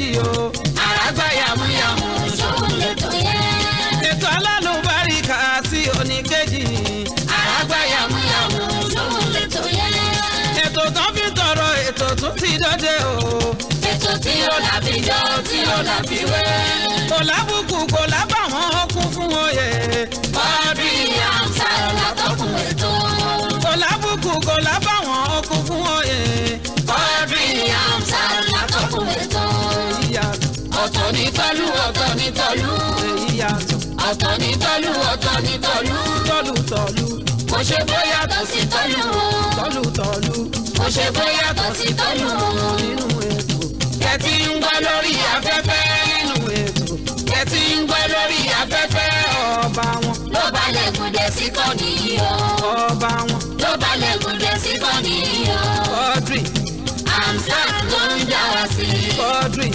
sí o. àràgbá yàmúyàmú sóhun lè tó yẹ. ètò alálùbáríkà sí oníkejì. àràgbá yàmúyàmú sóhun lè tó yẹ. ètò tán fi tọrọ ètò tún ti dọ́dẹ o. ètò tí ó là tí ó là kò lábù ọ̀tọ̀ ní tọ́lú ọ̀tọ̀ ní tọ́lú. tọ́lú tọ́lú. kò ṣe bóyá tó sí tọ́lú o. tọ́lú tọ́lú. kò ṣe bóyá tó sí tọ́lú o. nínú ètò. ẹ ti ń gbọ́ lórí afẹ́fẹ́. nínú ètò. ẹ ti ń gbọ́ lórí afẹ́fẹ́ ọba wọn. ló balẹ̀ gùdẹ̀ sí kọ́ni yìí o. ọba wọn. ló balẹ̀ gùdẹ̀ sí kọ́ni yìí o. Quadri. amsat ló ń dá wa sí. Quadri.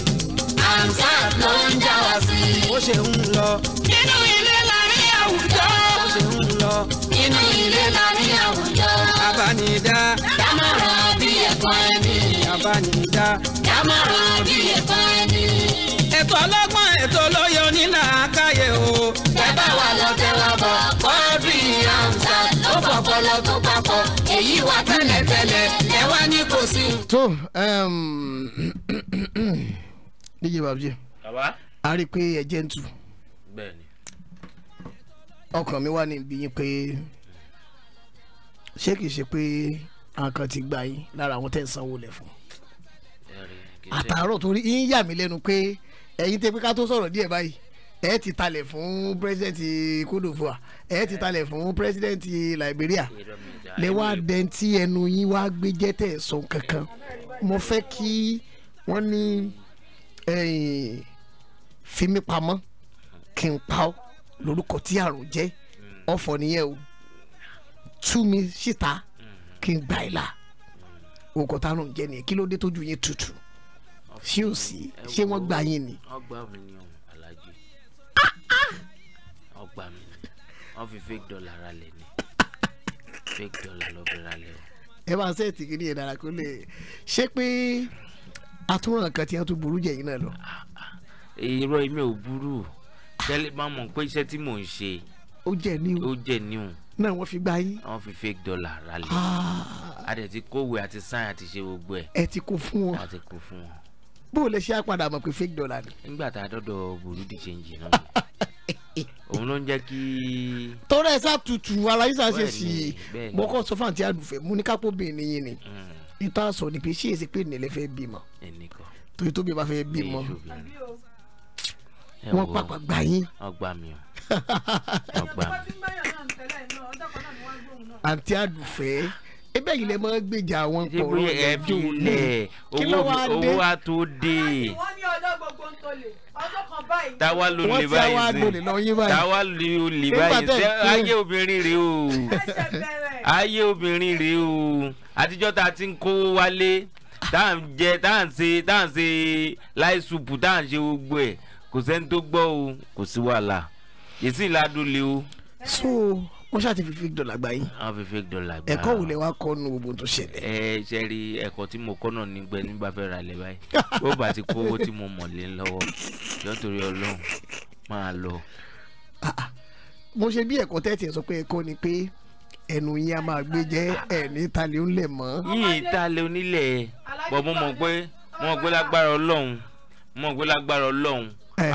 Hamzat ló ń já wa sí. ó ṣe ń lọ. nínú ilé la rí àwùjọ. ó ṣe ń lọ. nínú ilé la rí àwùjọ. abánidá. dámọ̀ràn bí ẹ̀kọ́ ẹni. abánidá. dámọ̀ràn bí ẹ̀kọ́ ẹni. ètò ọlọ́gbọ́n ètò olóyè onílà káyé o. ẹ bá wa lọ tẹ wa bọ̀ kọ́ọ̀dù Hamzat ló fọpọlọ tó papọ̀ èyí wa tẹ́lẹ̀tẹ́lẹ̀ ẹ wá ní kò sí. tó um, díje babjẹ a rí i pé ẹ jẹ́ ń tù ọkàn mi wà níbi yín pé ṣé kìí ṣe pé nǹkan ti gbà yín lára àwọn tẹ̀ ń sanwó lẹ̀ fún àtàárọ̀ torí yín yà mí lẹ́nu pé ẹ̀yin tẹ́ pé ká tó sọ̀rọ̀ díẹ̀ báyìí ẹ ti talẹ̀ fún pírẹsidẹ́ǹtì Cote ẹ ti talẹ̀ fún pírẹsidẹ́ǹtì Liberia lè wá dẹ́ntì ẹnu yín wá gbé jẹ́tẹ̀ sọ kankan mo fẹ́ kí wọ́n ní. Eh, fi mí pamọ́ kí n pa ọ́ lórúkọ tí àrùn jẹ́ hmm. ọ̀fọ̀ nìyẹn o tú mi síta hmm. kí n gbà ẹ̀ la òkò tá àrùn jẹ́ nìyẹn kí ló dé tójú yín tutù ṣé ò sí ṣé wọ́n gbà yín ni. ọgbà mi ni ọ̀hún alájí ọgbà mi ni wọ́n fi fake dollar ra lẹ̀ ni fake dollar ló fi ra lẹ̀ o. ẹ máa ṣe ètìkì ní ìdára kó lè ṣé pé àtúnràn kan tí wọ́n tún burú jẹ̀yìn náà lọ. irọ́ èmi ò burú tẹ́lẹ̀ máa mọ̀ pé iṣẹ́ tí mò ń ṣe. ó jẹ́ níhùn. ó jẹ́ níhùn. náà wọ́n fi gba yín. wọ́n fi fake dollar rálẹ̀. Ah. a dẹ̀ ti kówé àti sáyẹn àti ṣe gbogbo ẹ̀. ẹ ti kó fún wọn. a ti kó fún wọn. bó o lè ṣe àpàdà mọ̀ pé fake dollar ni. nígbà tá a dọ́dọ̀ burú di change náà òun ló ń jẹ́ kí. tọ́lá ẹ̀ sá tutù aláìsàn ṣe sí i mọ́kọ́ sọ́fà tí a dùn mú ní kápó bìnrin yìí ni. Mm ìtàn sọ ni pé ṣé èsì pé nílẹ̀ fẹ́ bímọ torí tóbi bá fẹ́ bímọ wọn pàpà gbà yín. ọgbà mi o ọgbà mi. àǹtí àdùfẹ́ ebe yìí lè máa gbèjà àwọn kọ̀ọ̀rọ̀ ẹ̀dùn lẹ̀ kí ló wá dé. owó wa tó dé. àwọn ìwọ ni ọlọ́gbọ̀gbọ̀ ń tolè táwa ló lè báyìí sí táwa ló lè báyìí sí ayé obìnrin rèé o ayé obìnrin rèé o àtijọ́ tá a ti ń kówó wálé tá à ń jẹ tá à ń ṣe tá à ń ṣe láì ṣùpù tá à ń ṣe gbogbo ẹ̀ kò sẹ́ni tó gbọ́ o kò sí wàhálà èsì ìlàdó le o. so wọ́n ṣáà ti fi fake dollar gbà yín. wọ́n fi fake dollar gbà. ẹ̀kọ́ wo lẹ wá kọ́ nu gbogbo tó ṣẹlẹ̀. ẹ ṣe rí ẹ̀kọ́ tí mo kọ́ náà nígbẹ́ nígbà fẹ́ ra ilẹ̀ báyìí bó bá ti kó owó tí mo mọ̀ lé lọ́wọ́ lọ́tòrí ọlọ́run máa lọ. Ah, ah. mo ṣe bí ẹ̀kọ́ tẹ́tì ẹ̀ sọ pé ẹ̀kọ́ ni pé ẹnu yín a máa gbé jẹ́ ẹ̀ní ìtàlẹ̀ onílẹ̀ mọ́. yín ìtàlẹ̀ onílẹ̀ bọ̀ mo mọ̀ pé mo mọ̀ lágbára ọlọ́run mo mọ̀ lágbára ọlọ́run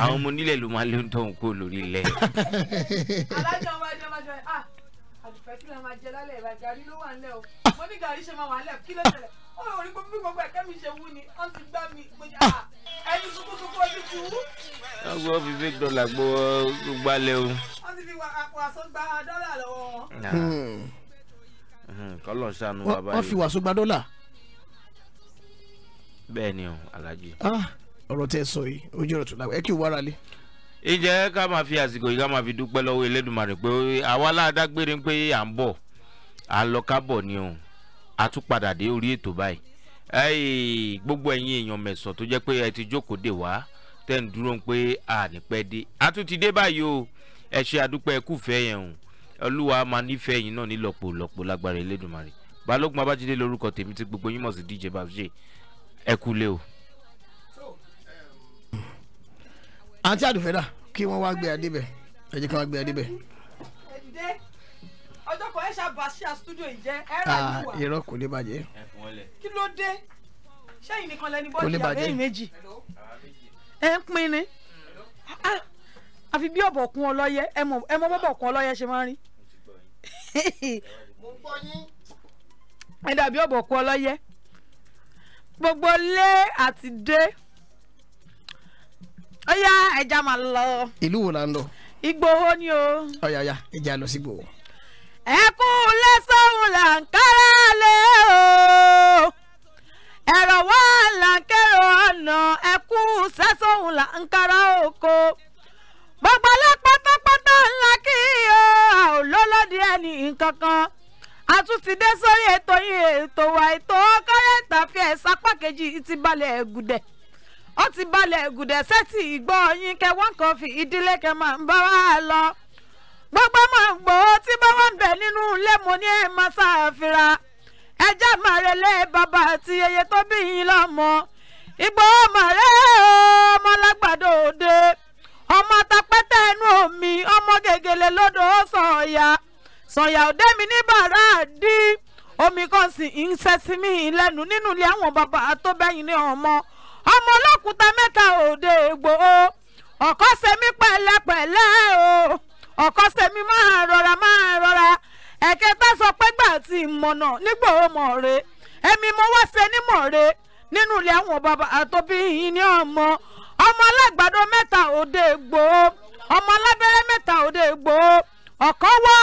àwọn ọmọ onílẹ̀ ló máa lé ń tọ̀hún kó lórí ilẹ̀. ìfẹ́ kí lè máa jẹ lálẹ́ ìwà gàrí ló wà nílẹ̀ o mo ní gàrí ṣe máa wà nílẹ̀ kí ló ṣẹlẹ̀ ó lọ rí gbogbo gbogbo ẹ̀kẹ́ mi ṣe wú ni wọ́n ti gbá mi gbójú à ẹni sunkúnsunkú ojú ti wú. wọ́n gbọ́ fi fake dollar gbọ́ gbalẹ̀ o. wọ́n ti fi àpò gba dọ́là lọ́wọ́ wọn. Hmm. Hmm, kọ́lọ̀ ṣàánú wa báyìí. wọ́n fi wàásù gba dọ́là. bẹ́ẹ̀ ni o alájí. Ah, ọ̀rọ̀ tẹ́ sọ yìí ojú ọ̀rọ̀ tó lágbàá ẹ kí o wára lé ìjẹ́ ká máa fi àsìkò yìí ká máa fi dúpẹ́ lọ́wọ́ Elédùmarè pé àwa aládàgbére pé à ń bọ̀ à ń lọ kábọ̀ ni o àtúpadà dé orí ètò báyìí gbogbo ẹ̀yin èèyàn mẹ̀sàn tó jẹ́ pé ẹ ti jókòó dè wá tẹ́ ń dúró pé a ní pẹ́ dé a tún ti dé báyìí o ẹ ṣe àdúpẹ́ ẹkúfẹ́ yẹn o olúwa máa nífẹ̀ẹ́ yín náà nílọ̀pọ̀ lọ̀pọ̀ lágbára Elédùmarè Balógun Babájídé lórúkọ tèmi ti gbogbo yín mọ̀ sí DJ Babjé ẹ kú lé o. àǹtí àdùfẹ́dà kí wọ́n wá gbé adé bẹ̀ ẹ jẹ́ kí wọ́n wá gbé adé bẹ̀. ọjọ́ kan ẹ ṣàbà ṣí à studio yìí jẹ́ ẹ rà ah, ní wa. irọ́ kò lè bàjẹ́. kí ló dé sẹ́yìn nìkan lẹni bọ́ọ̀lù yàrá èyí méjì ẹ ń pin ni ah, àfi bí ọ̀bọ̀kún ọlọ́yẹ ẹ mọ bọ́bọ̀kún ọlọ́yẹ ṣe máa ń rí. ẹ dàbí ọ̀bọ̀kún ọlọ́yẹ gbogbo lé àti dé ó yá ẹja máa lọ. ìlú wo la ń lọ. Ìgbòho ni o. ọ̀yà ọ̀yà ẹja lọ sí Ìgbòho. ẹkún lẹ́sọ̀hún là ń kára lé o ẹ̀rọ wà là ń kẹ́rọ ọ̀nà ẹkún sẹ́sọ̀hún là ń kára oko gbogbo lápátápátá ńlá kí o a ò lọ́lọ́dì ẹni nǹkan kan a tún ti dé sórí ètò yìí ètò wa ètò Current Affairs apá kejì ti balẹ̀ ẹ̀gùdẹ̀. ó ti balẹ̀ gùdẹ̀ sẹ́tì ìgbọ́ yín kẹ wọ́n kàn fi ìdílé kẹ máa ń bá lọ. gbogbo ma ń t'i tí bá bẹ̀ nínú ilé mo ní ẹ̀ máa ṣàfihàn. ẹjẹ́ bàbá àti iye tó bí yín lọ́mọ. màrẹ́ òde. ọmọ tapẹ́tẹ́ ẹnu omi ọmọ gègèlè sọ̀yà. sọ̀yà òde mi ní bàrà dín omi kan sì ń ṣẹ́sí mi lẹ́nu nínú ilé àwọn bàbá ọmọ. ọmọ olókùúta mẹ́ta òde ègbò o ọ̀kọ́ sẹ́mi pẹ̀lẹ́pẹ̀lẹ́ o ọ̀kọ́ sẹ́mi máa rọra máa rọra ẹ̀kẹta sọ pé gbà tí ìmọ̀nà nígbà ó mọ̀ re èmi mo wá ṣe nímọ̀ re nínú ilé àwọn bàbá àtòbí yìí ní ọmọ ọmọ alágbàdo mẹ́ta òde ègbò o ọmọ alábẹ́rẹ́ mẹ́ta òde ègbò o ọ̀kọ́ wọ́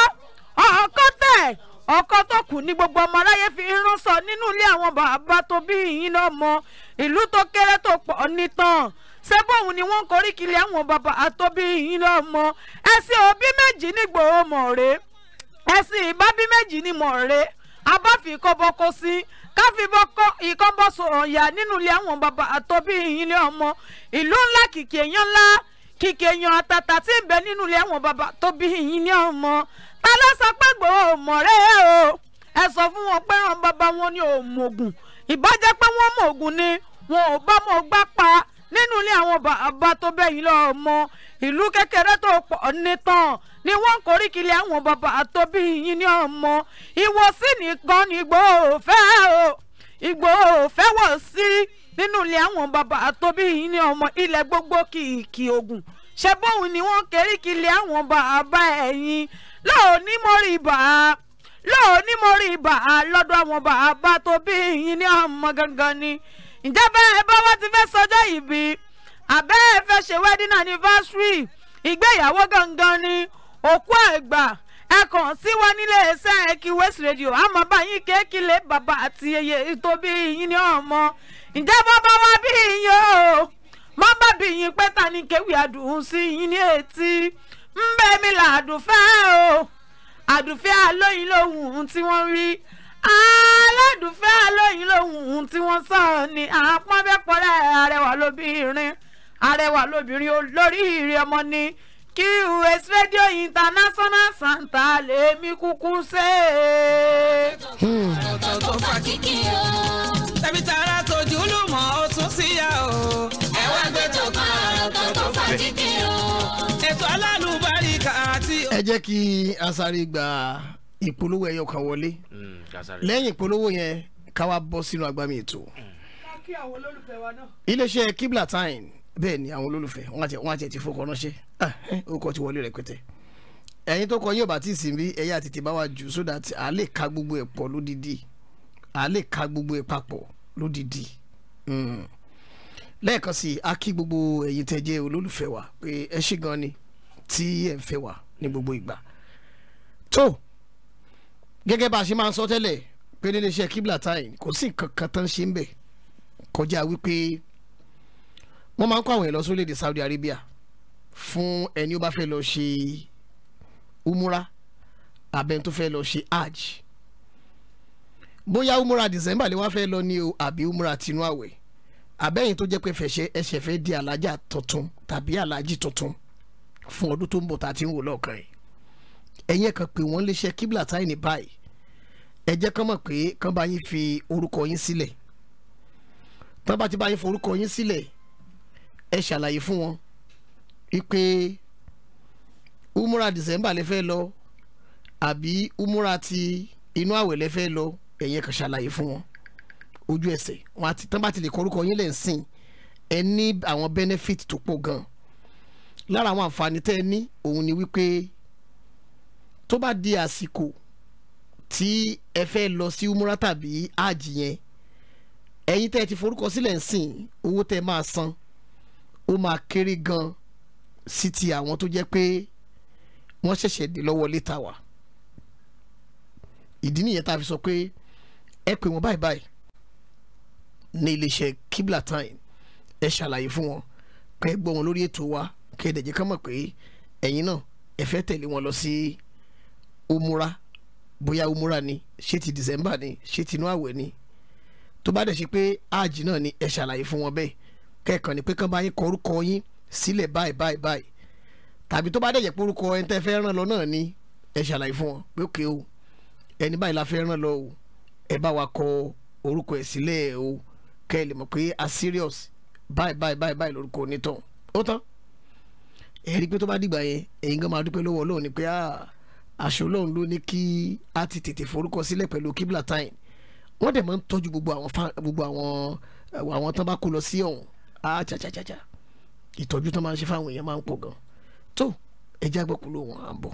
ọ̀kọ́ tẹ̀. ọkọ tó kù ní gbogbo ọmọ aráyé fi ń ránṣọ nínú ilé àwọn bàbá tó bí yín lọ́mọ ìlú tó kéré tó pọ̀ nìtàn ṣé bóun ni wọ́n ń korí kiri àwọn bàbá tó bí yín lọ́mọ ẹ̀sìn òbí méjì nígbòho mọ̀ọ́rẹ́ ẹ̀sìn ìbábí méjì ni mọ̀ọ́rẹ́ abáfikọ́bọ́kọ́ sí káfíbọ́ kọ́ ìkọ́bọ́ sọ̀yà nínú ilé àwọn bàbá àtọ́bí ìyìnlé ọmọ ìlú ńlá kìkì èèyàn ńlá kìkì èèyàn àtàtà tí ń bẹ nínú ilé àwọn bàbá àtọ́bí ìyìnlé ọmọ ta ló sọ pé Ìgbòho mọ̀rẹ́ e o ẹ sọ fún wọn pé ràn bàbá wọn ní òmògùn ìbájẹ́ pé wọ́n mọ̀ ògùn ni wọn ò bá mọ̀ gbá pa nínú ilé àwọn bàbá tó bẹ́yìn lọ́ọ́ mọ ìlú kékeré tó pọ̀ nìtàn ni wọ́n ń koríkìlì àwọn bàbá tó bí yín ní ọmọ ìwọ sí nìkan ni Ìgbòho fẹ́ o Ìgbòho fẹ́ wọ̀ sí nínú ilé àwọn bàbá tó bí yín ní ọmọ ilẹ̀ gbogbo kìkì Ògùn ṣe ni wọ́n kéríkìlì àwọn bàbá ẹ̀yìn lóòní mo rí bàá lóòní mo rí lọ́dọ̀ àwọn bá tó bí yín ní ọmọ gangan ni ǹjẹ́ bẹ́ẹ̀ bá wá ti fẹ́ sọjọ́ ìbí àbẹ́ ẹ fẹ́ wedding anniversary ìgbéyàwó gangan ni òkú àgbà ẹ kàn sí wa nílé iṣẹ́ kí West Radio àmọ́ eye ọmọ ǹjẹ́ bọ́ bá wá bí yín o bá bí yín ńbẹ mi là àdùfẹ́ o àdùfẹ́ alóyin lòun tí wọ́n rí aládùfẹ́ alóyin lòun tí wọ́n sọ ni àpọ́nbẹ́pọ́rẹ́ arẹwà lóbìnrin arẹwà lóbìnrin olóríire ọmọ ni QS Radio International Santa lèmi kúkú ṣe ọ̀tọ̀ tó fa kíkì hmm. o. tẹ̀bí tara tójú lù mọ́ ó tún síyá o. ẹ gbé tó kan ọ̀tọ̀ tó fa kíkì o. ètò alálùbọ̀ ẹ jẹ́ kí asáré gba ìpolówó ẹyọ kan wọlé mm, lẹ́yìn ìpolówó yẹn ká wá bọ́ sínú agbami ètò. iléeṣẹ́ Kibla Time bẹ́ẹ̀ ni àwọn olólùfẹ́ wọ́n àti ẹ̀ ti fọkàn ránṣẹ́ ah, eh, ó kọ́ ti wọlé rẹpẹtẹ ẹ̀yin tó kọ yóò bá ti sìn bí ẹ̀yà àtètè bá wà jù so that a lè ka gbogbo ẹ̀ pọ̀ lódìdí a lè ka gbogbo ẹ̀ papọ̀ lódìdí hmm. lẹ́ẹ̀kan sí i a kí gbogbo ẹ̀yin tẹ́ jẹ́ olólùfẹ́ wa pé ẹ ṣé gan ni tí ẹ ń fẹ́ wá ní gbogbo ìgbà tó gẹ́gẹ́ bá a ṣe máa ń sọ tẹ́lẹ̀ pé nínú iṣẹ́ kíbla time kò sí nǹkan tán ṣe ń bẹ̀ kọjá wípé wọ́n máa ń kó àwọn èèyàn lọ èdè Saudi Arabia fún ẹni ó bá fẹ́ lọ ṣe umura abẹ́ni tó fẹ́ lọ ṣe hajj bóyá umura December lè wá fẹ́ lọ ní o àbí umura tinú àwẹ̀ abẹ́yìn tó jẹ́ pé fẹ̀ṣẹ̀ ẹ̀ṣẹ̀ fẹ́ di alájà tuntun tàbí alájì tuntun fún ọdún tó ń bọ̀ tá a ti ń wò lọ́ọ̀kan yìí ẹ̀yin kan pé wọ́n lè ṣe kíbla táì ní báyìí ẹ jẹ́ kán mọ̀ pé kán bá yín fi orúkọ yín sílẹ̀ tán bá ti bá yín forúkọ yín sílẹ̀ ẹ ṣàlàyé fún wọn wípé umura december lè fẹ́ lọ àbí umura ti inú àwẹ̀ lè fẹ́ lọ ẹ̀yin kan ṣàlàyé fún wọn ojú ẹsẹ̀ wọn àti tán bá ti lè kọ orúkọ yín lẹ́sìn ẹ ní àwọn benefit tó pọ̀ gan-an lára àwọn àǹfààní tẹ́ ẹ ní òun ni wípé tó bá di àsìkò tí ẹ fẹ́ lọ sí umura tàbí àjì yẹn ẹ̀yin tẹ́ ẹ ti forúkọ sílẹ̀ ń sìn owó tẹ́ ẹ máa san ó máa kéré gan sí ti àwọn tó jẹ́ pé wọ́n ṣẹ̀ṣẹ̀ dé lọ́wọ́ létà wá ìdí nìyẹn tá a fi sọ pé ẹ pè wọ́n báyìí báyìí ní iléeṣẹ́ Kibla Time ẹ ṣàlàyé fún wọn pé gbọ́ wọn lórí ètò wa kẹdẹjẹ kan mọ̀ pé ẹ̀yin náà ẹ fẹ́ tẹ̀lé wọn lọ sí umura bóyá umura ni ṣé ti december ni ṣé ti inú àwẹ̀ ni tó bá dẹ̀ ṣe pé áàjì náà ni ẹ ṣàlàyé fún wọn bẹ́ẹ̀ kẹ́ẹ̀kan ni pé kán bá yín kọ orúkọ yín sílẹ̀ báyìí báyìí báyìí tàbí tó bá dẹ̀ jẹ́ pé ẹni tẹ́ fẹ́ ràn lọ náà ni ẹ ṣàlàyé fún wọn pé òkè o ẹni báyìí la fẹ́ ràn lọ o ẹ bá wa kọ orúkọ ẹ̀ sílẹ̀ o kẹ́ ẹ lè mọ̀ pé a serious báyìí báyìí báyìí lórúkọ onítàn ó tán ẹ̀rí pé tó bá dìgbà yẹn ẹ̀yin gan máa dúpẹ́ lọ́wọ́ Ọlọ́run ni pé ah, àṣọ Ọlọ́run ló ní kí a ti tètè forúkọ sílẹ̀ pẹ̀lú Kibla Time wọ́n dẹ̀ máa ń tọ́jú gbogbo àwọn gbogbo àwọn àwọn tán bá kó lọ sí ọ̀hún á chàchàchàchà ìtọ́jú tán máa ń ṣe fáwọn èèyàn máa ń pọ̀ gan tó ẹjẹ́ àgbọ̀kú ló wọ́n à ń bọ̀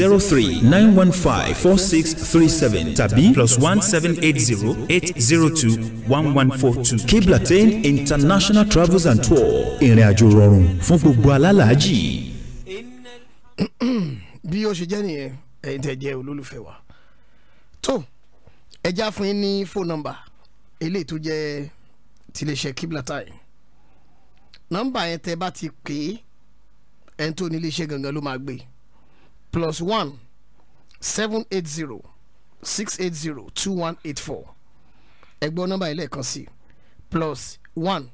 zero three nine one five four six three seven tabi plus one seven eight zero eight zero two one one four two. Kiblatin International Travels and Tour ìrìn àjò rọrùn fún gbogbo alálàájì. bí ó ṣe jẹ́ nìyẹn ẹ̀yin tẹ̀ jẹ́ olólùfẹ́ wa tó ẹja fún yín ní fóònù nọ́mbà eléyìí tó jẹ́ tiléeṣẹ́ Kiblatin nọ́mbà yẹn tẹ́ bá ti pè é ẹni tó ní iléeṣẹ́ gangan ló máa gbé e plus one seven eight zero six eight zero two one eight four ẹgbọ́n nọ́mbà yìí lẹ́ẹ̀kan sí plus one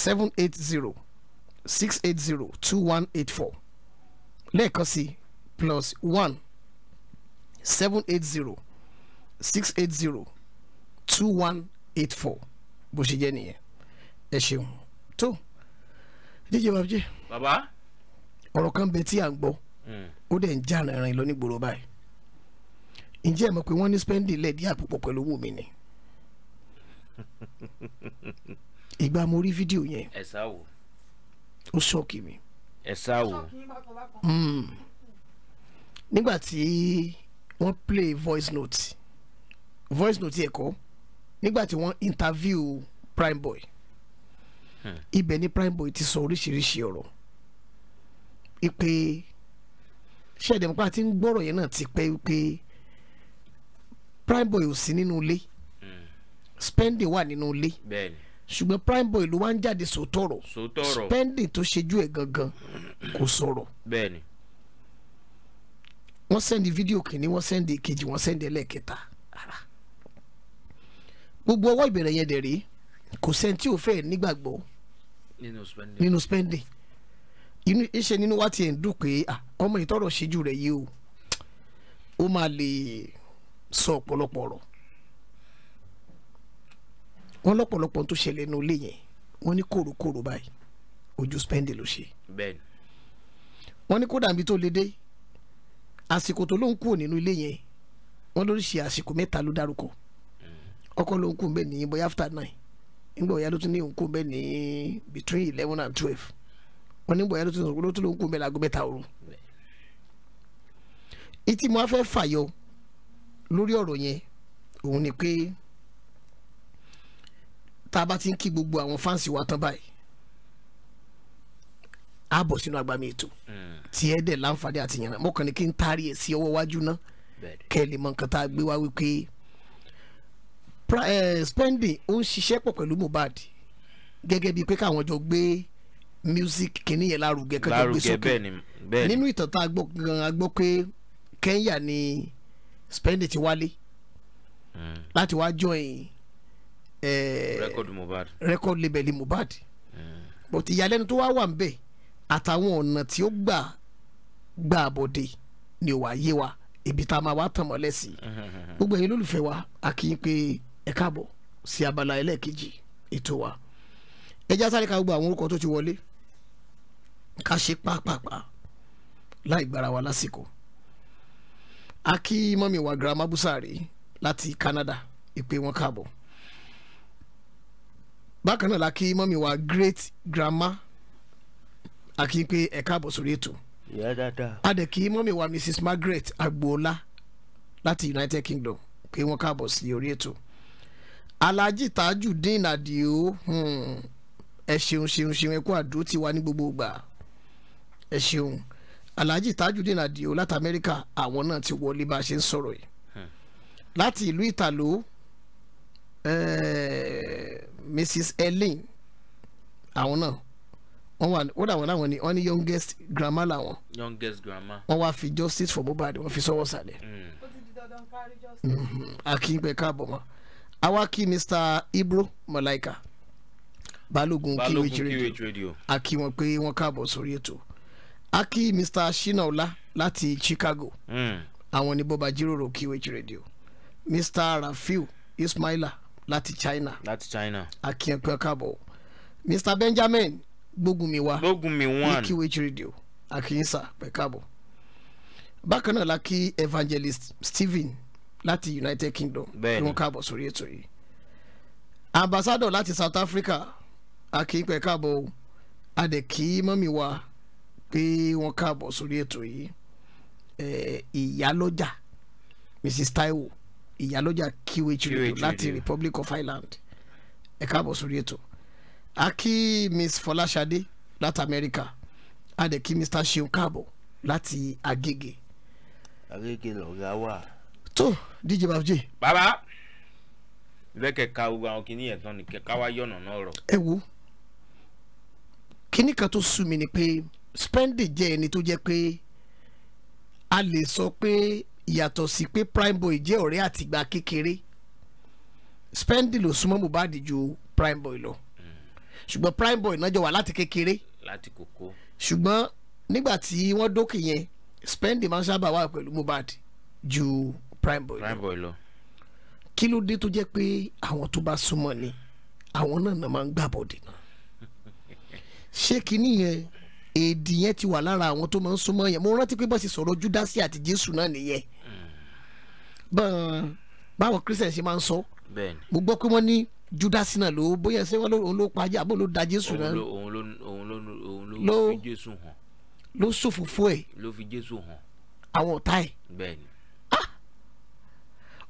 seven eight zero six eight zero two one eight four lẹ́ẹ̀kan sí plus one seven eight zero six eight zero two one eight four bó ṣe jẹ́ nìyẹn ẹ ṣeun tó díje bàbá ọ̀rọ̀ kan bẹ tí à ń gbọ́ ó dẹ̀ ń já rìnrìn lọ nígboro báyìí ǹjẹ́ ẹ mọ̀ pé wọ́n ní spending lẹ̀ díà púpọ̀ pẹ̀lú owó mi ni ìgbà mo rí fídíò yẹn ó ṣọ́ọ̀kì mi hmm. nígbà tí wọ́n play voice note voice note yẹ kọ́ nígbà tí wọ́n interview prime boy hmm. ibẹ̀ ni prime boy ti sọ oríṣiríṣi ọ̀rọ̀ ipe ṣẹ̀dẹ̀mọ́pá ti ń gbọ́rọ̀ yẹn náà ti pẹ́ pé prime boy ò sí nínú ilé hmm. spending wà nínú ilé ṣùgbọ́n prime boy ló wá ń jáde sòtọ̀rọ̀ spending tó ṣe ju ẹ̀ gangan kò sọ̀rọ̀ wọ́n sẹ́ndì fídíò kìíní wọ́n sẹ́ndì kejì wọ́n sẹ́ndì ẹlẹ́ẹ̀kẹta gbogbo ọwọ́ ìbẹ̀rẹ̀ yẹn dẹ̀ rí kò sẹ́ni tí nígbàgbọ́ nínú spending. ìṣe nínú wa tiẹ̀ ń dùn pé ọmọ ìtọ́rọ̀ ṣíjú rẹ̀ yìí o ó máa lè sọ ọ̀pọ̀lọpọ̀ ọ̀rọ̀ wọ́n lọ́pọ̀lọpọ̀ tó ṣẹlẹ̀ nínú yen yẹn ni ní kòròkòrò báyìí ojú spẹ́ndì ló ṣe. wọ́n ní kódà níbi tó le dé àsìkò tó ló ń kúrò nínú ilé yẹn ló ṣe àsìkò mẹ́ta mm. ọkọ ló ń kú bẹ́ẹ̀ ní bóyá after nine nígbà ló tún ní òun kú bẹ́ẹ̀ ní and twelve wọn ní bọ̀yá ló tún ló tún ló ń kú mẹ́la ago mẹ́ta òru etí mo á fẹ́ fàyọ lórí ọ̀rọ̀ yẹn òun ni pé tá a bá ti ń kí gbogbo àwọn fáǹsì wa tán báyìí a bọ̀ sínú agbami ètò hmm. tí ẹ dẹ̀ láǹfààní àti yànnà mọ́kàn ni kí n taari ẹ̀ sí ọwọ́ wájú ná kẹ́ ẹ lè mọ nǹkan tá a gbé wá wípé eh, spending ó ń ṣiṣẹ́ pọ̀ pẹ̀lú Mohbad gẹ́gẹ́ bíi pé káwọn jọ gbé music kìíní yẹn lárugẹ kẹjọ gbé sókè nínú ìtàn tá a gbọ́ gan a gbọ́ pé Kenya ni Spende ti wálé hmm. láti wá join eh, record Mohbad record label Mohbad mm. but ìyàlẹ́nu tó wá wà ń bẹ̀ àtàwọn ọ̀nà tí ó gbà gbà àbọ̀dé ni ò wá yé wa ibi tá a máa wá tàn mọ́lẹ̀ sí gbogbo ẹ̀yin lólùfẹ́ wa a kì í pé ẹ káàbọ̀ sí abala ẹlẹ́ẹ̀kejì ètò wa ẹ já sáré ka gbogbo àwọn orúkọ tó ti wọlé ká ṣe pápápá láì gbára wa lásìkò a kí mọ́mí wa girama busari láti Canada ìpè wọn káàbọ̀ bákan náà la kí mọ́mí wa great grandma a kí pé ẹ káàbọ̀ sórí ètò a dẹ̀ kí mọ́mí wa Mrs Margaret agboola láti United Kingdom pé wọ́n káàbọ̀ sí orí ètò Alhaji Tajudeen Adio hmm, ẹ ṣeun ṣeun ṣeun ẹ kú àdó tiwa ní gbogbo ìgbà ẹ ṣeun alhaji tajudeen adio láti amẹ́ríkà àwọn náà ti wọlé bá a ṣe ń sọ̀rọ̀ yìí hm. láti ìlú ìtàló mrs ellen àwọn náà wọ́n wà wọ́n dàwọn láwọn ni wọ́n ní youngest grandma làwọn youngest grandma wọ́n wá fi justice for Mohbad wọ́n fi sọ́wọ́ sàlẹ̀ hm. mhm. akíngbẹ káàbọ̀ mọ́ awaki mr ibro malaika balógun QH radio akí wọn pé wọ́n káàbọ̀ sórí ètò aki mr shinaola láti Chicago hmm. àwọn mm. ni bọba jíròrò QH radio mr rafiu ismaila láti China láti China akínpẹ káàbọ̀ mr benjamin gbógunmi wa gbógunmi one ní QH radio akínyínsà pẹ káàbọ̀ bákan náà la kí evangelist Stephen láti United Kingdom bẹ́ẹ̀ni wọn káàbọ̀ sórí ètò yìí ambassador láti South Africa akínpẹ káàbọ̀ adẹkí mọmi wa pé wọ́n káàbọ̀ sórí ètò yìí ìyálọ́jà Mrs Taiwo ìyálọ́jà QH radio láti Republic of Ireland ẹ káàbọ̀ sórí ètò a kí Miss Fọláṣadé láti Amẹ́ríkà a dẹ̀ kí Mr Ṣeun káàbọ̀ láti Agége. Agége lọ̀gá wà. tó DJ Babji. bàbá ìfẹ́ kẹka gbogbo àwọn kìnìyàn tán ni kẹka wá yọ̀nà náà rọ. ẹ wo kíní tó sú mi ni pé. Pe Spendi jẹ́ ẹni tó jẹ́ pé a lè sọ pé yàtọ̀ sí pé Primeboy jẹ́ ọ̀rẹ́ àtìgbà kékeré Spending ló súnmọ́ Mohbad ju Primeboy lọ ṣùgbọ́n Primeboy náà jọ wà láti kékeré láti kókó ṣùgbọ́n nígbà tí wọ́n dókè yẹn Spending máa ń sábà wà pẹ̀lú Mohbad ju Primeboy lọ kí ló dé tó jẹ́ pé àwọn tó bá súnmọ́ ni àwọn náà máa ń gbàbọ̀dé ṣé kinní yẹn èdè yẹn ti wà lára àwọn tó máa ń súnmọ́ yẹn mo rántí pé bọ́sì sọ̀rọ̀ júdásì àti jésù náà nìyẹn bọ́n báwọn christian ṣe máa ń sọ mo gbọ́ pé wọ́n ní júdásì náà ló bóyá ṣé wọ́n òun ló pajá àbó ló da jésù náà ló ló ṣòfófó ẹ̀ àwọn ọ̀tá ẹ̀ ah!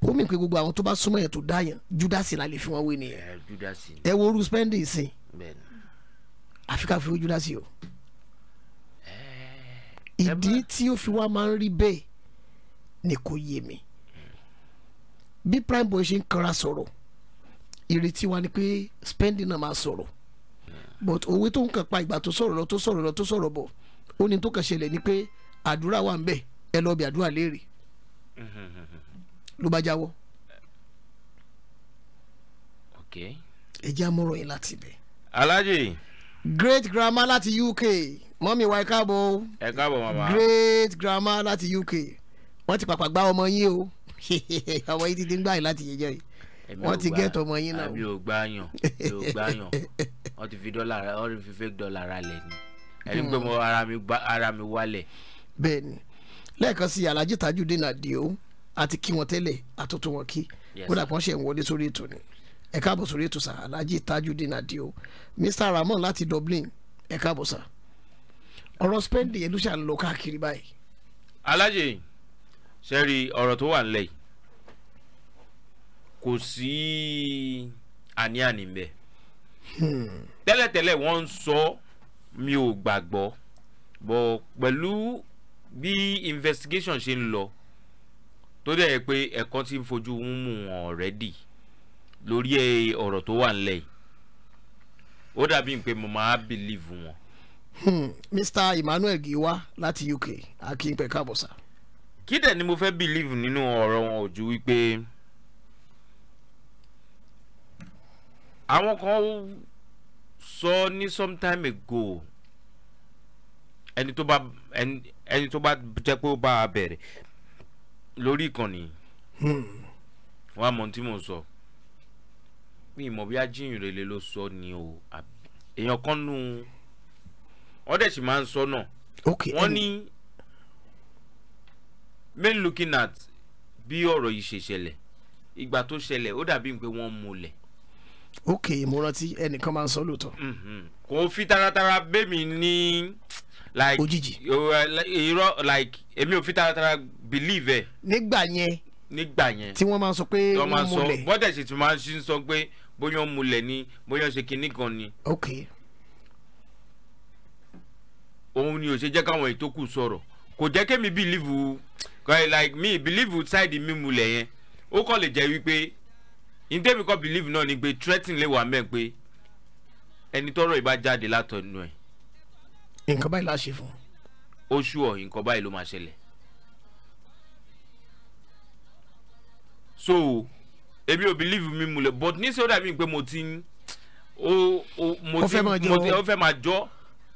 ó mì pé gbogbo àwọn tó bá súnmọ́ yẹn tó dá yẹn júdásì la lè fi wọ́n wé nìyẹn eh, ẹ wo orú spending sí àfi ká fi wé júdásì o ìdí tí ó fi wá máa ń rí bẹ́ẹ̀ ni kò yé mi bí prime boy ṣe ń kanra sọ̀rọ̀ ìrètí wa ni pé spending náà máa sọ̀rọ̀ but òwe tó ń kàn pa ìgbà tó sọ̀rọ̀ lọ tó sọ̀rọ̀ lọ tó sọ̀rọ̀ bọ̀ ó ní tó kàn ṣẹlẹ̀ ni pé àdúrà wà ń bẹ̀ ẹ lọ́ọ́ bí àdúrà léèrè ló bá jáwọ́ ẹ jẹ́ àmọ́ràn yín láti bẹ̀. Alhaji. great grandma láti UK mọ́mí wa ẹ káàbọ̀ ẹ káàbọ̀ mama great grandma láti UK wọ́n ti pàpà gbá ọmọ yín o ọmọ yín ti dín gbáyìí láti yẹjọ́ yìí wọ́n ti gẹ́tọ̀ ọmọ yín náà. àbí ò gbáyàn ò gbáyàn wọ́n ti fi dọ́là wọ́n ti fi fake dọ́là ra lẹ̀ ni ẹni pé mo hmm. ara mi wálẹ̀. bẹ́ẹ̀ni lẹ́ẹ̀kan sí alhaji tajudeen adio àti kí wọn tẹ́lẹ̀ àtúntò wọn kí kódà kan ṣe ń wọlé sórí ètò ni ẹ káàbọ̀ sórí ètò sà alhaji tajudeen adio mr ramon láti Dublin ẹ káàbọ̀ sà ọ̀rọ̀ spending yẹn ló ṣà ń lọ káàkiri báyìí. alájẹ sẹ́rí ọ̀rọ̀ tó wà nílẹ̀ yìí kò sí àní-àní ń bẹ tẹ́lẹ̀tẹ́lẹ̀ wọ́n ń sọ mi ò gbàgbọ́ bọ̀ pẹ̀lú bí investigation ṣe ń lọ tó dẹ̀ pé ẹ̀kan ti ń fojú ń wọn already lórí ọ̀rọ̀ tó wà nílẹ̀ yìí ó dàbí pé mo máa believe wọn Mr. Hmm, Emmanuel Giwa láti UK akínpẹ káàbọ̀ sá. kí dẹ̀ ni mo fẹ́ believe nínú ọ̀rọ̀ wọn ò ju wípé àwọn kan sọ ní sometime ago ẹni tó bá ẹni tó bá jẹ́ pé ó bá a bẹ̀rẹ̀ lórí ìkànnì hmm. wàá mọ̀ tí mo sọ mi ìmọ̀ bí ajíhìnrere ló sọ ni o èèyàn kan nù. No, ọdẹ sì máa ń sọ náà wọ́n ní main looking at bí ọ̀rọ̀ yìí ṣe ṣẹlẹ̀ ìgbà tó ṣẹlẹ̀ ó dàbí pé wọ́n múlẹ̀. ok mo ẹnìkan máa ń sọ lóòótọ́. Mm-hmm. kò fi taratara bẹ́mi ní. like òjijì. irọ́ like èmi ò fi taratara believe ẹ̀. nígbà yẹn. nígbà yẹn. tí wọ́n máa sọ pé wọ́n múlẹ̀. bọ́dẹ̀ sì ti máa ń sọ pé bóyá múlẹ̀ ni bóyá ṣe kinní kan ni. ok òun ni ò ṣe jẹ́ káwọn ètò sọ̀rọ̀ kò jẹ́ kémi bìlíìfù like me bìlíìfù ṣáìdì mímu lẹ̀ yẹn ó kàn lè jẹ́ wípé ìdẹ́mi kan bìlíìfù náà ni pé threatin lè wà mẹ́ pé ẹni tọrọ ìbá jáde látọnu ẹ. nǹkan báyìí la fún. oṣù ọ̀ nǹkan báyìí ló máa ṣẹlẹ̀. so èmi ò bìlíìfù mímu lẹ̀ but níṣẹ́ ó dàbí pé mo ti ń ó fẹ́ máa jọ́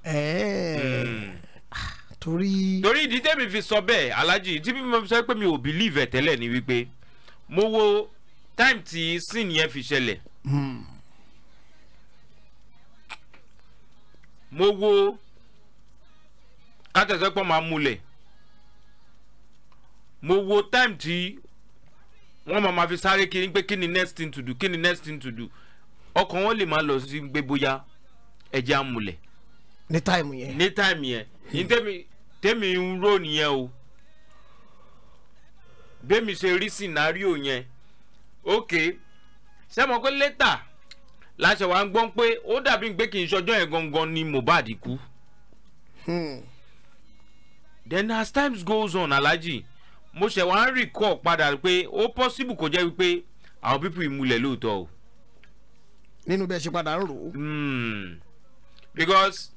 Eh. Hmm. Ah, torí. torí ìdí tẹ́mi fi sọ bẹ́ẹ̀ alájí tí mo sọ pé mi ò bìlíìfẹ̀ tẹ́lẹ̀ ni wípé mo wo time tí sin yẹn fi ṣẹlẹ̀ hmm. mo wo kátẹ́sẹ́pọ̀ máa múlẹ̀ mo wo time tí wọ́n máa ma fi sáré kiri pé kí ni next thing to do kí ni next thing to do ọkàn wọn lè máa lọ sí gbé bóyá ẹ̀jẹ̀ á múlẹ̀ ní táìmù yẹn. ní táìmù yẹn hmm. ní tẹ́mi tẹ́mi ń rò nìyẹn o bẹ́mi ṣe rí scenario yẹn ok ṣé mo pé lẹ́tà láṣẹ wa ń gbọ́n pé ó dàbí pé kì í ṣọjọ́ yẹn gangan ni Mohbad kú. Hmm. then as times goes on Alhaji mo ṣe wá ń recall padà pé ó possible kó jẹ́ wípé àwọn pípù ìmúlẹ̀ lóòótọ́ o. nínú bẹ́ẹ̀ ṣe padà ń rò ó. Hmm. because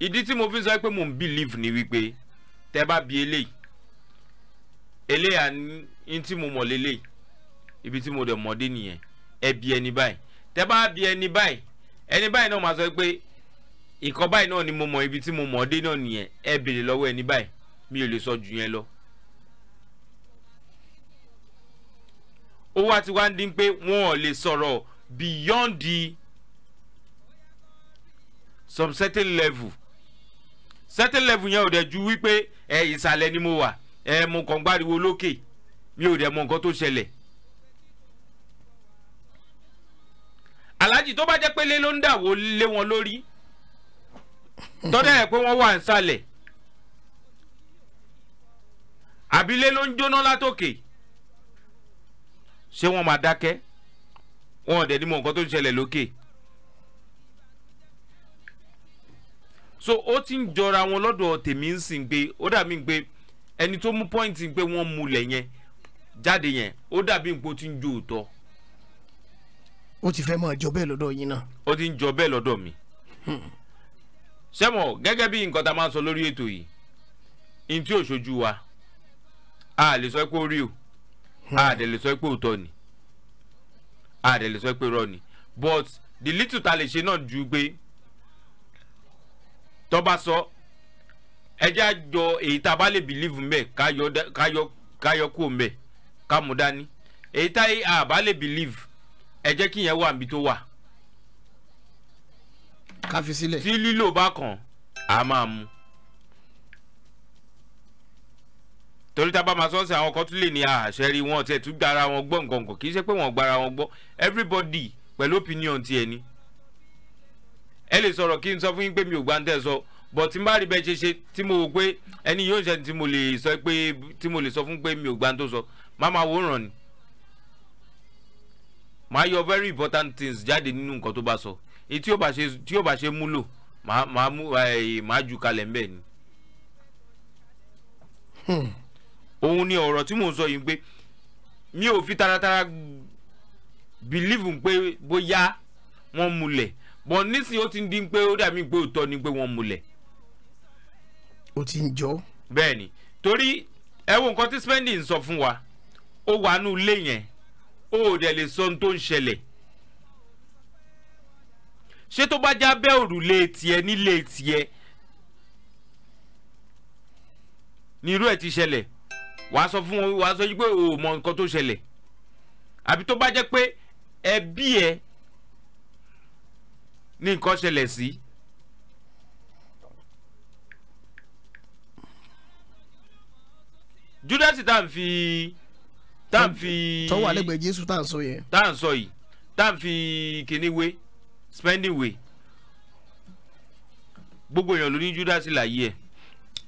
ìdí tí mo fi sọ pé mo ń believe ni wípé tẹ bá bi eléyìí eléyà ní tí mo mọ̀ lélẹ̀ ibi tí mo dẹ̀ mọ̀ dé nìyẹn ẹ bi ẹni báyìí tẹ bá bi ẹni báyìí ẹni báyìí náà máa sọ pé nǹkan báyìí náà ni mo mọ̀ ibi tí mo mọ̀ dé náà nìyẹn ẹ béèrè lọ́wọ́ ẹni báyìí mi ò lè sọ jù yẹn lọ. ó wá ti wá ń dín pé wọn ò lè sọ̀rọ̀ beyond the some certain level certain level yẹn ò dẹ̀ ju wípé ẹ ìsàlẹ̀ ni mo wà ẹ mo kàn gbáriwo lókè mi ò dẹ̀ mọ nǹkan tó ṣẹlẹ̀. aláàjì tó bá jẹ́ pé lé ló ń dàwó lé wọn lórí tọ́dẹ̀ ẹ̀ pé wọ́n wà ń sàlẹ̀ àbí lé ló ń jóná látòkè ṣé wọ́n máa dákẹ́ wọn ò dẹ̀ ní mọ nǹkan tó ń ṣẹlẹ̀ lókè. Okay so ó ti ń jọra wọn lọ́dọ̀ tèmi ń sìn pé ó dàbí pé ẹni tó mú pọ́ìntì pé wọ́n múlẹ̀ yẹn jáde yẹn ó dàbí pé ti ń jó òótọ́. ó ti fẹ́ máa jọ bẹ́ẹ̀ lọ́dọ̀ yín náà. ó ti ń jọ bẹ́ẹ̀ lọ́dọ̀ mi. sẹ́mọ̀ hmm. gẹ́gẹ́ bí nǹkan tá a máa ń sọ lórí ètò yìí ní tí ò ṣojú wa a lè sọ pé ó rí o a hmm. dẹ̀ lè sọ pé òótọ́ ni a dẹ̀ lè sọ pé rọ ni but the little ta lè ṣe náà ju pé tọ́ba sọ ẹjẹ́ àjọ èyí tá a bá lè bìlíìfù mbẹ́ káyọ kú mbẹ́ ká dání èyí tá a bá lè bìlíìfù ẹjẹ́ kí yẹn wà níbi tó wà. ká sílẹ̀. tí lílò bá kàn á máa mu. torí tá a bá máa sọ́ọ̀sì àwọn kan tún lè ní àṣẹ rí wọn tiẹ̀ tún gbára wọn gbọ́ nǹkan kan kì í ṣe pé wọ́n gbára wọn gbọ́ everybody pẹ̀lú opinion tiẹ̀ ni ẹ lè sọ̀rọ̀ kí n sọ fún yín pé mi ò gbà ń tẹ̀ sọ bọ̀ tí n bá rí bẹ́ẹ̀ ṣe ṣe tí mo wò pé ẹni yóò ṣe tí mo lè sọ pé tí mo lè sọ fún pé mi ò gbà ń tó sọ má máa wòran ni máa yọ very important things jáde nínú nǹkan tó bá sọ èyí tí yóò bá ṣe tí yóò bá ṣe múlò máa máa mú ẹ máa jù kalẹ̀ ń bẹ̀ ni. Hmm. òun ni ọ̀rọ̀ tí mò ń sọ yìí pé mi ò fi taratara believe pé bóyá wọ́n múlẹ̀ bọ̀ nísìnyí ó ti ń di pé ó dàbí pé òótọ́ ni pé wọ́n múlẹ̀. ó ti ń jọ. bẹ́ẹ̀ni torí ẹ wo nǹkan tí spending sọ fún wa ó wà nù ilé yẹn ó ò dẹ̀ lè sọ ohun tó ń ṣẹlẹ̀ ṣé tó bá já bẹ́ òrùlé tiẹ̀ nílé tiẹ̀ ni irú ẹ̀ ti ṣẹlẹ̀ wàá sọ fún wàá sọ yí pé o ò mọ nǹkan tó ṣẹlẹ̀ àbí tó bá jẹ́ pé ẹbí ẹ ní nǹkan ṣẹlẹ̀ sí. Judas tá à ń fi tá à ń fi. tọ́wọ́ àlẹ́gbẹ̀ẹ́ Jésù tá à ń sọ yẹn. tá à ń sọ yìí tá à ń fi kíní wé spending wé gbogbo èèyàn ló ní Judas láyé ẹ̀.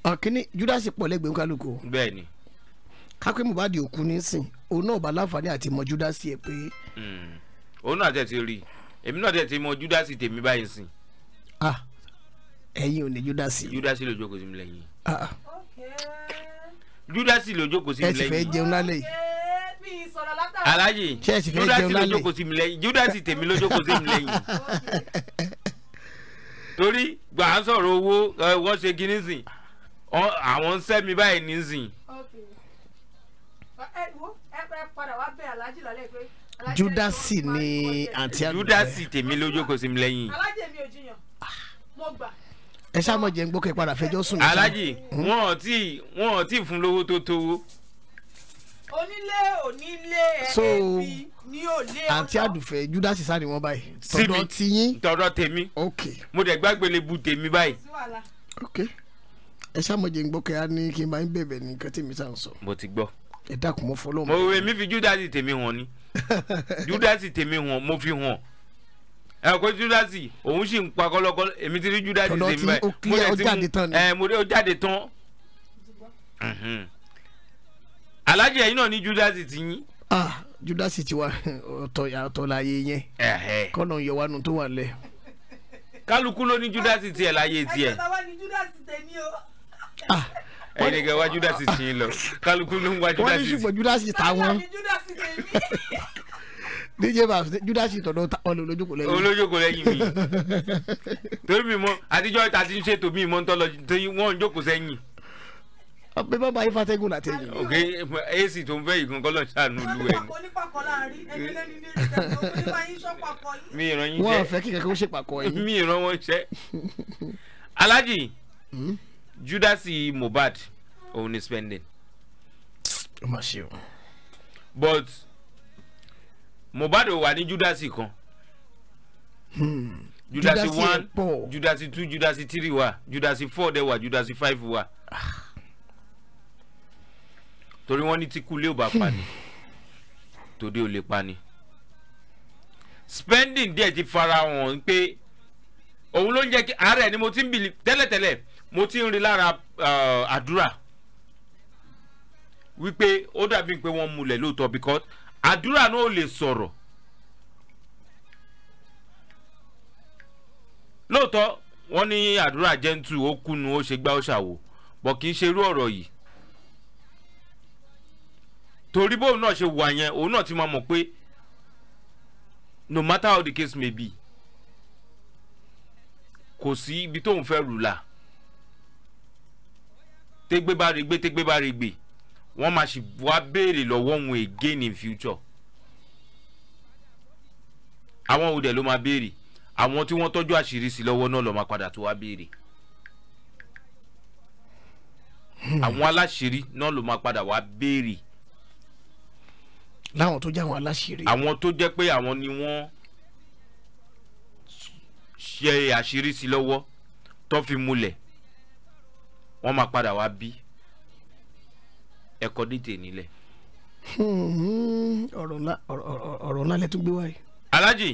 ọ̀kíní Judas pọ̀ lẹ́gbẹ̀ẹ́ kálukú. bẹ́ẹ̀ni. kápẹ́ Mohbad òkú nísìn òun náà bá láǹfààní àti mọ Judas yẹ pé. Hmm. òun náà tẹ̀ ti rí i èmi náà tẹ̀ tí mo Judasi tèmi báyìí sìn. ah ẹ̀yin ò ní Judasi. Judasi ló jókòó sí mi lẹ́yìn. júdásì ló jókòó sí mi lẹ́yìn. Ah, ah. ẹ sì fẹ́ jẹun lálẹ́ yìí. alájì júdásì ló jókòó sí mi lẹ́yìn júdásì tèmi ló jókòó sí mi lẹ́yìn. torí gbà á sọ̀rọ̀ owó wọ́n ṣe kinní sìn àwọn ń sẹ́mi báyìí ní sìn. ẹ padà wá bẹ alájì lálẹ́ pé judasi ni àǹtí àgbà judasi tèmi lójókòó sí mi lẹ́yìn. alájẹ mi ò jiyàn mo gbà. ẹ ṣáà mọ̀ jẹ́ ń gbókè padà fẹjọ́ sùn. alájì hmm? wọn ò tí wọn ò tí fún lówó tó tówó. onílé onílé ẹ̀ẹ́dì ni ò lé ọjọ́. àǹtí àdùfẹ́ judasi sá ni wọ́n báyìí. tọ̀dọ̀ tiyín tọ̀dọ̀ tèmi. ok mo dẹ̀ gbàgbélé bu tèmi báyìí. ok ẹ ṣáà mọ̀ jẹ́ ń gbókè á ní kí n bá ń bẹ̀bẹ̀ ní kẹ́tẹ́mi sá ń sọ. mo ti gbọ́ ẹ dákun mo fọlọ́ mo wẹ mi fi judasi tèmi hàn ni judasi tèmi hàn mo fi hàn ẹ ko judasi òun sì ń pa kọlọkọlọ èmi ti rí judasi tèmi báyìí mo lè ti mú ẹ mo rí o jáde tán alájẹ yìí náà ní judasi ti yín. ah judasi ti wa ọ̀tọ̀ yàtọ̀ láàyè yẹn kọ́nà yọwánu tó wà lẹ. kálukú ló ní judasi tiẹ̀ láàyè tiẹ̀. ẹ jọba wa ní judasi tèmi o. Ah, ẹ̀yin nìkan wá júdásì sí i lọ kálukú ló ń wá júdásì. wọ́n ní ṣùgbọ́n júdásì táwọn díje bá júdásì tọ̀dọ̀ olójókòó lẹ́yìn. olójókòó lẹ́yìn mi torí mi mọ àtijọ́ àti ṣètò mi mọ́ ń tọ́ lọ tí wọ́n ń jókòó sẹ́yìn. ọbẹ̀ bàbá ifá tẹ́gùn láti ẹ̀yìn. ok ac tó ń fẹ́ yìí kankan lọ ṣàánú lu ẹ̀. mi ìran yín jẹ́ wọ́n fẹ́ kí kankan ó ṣe pàkọ́ yìí. mi ìran wọn ṣẹ́ alájì. Hmm? judasi mohbad òun spending. ó mà ṣe o. but mohbad ò wà ní judasi kan. Hmm. judasi one judasi two judasi three wa judasi four de wa judasi five wa. Ah. torí wọ́n ní tí kúlé ò bá pa ni tòde ò lè pa ni. spending díẹ̀ ti fara hàn pé òun ló ń jẹ́ kí àárẹ̀ ni mo ti ń bìlì tẹ́lẹ̀tẹ́lẹ̀ mo ti ń rí lára uh, àdúrà wípé ó dàbí pé wọ́n múlẹ̀ lóòótọ́ because àdúrà náà ò lè sọ̀rọ̀ lóòótọ́ wọ́n ní àdúrà jẹ́ntù ó kùnú ó ṣe gbá ó ṣàwò bọ̀ kì í ṣe irú ọ̀rọ̀ yìí torí bóun náà ṣe wà yẹn òun náà ti máa mọ̀ pé no matter how the case may be kò sí ibi tóun fẹ́ rù la tégbé bá regbé tégbé bá regbé wọ́n máa sì wá béèrè lọ́wọ́ wọn again in future àwọn òde ló máa béèrè àwọn tí wọ́n tọ́jú àṣírí sí lọ́wọ́ náà ló máa padà tó wá béèrè àwọn aláṣírí náà ló máa padà wá béèrè. láwọn tó jẹ́ àwọn aláṣírí. àwọn tó jẹ́ pé àwọn ni wọ́n ṣe àṣírí sí lọ́wọ́ tó fi múlẹ̀ wọ́n máa padà wá bí ẹ̀kọ́ dìtẹ̀ nílẹ̀. Hmm, ọ̀rọ̀ ńlá lẹ́tún gbé wáyé. alájì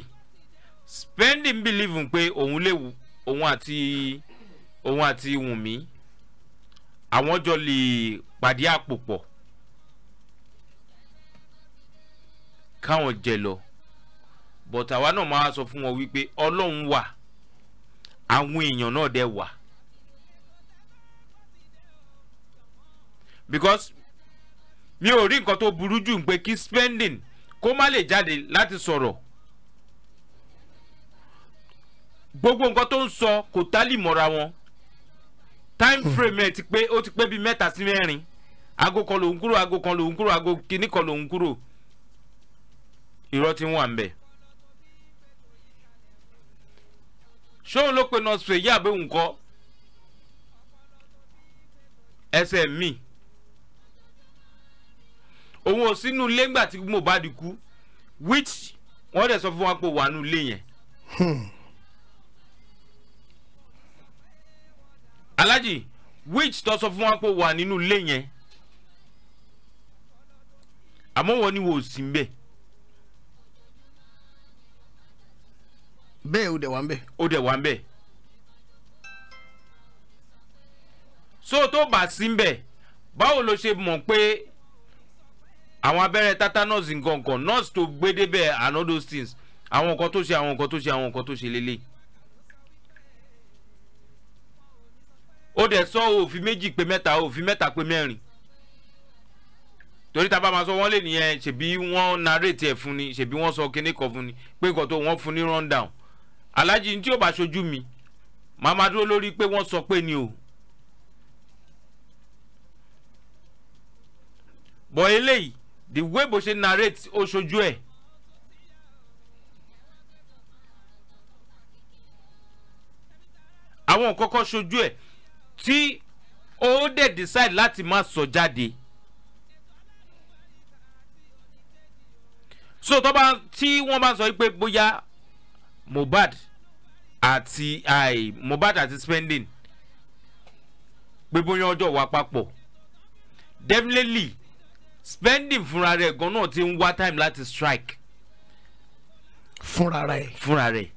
spending believe pé òun lè òun àti òun àti wùnmí àwọn jọ lè pàdé àpò pọ̀ káwọn jẹ lọ bọ̀tàwa náà máa sọ fún wọn wípé ọlọ́run wà àwọn èèyàn náà dẹ̀ wà. because mi ò rí nǹkan tó burú jù pé kí spending kó má lè jáde láti sọ̀rọ̀ gbogbo nǹkan tó ń sọ kò tálì mọ́ra wọn time hmm. frame ẹ̀ ti pé ó ti pé bíi mẹ́ta sí mẹ́rin aago kan lòun kúrò aago kan lòun kúrò aago kìíní kan lòun kúrò irọ́ ti ń wà ń bẹ̀. ṣóun ló pe nọ́ọ̀sì èyí àbẹ̀wò nǹkan ẹsẹ̀ míì òun ò sínú ilé ńgbà tí Mohbad kú which wọ́n dẹ̀ sọ fún wa pé wà ilé yẹn. Hmm. alájì which tó sọ fún wa pé wà nínú ilé yẹn àmọ́ wọn ni wò ó sí mbẹ́. bẹ́ẹ̀ ó dẹ̀ wá ń bẹ̀. ó dẹ̀ wá ń bẹ̀. so tó bá sí mbẹ́ báwo ló ṣe mọ̀ pé àwọn abẹ́rẹ́ tetanus nkankan nurse tó gbé débẹ̀ and all those things àwọn nǹkan tó ṣe àwọn nǹkan tó ṣe àwọn nǹkan tó ṣe lélẹ̀. ó dẹ̀ sọ òfin méjì pé mẹ́ta òfin mẹ́ta pé mẹ́rin torí tá a bá máa sọ wọ́n lè nìyẹn ṣèbí wọ́n narrate ẹ̀ fún ni ṣèbí wọ́n sọ kinní kan fún ni pé nǹkan tó wọ́n fún ní rundown alájí tí ò bá ṣojú mi màá máa dúró lórí pé wọ́n sọ pé ni o. bọ̀ eléyìí the way bó ṣe narrate ó ṣojú ẹ̀. àwọn kọ́kọ́ ṣojú ẹ̀ tí ó dẹ̀ decide láti má sọ jáde. so tó bá tí wọ́n bá sọ pé bóyá Mohbad àti ai Mohbad àti spending pé bóyá ọjọ́ wà papọ̀ definitely spending fúnra rẹ̀ gan náà ti ń wá time láti strike. fúnra rẹ̀. fúnra rẹ̀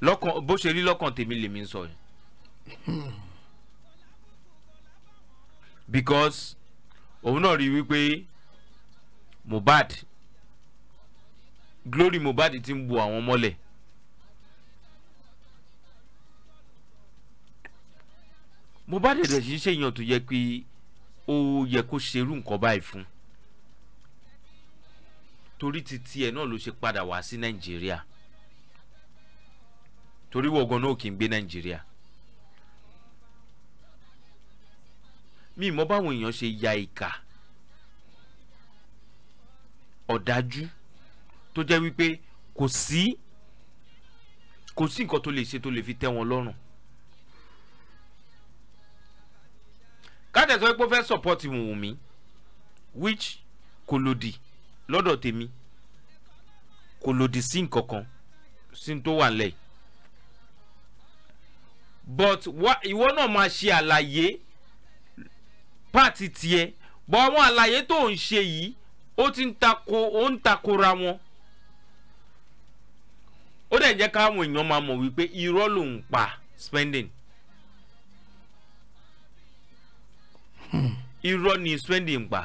lọ́kàn bó ṣe rí lọ́kàn tèmi lèmi ń sọ yìí. because òun náà rí wípé Mohbad glory Mohbad ti ń bu àwọn mọ́lẹ̀. Mohbad dẹ̀ ṣiṣẹ́ èèyàn tó yẹ pé ó yẹ kó ṣerú nǹkan báyìí fún un torí ti tiẹ̀ náà ló ṣe padà wá sí nàìjíríà torí wọ̀gàn náà kì í gbé nàìjíríà mi mọ báwọn èèyàn ṣe ya ìkà ọ̀dájú tó jẹ́ wípé kò sí kò sí nǹkan tó lè ṣe tó lè fi tẹ́ wọn lọ́rùn káàtẹ̀ sọ pé ó fẹ́ support Wùnmí which kò lòdì lọ́dọ̀ tèmi kò lòdì sí nǹkan kan sí tó wà nílẹ̀ but ìwọ náà máa ṣe àlàyé pààtì tiẹ̀ bọ́ àwọn àlàyé tó ń ṣe yìí ó ti ń tako ó ń takora wọn ó dẹ̀ jẹ́ káwọn èèyàn máa mọ̀ wípé irọ́ ló ń pa spending hmm. irọ́ ni spending ń pa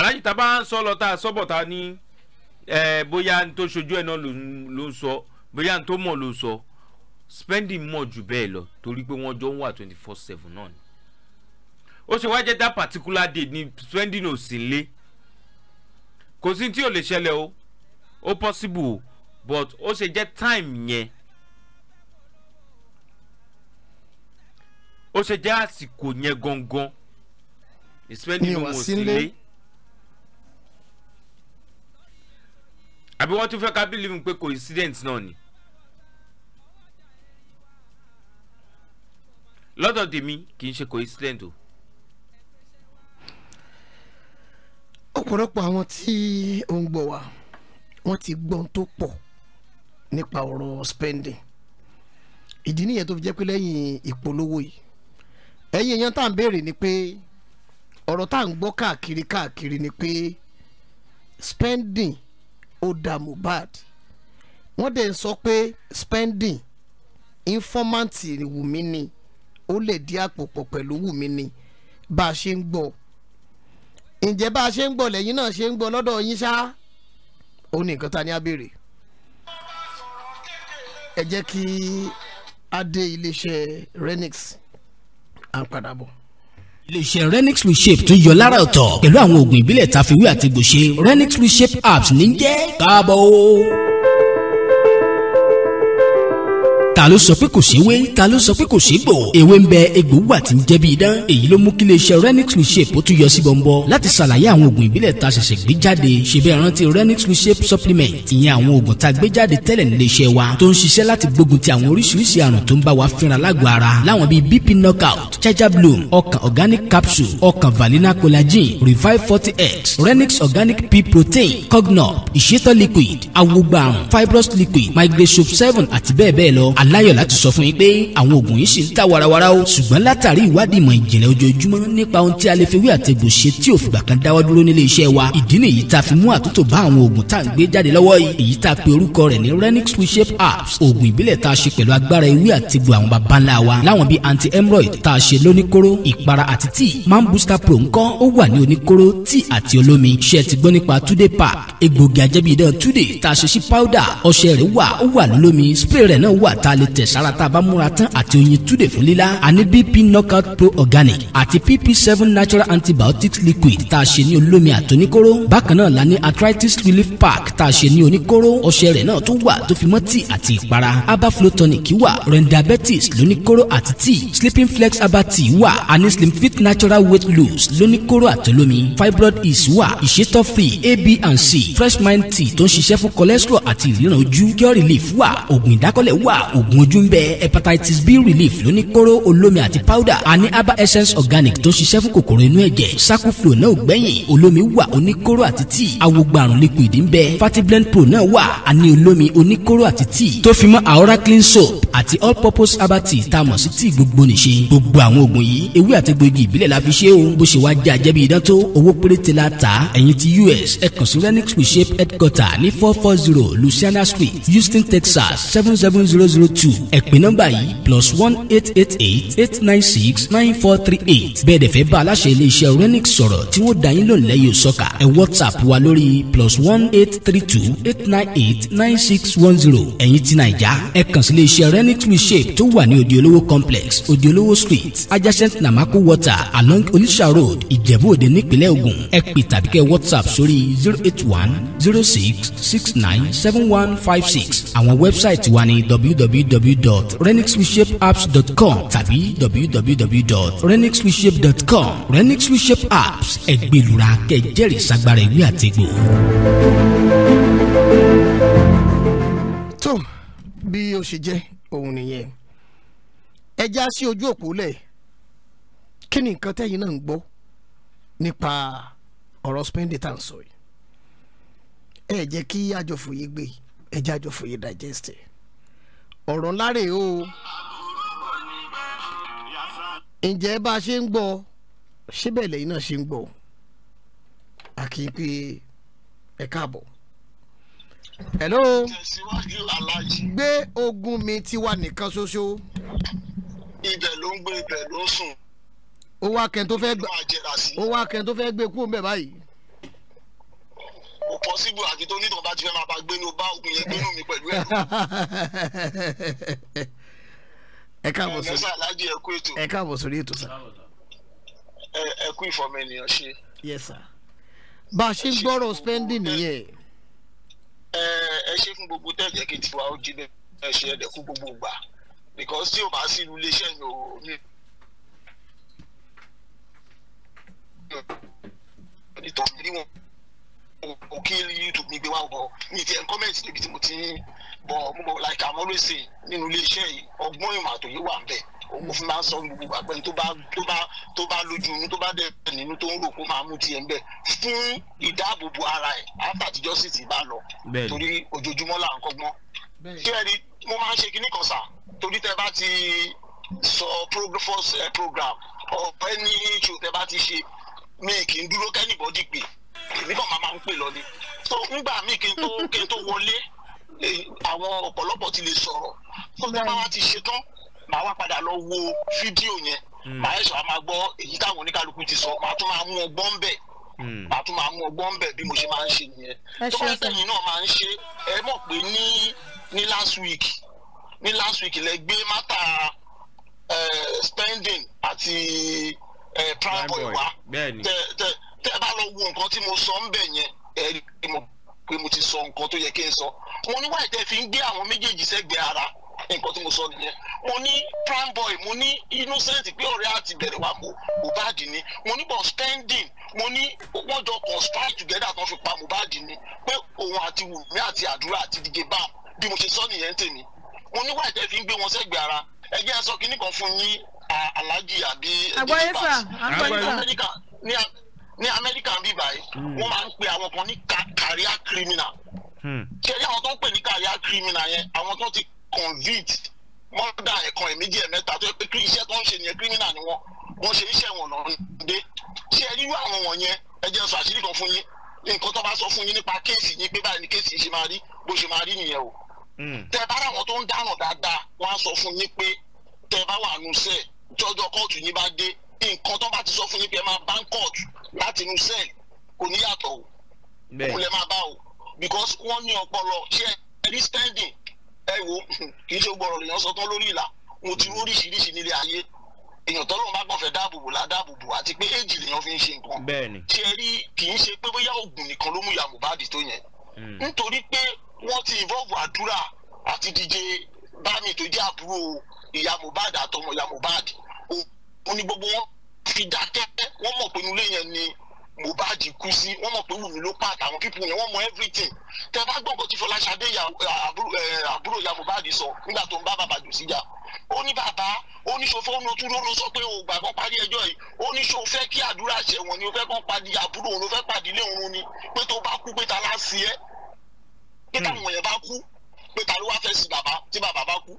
alájì tá a bá ń sọ lọ tá a sọ́bọ̀ ta ní bóyá n tó ṣojú ẹ̀ náà ló ń sọ bóyá n tó mọ̀ ló ń sọ spending mọ̀ jù bẹ́ẹ̀ lọ torí pé wọ́n jọ ń wà twenty four seven náà ni ó ṣe wá jẹ́ that particular day ni spending ò sí lé kò sí tí ò lè ṣẹlẹ̀ o ó possible o but ó ṣe jẹ́ time yẹn ó ṣe jẹ́ àsìkò yẹn gangan spending ò sí lé àbí wọ́n tún fẹ́ ká believe pé coincidence náà ni. lọ́dọ̀ tèmi kì í ṣe coincidence o. ọ̀pọ̀lọpọ̀ àwọn tí ó ń gbọ́ wa wọ́n ti gbọ́n tó pọ̀ nípa ọ̀rọ̀ spending ìdí nìyẹn tó fi jẹ́ pé lẹ́yìn ìpolówó yìí ẹ̀yin èèyàn tá à ń béèrè ni pé ọ̀rọ̀ tá à ń gbọ́ káàkiri káàkiri ni pé spending ó da Mohbad wọ́n dẹ̀ ń sọ pé spending informant Wùmí ni ó lè di àpò pọ̀ pẹ̀lú Wùmí ni bá a ṣe ń gbọ́ ǹjẹ́ bá a ṣe ń gbọ́ lẹ́yìn náà ṣe ń gbọ́ lọ́dọ̀ yín ṣá ó ní nǹkan ta ni á béèrè ẹ jẹ́ kí a dé iléeṣẹ́ Renix à ń padà bọ̀ iléeṣẹ́ renix reshape tún yọ lára ọ̀tọ̀ pẹ̀lú àwọn oògùn ìbílẹ̀ tàfiwé àti gbòṣe renix reshape apps ní jẹ́ káàbọ̀ o. ta ló sọ pé kò sí wé ta ló sọ pé kò sí gbò èwe ń bẹ egbò wà tí ń jẹ́ bí idán èyí ló mú kí iléeṣẹ́ renix reshape ó tún yọ sí bọ́ńbọ́ láti ṣàlàyé àwọn oògùn ìbílẹ̀ tá ṣẹ̀ṣẹ̀ gbé jáde ṣe bẹ́ẹ̀ rántí renix reshape supplement ìyẹn àwọn oògùn tá a gbé jáde tẹ́lẹ̀ níléeṣẹ́ wa tó ń ṣiṣẹ́ láti gbógun ti àwọn oríṣiríṣi àrùn tó ń bá wa fínra lágbo ara láwọn bíi bp knockout Chaja bloom ọkàn organic capsule ọkàn valina collagen revive forty x renix organic pea protein cognop ìṣètò liquid awogba àrùn fibrous liquid migration seven àti bẹ́ẹ̀ bẹ́ẹ̀ lọ aláyọ̀ láti sọ fún yín pé àwọn oògùn yìí sì ń ta warawara o ṣùgbọ́n látàrí ìwádìí ìmọ̀ ìjìnlẹ̀ ojoojúmọ́ nípa ohun tí a lè fi wí àtẹ̀gbò ṣe tí òfìgbà kan dáwọ́ dúró nílé iṣẹ́ wa ìdí nìyí tá a fi mú àtúntò bá àwọn oògùn tá à ń gbé jáde lọ́wọ́ yìí èyí tá a pe orúkọ rẹ̀ ní renix reshape apps oògùn ìbílẹ̀ tá a ṣe pẹ̀lú agbára ewé àtẹ̀gbò àwọn baba ńlá wa láwọn bíi anti hemorrhoid tá a ṣe lóníkóró ìpara àti tíì man booster pro ńkọ́ ó wà ní oníkóró tíì àti olómi ṣe ti gbọ́ nípa two day pack egbògi ajẹ́bíidán two day tá a ṣe sí powder ọṣẹ rẹ̀ wà ó wà lólómi spray rẹ̀ náà wà tá a lè tẹ̀sára tá a bá múra tán àti oyin túdè fún lílá àní bp knockout pro organic àti pp seven natural antibiotic liquid tá a ṣe ní olómi àtòníkóró bákan náà la ní arthritis relief pack tá a ṣe ní oníkóró ọṣẹ rẹ̀ náà tún wà tó fi mọ́ tíì àti ìpara herbal flow tonic wà rendiabetes lóníkóró àti tíì sleeping flex herbal tea wà àní slim fit natural weight loss lóníkóró àtòlómi fibroid is wà ìṣètò free a b and c fresh mind tea tó ń ṣiṣẹ́ fún cholesterol àti ìríran ojú cure relief wà oògùn ìdákọ́lẹ̀ wà oògùn oògùn ojú ń bẹ hepatitis b relief lóníkóró olómi àti powder àní herbal essence organic tó ṣiṣẹ́ fún kòkòrò inú ẹ̀jẹ̀ saku flow náà gbẹ̀yìn olómi wà oníkóró àti tíì awogbarun liquid ń bẹ fatiblen pro náà wà àní olómi oníkóró àti tíì tó fi mọ́ aora clean soap àti all purpose herbal tea tá a mọ̀ sí tíì gbogbo nìṣe gbogbo àwọn oògùn yìí ewé àtẹgbẹ́gi ìbílẹ̀ la fi ṣe o bó ṣe wá jẹ́ àjẹbí idán tó owó péréte la ta ẹ̀yin ti US ẹ kàn sí renix reshape headquarter ní four four zero Louisiana Street Houston Texas seven seven zero zero two two ẹ̀pín nọ́mbà yìí plus one eight eight eight eight nine six nine four three eight bẹ́ẹ̀ dẹ̀ fẹ́ bá aláṣẹ iléeṣẹ́ renix sọ̀rọ̀ tí wọ́n dá yín lónìí lẹ́yìn òsọ́kà ẹ whatsapp wa lórí plus one eight three two eight nine eight nine six one zero ẹ̀yin ti nàìjà ẹ kàn sí iléeṣẹ́ renix reshape tó wà ní òdi olówó complex òdi olówó street adjacent namako water along olisha road ìjẹ̀bú òde nípínlẹ̀ ògùn ẹ pè tàbí kẹ́ whatsapp sórí zero eight one zero six six nine seven one five six àwọn wẹ́bsáìtì wa ni www www.renixwishapeapps.com tàbí www.renixwishape.com renixwishape apps ẹgbẹ́lura kẹjẹ́rìí sagbára ìwé àtẹ̀gbò. tó bí ó ṣe jẹ́ òun nìyẹn ẹ já sí ojú òpó kí ni nǹkan tẹ́yin náà ń gbọ́ nípa ọ̀rọ̀ spending ń sọ yìí ẹ jẹ́ kí àjọfòye gbé ẹ jẹ́ àjọfòye digest ẹ̀ ọ̀rọ̀ ńlá rèé o ǹjẹ́ bá a ṣe ń gbọ́ síbẹ̀ lẹ́yìn náà ṣe ń gbọ́ àkì pé ẹ káàbọ̀ hello gbé ogun mi tiwa nìkan ṣoṣo. ibẹ̀ ló ń gbé ibẹ̀ ló ń sùn. ó wá kẹ́ni tó fẹ́ gbé kú òun báyìí kò possible àti tó nítorí bá ti fẹ́ máa bá gbénu bá òkun yẹn gbénu mi pẹ̀lú ẹ̀rọ. ẹ káàbọ̀ sórí aláàjì ẹ kú ètò. ẹ káàbọ̀ sórí ètò sá. ẹ kú ìfọ̀mọ ṣe. yes sir. bá a ṣe ń gbọ́rọ̀ spending nìyẹn. ẹ ẹ ṣe fún gbogbo tẹ́lẹ̀ kí tiwa ó jí bẹ́ẹ̀ ṣe ẹ̀dẹ̀ kú gbogbo gbà because tí o bá sí irú iléeṣẹ́ mi mi nítorí wọn kò kí youtube mi gbé wá bọ̀ mi ti ẹ̀ comment níbi tí mo ti bọ̀ mo like i'm always saying, nínú iléeṣẹ́ yìí ọgbọ́n ìmọ̀ àtòyé wà ń bẹ̀ mo fi máa ń sọ gbogbo àpẹẹrẹ tó bá tó bá tó bá lójú inú tó bá dẹ̀ nínú tó ń rò kó máa mú tiẹ̀ ń bẹ̀ fún ìdáàbòbò ara ẹ̀ áfà àtijọ́ sì ti bá lọ torí ojoojúmọ́ là ń kọ́gbọ́n kí ẹni mo máa ń ṣe kinní kan sà torí tẹ bá ti sọ first eh, program ọ̀pẹ́ ní ṣòtẹ́ bá ti ṣe mi kì í dúró kẹ́nìbọ́dì pé èmi náà máa máa ń pè lọ ni tó ńgbà míì kí n tó kí n tó wọlé àwọn ọ̀pọ̀lọpọ̀ ti lè sọ̀rọ̀ tó bí wọ́n bá ti ṣetán màá wá padà lọ wo fídíò yẹn hmm. màá ẹ̀ṣọ́ a máa gbọ́ èyí táwọn oníkálukú ti sọ màá tún máa mú ọgbọ́n bẹ̀ hmm. màá tún máa mú ọgbọ́n bẹ̀ bí mo ṣe máa ń ṣe nìyẹn tó bá tẹ̀yìn náà máa ń ṣe ẹ mọ̀ pé ní ní last week ní last week lẹ gbé mátà eh, spending àti eh, prime boy wa tẹ tẹ́ ẹ bá lọ wo nǹkan tí mo sọ ń bẹ̀ yẹn ẹ rí mo pé mo ti sọ nǹkan tó yẹ kí n sọ mo ní wáyé tẹ́ fi ń gbé àwọn méjèèjì sẹ́gbẹ̀ẹ́ ara nǹkan tí mo sọ nìyẹn mo ní prime boy mo ní innocent pé ọ̀rẹ́ àti bẹ̀rẹ̀ wa kò Mohbad ni mo ní bọ̀ spending mo ní wọ́n jọ conspire together kan fi pa Mohbad ni pé òun àti Wùmí àti àdúrà àti díje bá bí mo ṣe sọ nìyẹn tèmi mo ní wáyé tẹ́ fi ń gbé wọn sẹ́gbẹ̀ẹ́ ara ẹ sọ kinní kan fún yín aláàjì àbí. àgbáyé sà àgbáyé sà ní Amẹ́ríkà ní ní amẹ́ríkà ń bí báyìí hmm. wọ́n máa ń pe àwọn kan ní career criminal hmm. ṣẹlẹ̀ àwọn tó ń pè ní career criminal yẹn àwọn tó ti convict mọ́dà ẹ̀kan ẹ̀mẹ́jì ẹ̀mẹ́ta tó yẹ pé iṣẹ́ tó ń ṣe yẹn criminal ni wọ́n wọ́n ṣe iṣẹ́ wọn náà dé ṣé ẹ rírú àwọn wọ̀nyẹn ẹ jẹ́ sọ àṣírí kan fún yín nǹkan tó bá sọ fún yín nípa kéèsì yín pé báyìí ni kéèsì ṣe máa rí bó ṣe máa rí nìyẹn o hmm. tẹ bá àwọn tó ń dáràn dáadáa wọ́n á sọ fún yín pé tẹ bá wà nù sẹ́ẹ̀ jọjọ kóòtù yín bá dé nǹkan tó bá ti sọ fún yín pé ẹ máa bankot láti inú cell kò ní yàtọ̀ o òun lè máa bá o because wọ́n ní ọpọlọ ṣé ẹni spending ẹ wo kì í ṣe gbọ́rọ̀ lèèyàn sọ tán lórí ìlà mo ti oríṣiríṣi nílé ayé èèyàn tọ́lọ́ bá gbọ́n dáàbòbò la dáàbòbò àti pé éèjì lèèyàn fi ń ṣe nǹkan ṣé rí kì í ṣe pé bóyá oògùn nìkan ló mú ìyá Mohbad tó yẹn hmm. nítorí pé wọ́n ti involve àdúrà àti DJ Bami tó jẹ́ àbúrò ìyá Mohbad àtọmọ ìyá Mohbad ó ní gbogbo wọn fi dákẹ́ wọ́n mọ̀ pé nulẹ̀ yẹn ni Mohbad kú sí wọ́n mọ̀ pé Wùmí ló pa àtàwọn pípù yẹn wọ́n mọ̀ everything tẹ bá gbọ́ngàn tí Fọláṣadé àbúrò ya Mohbad sọ nígbà tó ń bá bàbá jù síjà ó ní bàbá ó ní ṣòfò ó ní otú lóró sọ pé òògbà kan parí ẹjọ́ yìí ó ní ṣòfò fẹ́ kí àdúrà ṣẹ wọn ni ó fẹ́ kàn padì àbúrò òun ló fẹ́ pàdílé òun ni pé tó bá kú pé ta lá sí ẹ pé táwọn yẹn bá kú pé ta ló wá fẹ́ sí bàbá tí bàbá bá kú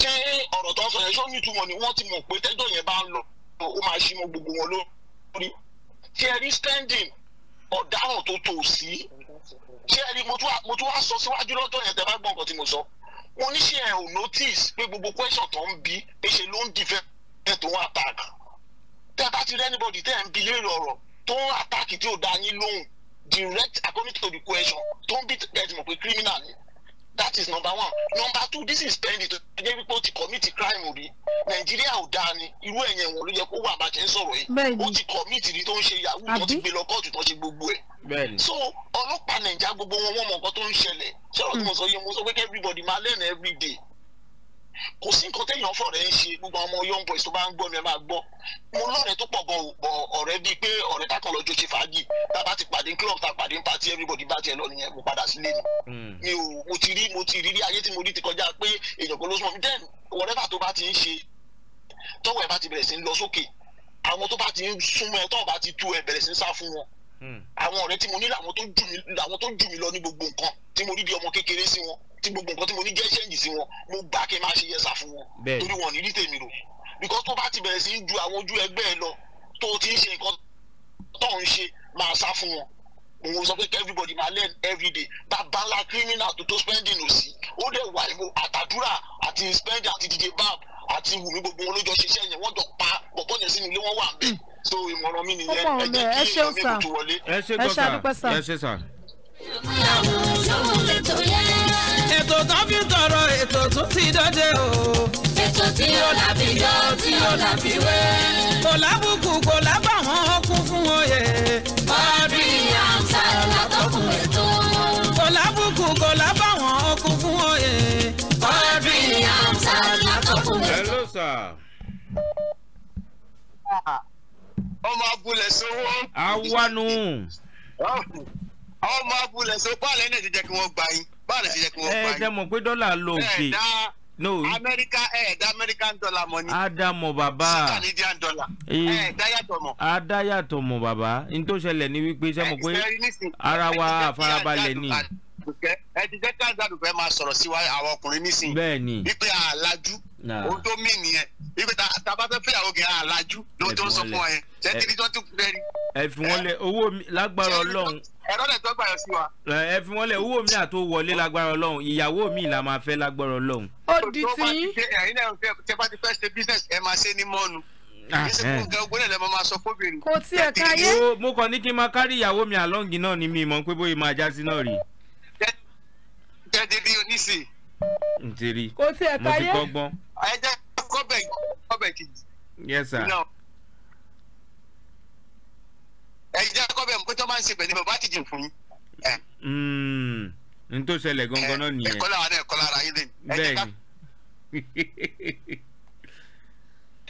ṣé ọ̀rọ̀ tó ń sọ yẹn ṣó nítumọ̀ ni wọ́n ti mọ̀ pé tẹ́jọ́ yẹn bá ń lọ ó máa ṣí mọ́ gbogbo wọn lórí ṣé ẹ rí standing ọ̀daràn tó tò sí ṣé ẹ rí mo tún wá sọ síwájú lọ́jọ́ yẹn tẹ́ bá gbọ́ nǹkan tí mo sọ wọn ní ṣe ẹ ò notice pé gbogbo question tó ń bí èṣe ló ń dìfẹ́ ẹ̀ tó ń attack tẹ́ bá ti rí anybody tẹ́ ẹ̀ ń bi léèrè ọ̀rọ̀ tó ń attack tí ò dá yín lóhùn direct according to the question tó ń bí tẹ̀ ti mọ̀ pé criminal ni that is number one number two this is pending tó jẹ́ wípé ó ti commit crime rí Nigeria, ò dáa ni irú ẹ̀yẹ̀ wọn ló yẹ kó wà bá ṣe ń sọ̀rọ̀ yìí ó ti commit rí tó ń ṣe yahoo tó ti gbé lọ kóòtù tó ṣe gbogbo ẹ̀ so ọlọ́pàá nàìjíríà gbogbo wọn wọ́n mọ̀ nǹkan tó ń ṣẹlẹ̀ ṣé ọ̀rọ̀ tí sọ yẹ mo sọ pé everybody máa learn every day kò sí nǹkan téèyàn fọ̀rẹ́ ń ṣe gbogbo ọmọ young boys tó bá ń gbọ́ mi ẹ máa gbọ́ mo lọ́rẹ̀ẹ́ tó pọ̀ gan ọ̀rẹ́ bíi pé ọ̀rẹ́ tákan lọ́jọ́ ṣe fàájì tá a bá ti pàdé club tá a pàdé party everybody bá tiẹ̀ lọ nìyẹn mo padà sílé mi hmm. mi ò mo ti rí mo ti rí rí ayé tí mo rí ti kọjá pé èèyàn kan ló súnmọ́ then whatever tó bá ti ń ṣe tọ́wọ́ ẹ bá ti bẹ̀rẹ̀ sí ń lọ sókè àwọn tó bá ti ń súnmọ́ ẹ tọ́wọ́ bá ti tú ẹ bẹ̀rẹ̀ sí ń sá fún wọn hmm. àwọn ọ̀rẹ́ tí mo ní làwọn tó jù mí lọ ní gbogbo nǹkan tí mo rí bí ọmọ kékeré sí wọn tí gbogbo nǹkan tí mo ní jẹ́ ṣẹ́ǹjì sí wọn mo gbà kí n má ṣe yẹsà fún wọn torí wọn ní rí tèmi because tó bá ti bẹ̀rẹ̀ sí í ju àwọn ojú ẹgbẹ́ ẹ lọ tó ti ń ṣe nǹkan tó ń ṣe máa sá fún wọn mo sọ pé everybody máa learn every day bàbá criminal tó tó spending ò sí ó dẹ̀ wà ìwò àtàdúrà àti spending àti DJ Bab àti wùmí gbogbo wọn ló ṣiṣẹ́ yẹn wọ́n jọ pa pọ̀pọ̀ yẹn sínú ilé wọn wà ń bẹ̀ hmm. so ìmọ̀ràn mi nìyẹn ẹ jẹ́ kí èèyàn mi tó wọlé. ẹ ṣe dọ́kà ẹ ṣe sà ètò tán fi tọrọ ètò tún ti dọdẹ o. ètò tí ó láfijọ́ tí ó láfiwé. kò lábùkù kò lábàwọ́n ó kún fún oyè. bọ́ọ̀dù ìyá látọkùn ètò. kò lábùkù kò lábàwọ́n ó kún fún oyè. bọ́ọ̀dù ìyá látọkùn ètò. hello sir. ọmọ abúlé sanwó. awanu àwọn ọmọ abúlé so báàlẹ̀ ẹ̀ náà ti jẹ́ kí wọ́n gba yín báàlẹ̀ ti jẹ́ kí wọ́n gba eh, yín. ẹ dá mọ̀ pé dọ́là lò òkè. ẹ dá amẹ́ríkà eh, ẹ dá amẹ́ríkàn dọ́là mọ́ ni. ádámọ̀ bàbá Canadian dọ́là eh. ẹ dá yàtọ̀ mọ́. adá yàtọ̀ mọ̀ bàbá n tó ṣẹlẹ̀ ní wípé sẹ́mu pé ara wa àfarabalẹ̀ ni. ẹ ti jẹ́ kí àdàdùfẹ́ máa sọ̀rọ̀ sí wa àwọn ọkùnrin nísìnyí. bẹ́ẹ̀ni wípé àlájú ohun tó mí nìyẹn wípé tá a bá fẹ́ fẹ́yàwó kì í àlájú lóhun tó ń sọ fún ọ yẹn ṣé kí ni tó tún fẹ́ rí. ẹ fi wọn lẹ owó mi lágbára Ọlọ́run ẹ̀rọ lẹ̀ tó gbàyàn sí wa. ẹ fi wọn lẹ owó mi àti wọlé lágbára Ọlọ́run ìyàwó mi là máa fẹ́ lágbára Ọlọ́run. ó di tí. ẹ̀yin náà tẹ́ bá ti fẹ́ ṣe business ẹ máa ṣe ní mọ́ọ̀nù ah, eh. kò tí ẹ káyé. mo kàn ní kí n máa kárí ìyàwó mi àlọ́ǹgì náà ni mi mọ̀ pé bóyá máa já sí náà rí. jẹ́jẹ́ bí oníṣì. n ti rí mo ti kọ́ gbọ́n. ẹ jẹ́ kọ́bẹ̀ kọ́bẹ̀ kejì. yes sir. You know ẹ̀yin jẹ́ kọ́ bẹ́ẹ̀ mọ́tò máa ń ṣe bẹ̀ ni bàbá ti jìn fún yín. Hmm. n tó ṣẹlẹ̀ gangan náà nìyẹn. ẹ̀kọ́ làwọn ẹ̀kọ́ lára yín lẹ́nu. bẹ́ẹ̀ni.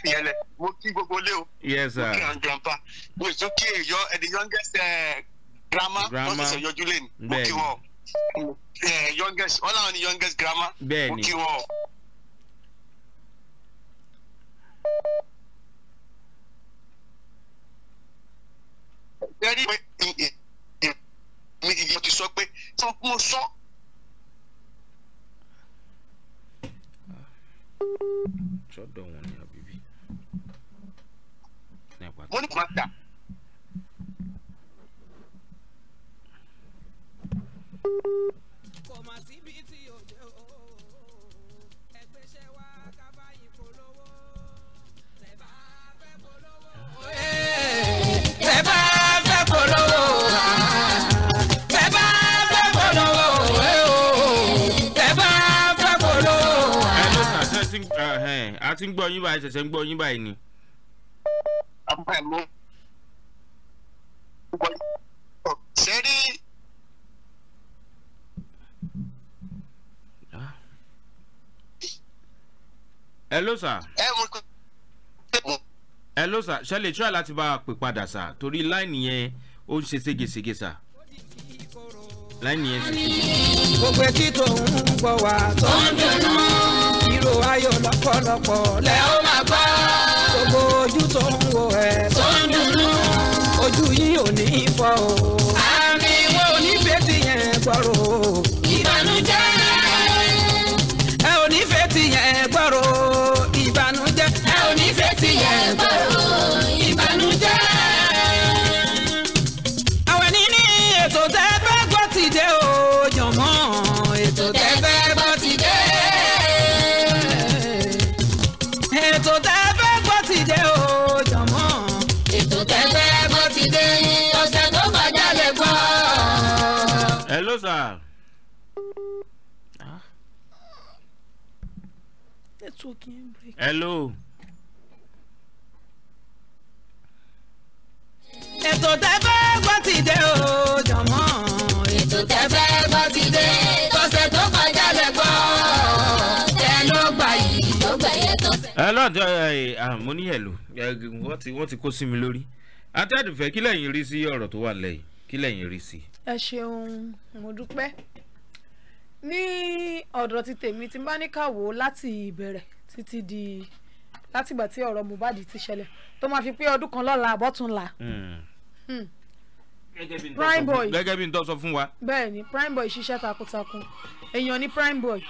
ìyẹlẹ mo kí gbogbo lé o. yes sir. mo kí àwọn grandpa mo tún kí èyọ ẹni youngest grandma wọ́n ti sọ yọjú lẹ́nu mo kí wọn youngest wọ́n làwọn ni youngest grandma mo kí wọn. ẹrí mi ìyẹn ti sọ pé tí mo sọ. sọ́dọ̀ wọn ni àbíbí. mo ní kò máa tà. thank you Eh, eh, a ti ń gbọ́ yín báyìí ṣẹ̀ṣẹ̀ ń gbọ́ yín báyìí ni. ṣe rí. hello sir. hello sir ṣe lè try láti bá a pè padà sà torí láìní yẹn ó ń ṣe ségesège sà láìní yẹn ṣe gbogbo etí tó ń gbọ́ wa tó ń dùn náà ìró ayọ̀ lọ́pọ̀lọpọ̀ lẹ́ ó máa gbọ́. gbogbo ojú tó ń wo ẹ̀ tó ń dùnnú ojú yìí ò ní fọ́ o. àmì wo onífẹ́ ti yẹn gbọ́rọ̀ network break. hello. ètò tẹ́ fẹ́ gbọ́ ti dé o jọ̀mọ́. ètò tẹ́ fẹ́ gbọ́ ti dé tọ̀sẹ̀ tó kọjá lẹ gbọ́ tẹ ló gbà yìí ló gbà yẹ tọ̀sẹ̀. ẹ lọ́dọ̀ ẹ mo ní ẹ̀lò wọ́n ti wọ́n ti kó sí mi lórí atẹ́dùfẹ́ kí lẹ́yìn rí sí ọ̀rọ̀ tó wà lẹ́yìn kí lẹ́yìn rí sí. ẹ ṣeun mo dúpẹ́ ní ọ̀dọ̀ ti tèmi tí bá ní ká láti ìbẹ̀rẹ̀ títí di látìgbà tí ọ̀rọ̀ Mohbad ti ṣẹlẹ̀ tó máa fi pé ọdún kan lọ́la àbọ̀túnla. Hmm. prime boy gẹ́gẹ́ bí n tọ́ sọ fún wa. bẹ́ẹ̀ ni prime boy ṣiṣẹ́ takuntakun èèyàn ni prime boy hmm.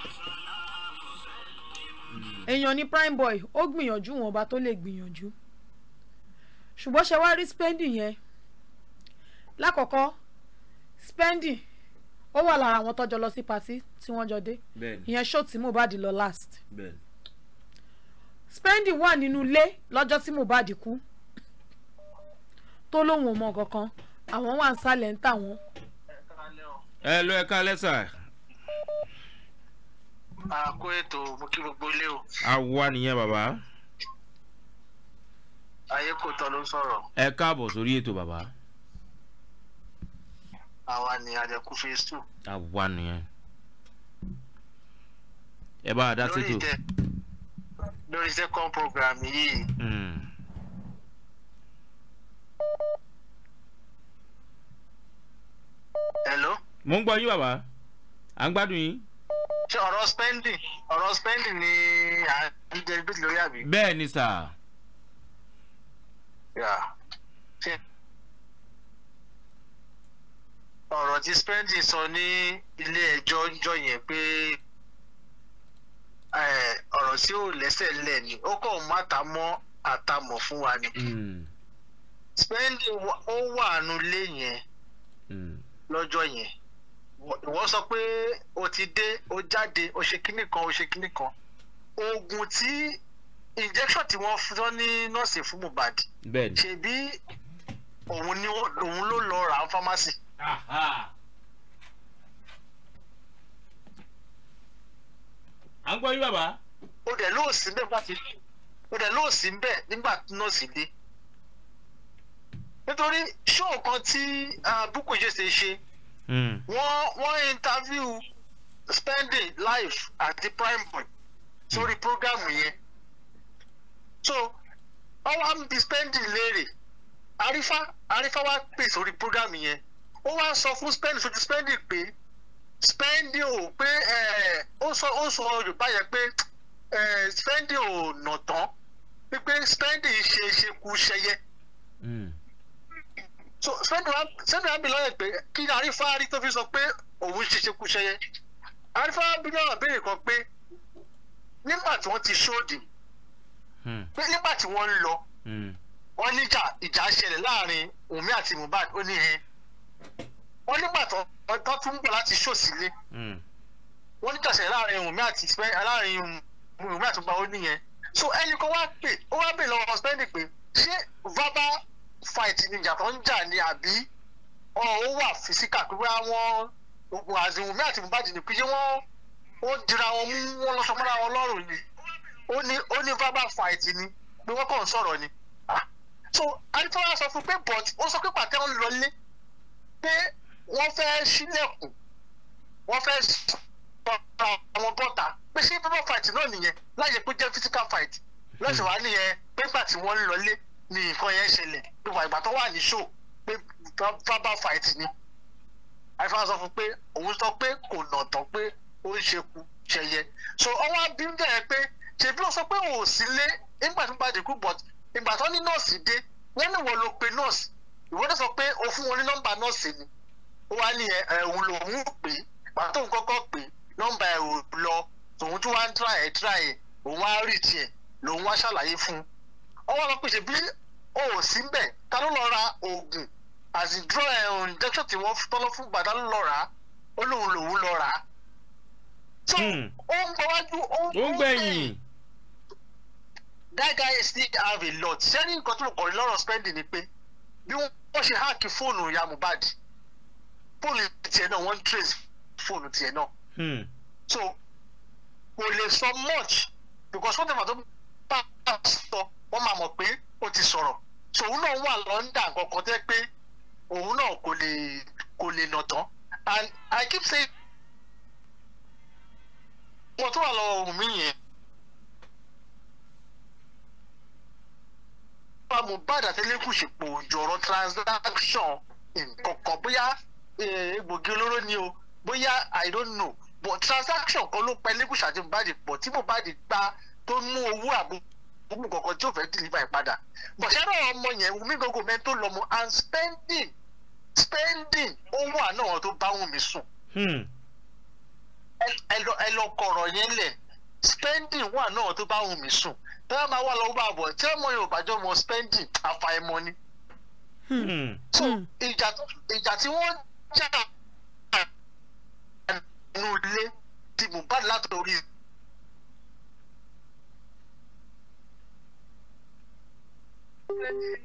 èèyàn ni prime boy ó gbìyànjú wọn ọba tó lè gbìyànjú ṣùgbọ́n ṣe wá rí spending yẹn lákọ̀ọ́kọ́ spending ó wà lára àwọn tọ́jọ́ lọ sí patí tí wọ́n jọ dé ìyẹn show tí Mohbad lọ last. Ben spending wà nínú ilé lọ́jọ́ tí Mohbad kú tó lóun ò mọ kankan àwọn wà ń sálẹ̀ ń tà wọ́n. ẹ ló ẹ kálẹ́ sà. àkó ètò mo kí gbogbo ilé o. àwa nìyẹn bàbá. ayé kò tọ́ ló ń sọ̀rọ̀. ẹ káàbọ̀ sórí ètò bàbá. àwa ni àjẹkù phase two. àwa nìyẹn. ẹ bá a dá sí ètò. lórí ìtẹ́ lórí second program yìí. Hmm. hello. mo ń gbọ́ yín bàbá à ń gbádùn yín. ṣé ọ̀rọ̀ spending ọ̀rọ̀ spending ni à ń jẹ bíi lórí àbí. bẹ́ẹ̀ ni sà. ṣé ọ̀rọ̀ tí spending sọ ní ilé ẹjọ́ ń jọ yẹn pé ọ̀rọ̀ tí ò lẹ́sẹ̀ lẹ̀ ni ó kàn má ta mọ́ àtàmọ̀ fún wa ni. Hmm. spending ó wà nù lé yẹn hmm. lọ́jọ́ yẹn ìwọ sọ pé o ti dé o jáde o ṣe kinní kan o ṣe kinní kan oògùn tí injection tí wọ́n fún ní nọ́ọ̀sì fún Mohbad ṣebí òun ni òun ló lọ rà á fámásì. à ń gbọ́ yín bàbá ó dẹ̀ lóòsì ń bẹ̀ nígbà tí ó dẹ̀ lóòsì ń bẹ̀ nígbà tí nọ́ọ̀sì dé nítorí ṣóò kan tí Bukky Jesse ṣe hmm. wọ́n wọ́n interview spending live àti prime boy sórí hmm. program yẹn so ọwọ́ à ń spending léèrè àrífà àrífà wá pè sórí program yẹn ó wá sọ fún spending sojú spending pé spending ò pé ó sọ ó sọ yorùbá yẹn pé spending ò nà tán wípé spending ṣe ṣe kú ṣẹyẹ hmm. so spending àbí lọ́yẹ̀ pé kí arífáárí tó fi sọ pé òun ṣe ṣe kú ṣẹyẹ arífáárí náà béèrè kan pé nígbà tí wọ́n ti ṣóòdì hmm. pé nígbà tí wọ́n ń lọ hmm. wọ́n níjà ìjà ṣẹlẹ̀ láàrin Wùmí àti Mohbad ó ní ẹ wọ́n nígbà tó tún gbà láti ṣòsílẹ̀ wọ́n níjà ṣẹlẹ̀ láàrin Wùmí àti láàrin òun bá tún gba ó nìyẹn so ẹnì kan wá pè ó wá pè lọ́wọ́ spẹ́ndì pé ṣé verbal fight ni ìjà tó ń jà ni àbí ó wà fìsíkà pé wọ́n ogun àzìwọ̀n mi àti mohbad ni pé wọ́n ó dira wọn mú wọn lọ́sọ mọ́ra wọn lọ́rùn ni ó ní ó ní verbal fight ni pé wọ́n kàn sọ̀rọ̀ ni ah. so aditola sọ fún pé but ó sọ pé pàtẹ́ ń lọlé pé wọ́n fẹ́ sílẹ̀kùn wọ́n fẹ́ sọ àwọn bọ́ta pé ṣé paper fight náà nìyẹn láyé pé jẹ́ physical fight lọ́sẹ̀ wá nìyẹn pé nígbà tí wọ́n ń lọlé ni nǹkan yẹn ṣẹlẹ̀ pé wà ìgbà tó wà ní show pé verbal fight ni àìfà sọ fún pé òun sọ pé kò nà tán pé ó ń ṣekú ṣẹyẹ so ọwọ́ abíúndẹ̀ yẹn pé ṣèbí ó sọ pé òun ò sí lé nígbà tó bá dìkú but ìgbà tó ní nọ́ọ̀sì dé wọ́n ní wọ́n ló pe nọ́ọ̀sì ìwọ́n tó sọ pé o fún wọn ní nọ́mbà nọ́ọ̀sì ni ó wá ní ẹ̀ òun lòún pè pàtó nǹkan kan pè nọ́mbà ẹ̀ ò lọ òun tún wá ń tíráyè tíráyè òun wá rí tiẹ̀ lòun a ṣàlàyé fún un ọwọ́ lọ pèsè bí o ò sí mbẹ̀ ta ló lọ ra oògùn àzìdúró ẹ̀hún eh, injection tí wọ́n tọ́lọ́ fún gbàdá ló lọ rà á ó lóun lòun lọ rà so hmm. ó ń gbọ́wájú ó ń gbẹ̀yìn. that guy still have a lot ṣé ní nǹkan tó lọ́rọ̀ spending ni pé bí wọ́n ṣe háàkì fóònù ìyá Mohbad fóònù tiẹ̀ náà wọ́n trace fóònù tiẹ̀ náà. Hmm. so kò lè sọ much because whatever tó bá sọ wọ́n máa mọ̀ pé ó ti sọ̀rọ̀ so òun náà wà London? kankan tẹ́ pé òun náà kò lè kò lè nà tán and I keep saying wọ́n tó wà lọ́wọ́ ohun mi yẹn. bá Mohbad àtẹlẹkùsìpò jọ̀rọ̀ transaction nǹkan kan bóyá eh, egbògi olóró ni o bóyá I don't know but transaction kan ló pa elégùsà àti Mohbad pọ̀ tí Mohbad gba tó mú owó àbúrò kankan tí ò fẹ́ dìlíbà ìpadà but ẹ̀rọ ọmọ yẹn Wunmi gbogbo mẹ́rin tó lọ́mọ and spending spending owó àná wọn tó bá Wunmi sùn hmm. ẹ lọ kọ̀rọ̀ yẹn lẹ̀ spending wà náà tó bá Wunmi sùn tí wọ́n máa wà lọ́wọ́ bá bọ̀ tí ọmọ Yorùbá jọ mọ spending àfàìmọ̀ ni. Hmm. so hmm. ìjà tí wọ́n jà nínú ilé ti Mohbad látòrí.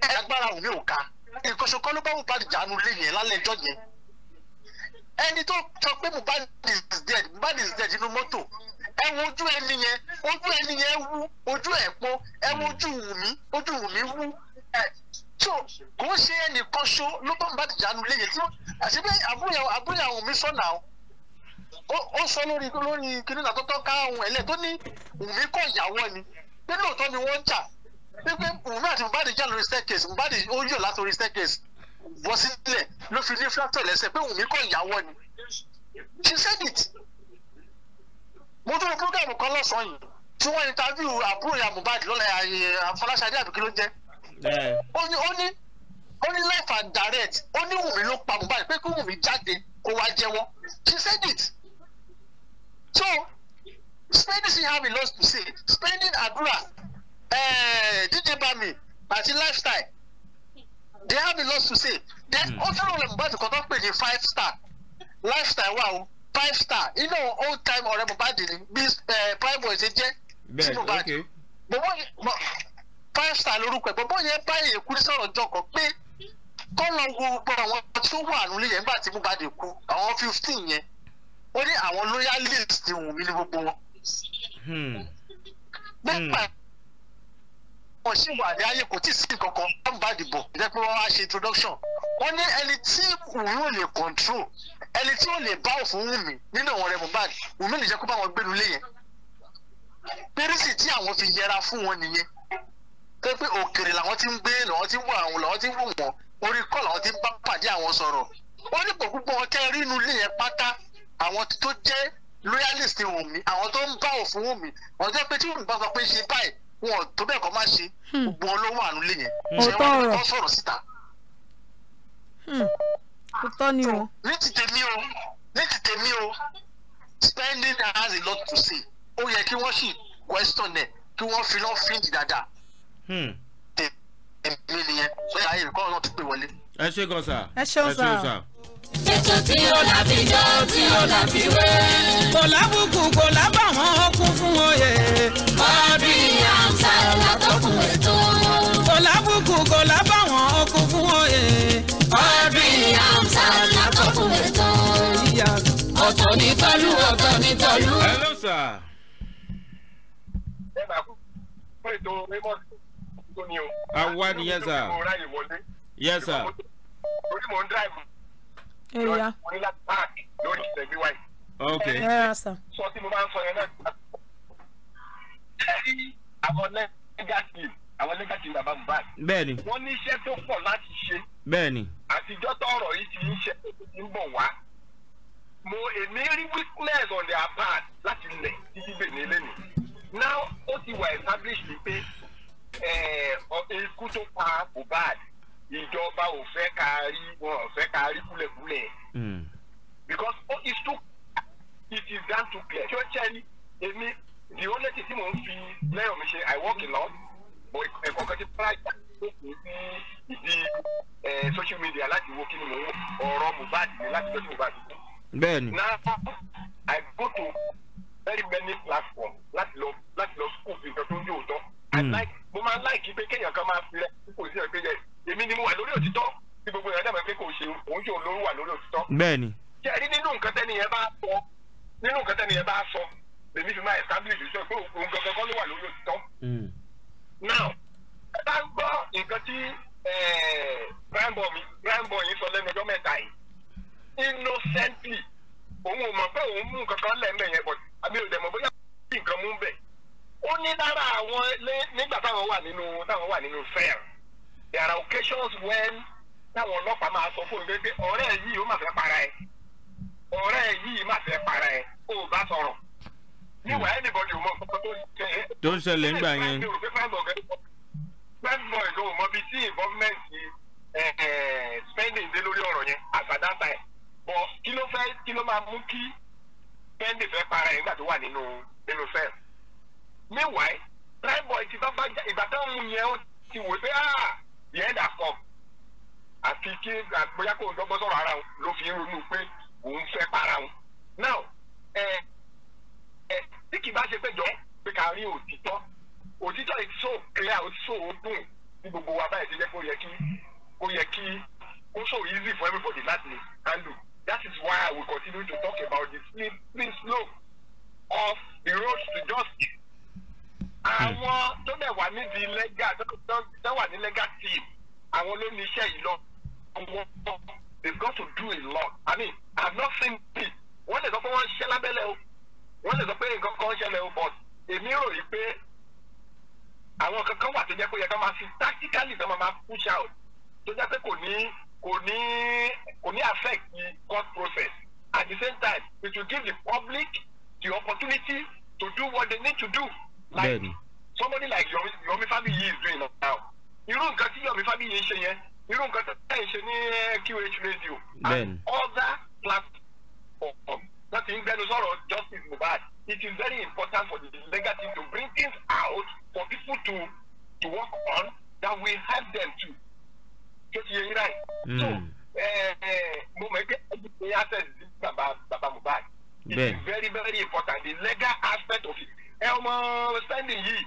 ẹ agbára òun ò ká ìkọsọ ló bá Mohbad jánu lé yẹn lálẹ́ ẹjọ́ yẹn ẹni tó sọ pé Mohbad is dead Mohbad is dead inú moto. ẹ wo ojú ẹni yẹn ojú ẹni yẹn wú ojú ẹ wo ojú Wùmí ojú Wùmí wú ẹ so kò ń ṣe ẹnìkan ṣó ló bá lé yẹn tí sọ náà. ó sọ lórí lórí kìnìún àtọ́tọ́ ká ohun ẹ̀lẹ́ tó ní Wùmí kọ̀ ìyàwó ni pé lóòótọ́ ni wọ́n ń jà pé Wùmí àti Mohbad jà lórí staircase Mohbad ó yọ̀ látòrí staircase bọ́ sílẹ̀ ló fi ní fracture lẹ́sẹ̀ pé Wùmí kọ̀ ìyàwó ni she said it mo tún wo program kan lọ́sàn yìí tí wọ́n interview àbúrò ya Mohbad ó ní life and direct ó ní Wùmí ló pa Mohbad pé kí Wùmí jáde kó wá jẹ́wọ́ she said it so spending still have a lot to say spending àdúrà dídé bá mi àti lifestyle they have a lot to say then ó fẹ́ràn ọ̀rẹ́ Mohbad kan tó pè five star lifestyle wà o five star You know, old time ọ̀rẹ́ Mohbad ni bí eh, prime boy ṣe jẹ́ sí Mohbad bọ̀bọ̀ five star lórúkọ ẹ̀ bọ̀bọ̀ yẹn báyìí èkú ní sọ̀rọ̀ pé kọ́ wo gbogbo àwọn tó wà nílé yẹn nígbà tí Mohbad kú àwọn fifteen yẹn ó ní àwọn loyalist Wùmí ní gbogbo wọn. nípa wọn sì wà ní ayé kò tí ì sí kankan wọn bá dìbò jẹ́ pé wọ́n á ṣe introduction wọ́n ní ẹni tí Wùmí ò lè control ẹni tí ò lè bá òfin Wùmí nínú àwọn ọ̀rẹ́ Mohbad Wùmí nìjẹ́ kó bá wọn gbẹ́nu lé yẹn pérésì tí àwọn fi yẹra fún wọn nìyẹn pé pé òkèrè làwọn ti ń gbé làwọn ti ń wà àwọn làwọn ti ń wò wọn orí kọ́ làwọn ti ń bá pàdé àwọn sọ̀rọ̀ ó ní pọ̀ púpọ̀ ọtẹ́ rínú ilé yẹn pátá àwọn tó jẹ́ loyalist Wùmí àwọn tó ń bá òfin Wùmí wọ́n jẹ́ pé tí Wùmí bá sọ pé ṣe báyìí wọn ò tó bẹ́ẹ̀ kọ́ má ṣe hmm. gbogbo olówó àrùn lè yẹn ṣe wọn kọ́ sọ̀rọ̀ síta. Hmm. ní ti tèmi o ní ti tèmi o spending has a lot to say ó yẹ kí wọ́n sì question ẹ̀ kí wọ́n fi lọ́ọ́ fíǹdì dáadáa. Hmm. tèmi nìyẹn sọ́yà ayé ìkọ́ ọ̀nà tó pè wọlé. ẹ ṣé gan sà ẹ ṣé gan sà ètò tí ó làbíjọ́ tí ó làbíwé. kò lábùkù kò lábàwọ́n ó kún fún oyè. bọ́ọ̀dì àmsà látọkùn ètò. kò lábùkù kò lábàwọ́n ó kún fún oyè. bọ́ọ̀dì àmsà látọkùn ètò. ọ̀tọ̀ ní tọ́lú ọ̀tọ̀ ní tọ́lú. hello sir. ẹ bá kú fún ètò mímọ́ tó ní o. àwa nìyẹn sà. yes sir. orí mò ń dáìbò mo ní láti ok sọ tí mo bẹ́ẹ̀ni. wọ́n ní iṣẹ́ tó pọ̀ láti ṣe. bẹ́ẹ̀ni. àtijọ́ tọrọ yìí ti ń ṣe ń bọ̀ wá. mo èmi rí weakness on their part láti lẹ̀ títí bèèrè lẹ́nu. now ó ti wà established pé eh, ikú tó pa Mohbad ìjọba ò fẹ́ ká wọn ò fẹ́ ká kúlẹ̀kúlẹ̀. Hmm. because oh, it's too it is down to clear. ṣé o ṣe ni èmi the only thing tí mò ń fi lẹ́yìn mi ṣe i work a lot but ẹ̀kọ́ kan ti para ìgbà tó kù sí ìdí eh, social media láti wo kí ni mò ń ọ̀rọ̀ Mohbad ni láti lọ́sí Mohbad. bẹ́ẹ̀ni. now i go to very many platforms láti lọ láti lọ school fi nǹkan tó ń yóò tán. i hmm. like mo máa like pé kéèyàn kan máa fi rẹ kó sí ẹgbẹ́ yẹn èmi ni mo wà lórí òtítọ́ tí gbogbo ìyá dàgbà kò ṣe òun ṣe olóró wà lórí òtítọ́. bẹ́ẹ̀ni. ṣé ẹ nínú nǹkan tẹ́ni yẹn bá sọ nínú nǹkan tẹ́ni yẹn bá sọ lèmi fi máa establish sọ pé òun gangan kọ́ ló wà lórí òtítọ́. Hmm. now ẹ bá gbọ́ nǹkan tí grandboy mi grandboy yìí sọ lẹ́nu ọjọ́ mẹ́ta yìí innocently òun ò mọ̀ pé òun mú nǹkan kan lẹ́ẹ̀mẹ̀ yẹn bọ̀ àbí ò dẹ̀ mọ̀ bóyá nǹkan mú bẹ̀ ó ní lára àwọn nígbà táwọn wà nínú táwọn wà nínú fẹ́ẹ̀rì there are occasions when táwọn ọlọ́pàá máa sọ fún mi pé ọ̀rẹ́ yìí ó mà fẹ́ para ẹ̀ ọ̀rẹ́ yìí mà fẹ́ para ẹ̀ ó bá sọ̀rọ̀ níwà hmm. anybody ò mọ nǹkan tó ń tẹ ń ṣẹlẹ̀ yẹn prime boy ló mọ bí tí involvement eh, eh, spending dé lórí ọ̀rọ̀ yẹn as at that time but kí ló fẹ́ kí ló máa mú kí spending fẹ́ para ẹ̀ nígbà tó wà nínú nínú fẹ́ẹ̀ meanwhile prime boy ìgbà táwọn yẹn ti wò pé ah the end has come àfi kí bóyá kò ń dọ́gbọ́n sọ̀rọ̀ ara wọn ló fi ń ronú pé òun fẹ́ para wọn now ẹ ẹ tí kì bá ṣe pé pé ká rí òtítọ́ òtítọ́ is so clear it's so open ní gbogbo wa báyìí ṣe jẹ́ kó yẹ kí kó yẹ kí kó so easy for everybody láti handle that is why I will continue to talk about the slippery slope of the road to justice. Hmm. àwọn tó dẹ̀ wà nídìí lẹ́gà tó wà ní lẹ́gà team àwọn ló ní iṣẹ́ yìí lọ àwọn they've got to do a lot i mean i'm not saying it wọ́n lè sọ pé wọ́n ń ṣe lábẹ́lẹ̀ o wọ́n lè sọ pé nǹkan kan ń ṣẹlẹ̀ o but èmi rò yìí pé àwọn kankan wà tó jẹ́ pé yẹ ká máa fi tactically tó máa máa push out tó jẹ́ pé kò ní kò ní kò ní affect the court process at the same time it will give the public the opportunity to do what they need to do like ben. somebody like yomi yomi Fabiyi is doing now irú nǹkan tí yomi Fabiyi ṣe yẹn irú nǹkan tí ẹ̀ ṣe ní QH eh, radio and other platform láti ń gbẹnu sọ̀rọ̀ justice Mohbad it is very important for the legal team to bring things out for people to to work on that will help them to. tó ti yẹ yín hmm. so eh, eh, mo mọ̀ pé ẹ̀jẹ̀ ní access bàbá bàbá Mohbad it is very very important the legal aspect of it ẹ ọmọ Sunday yìí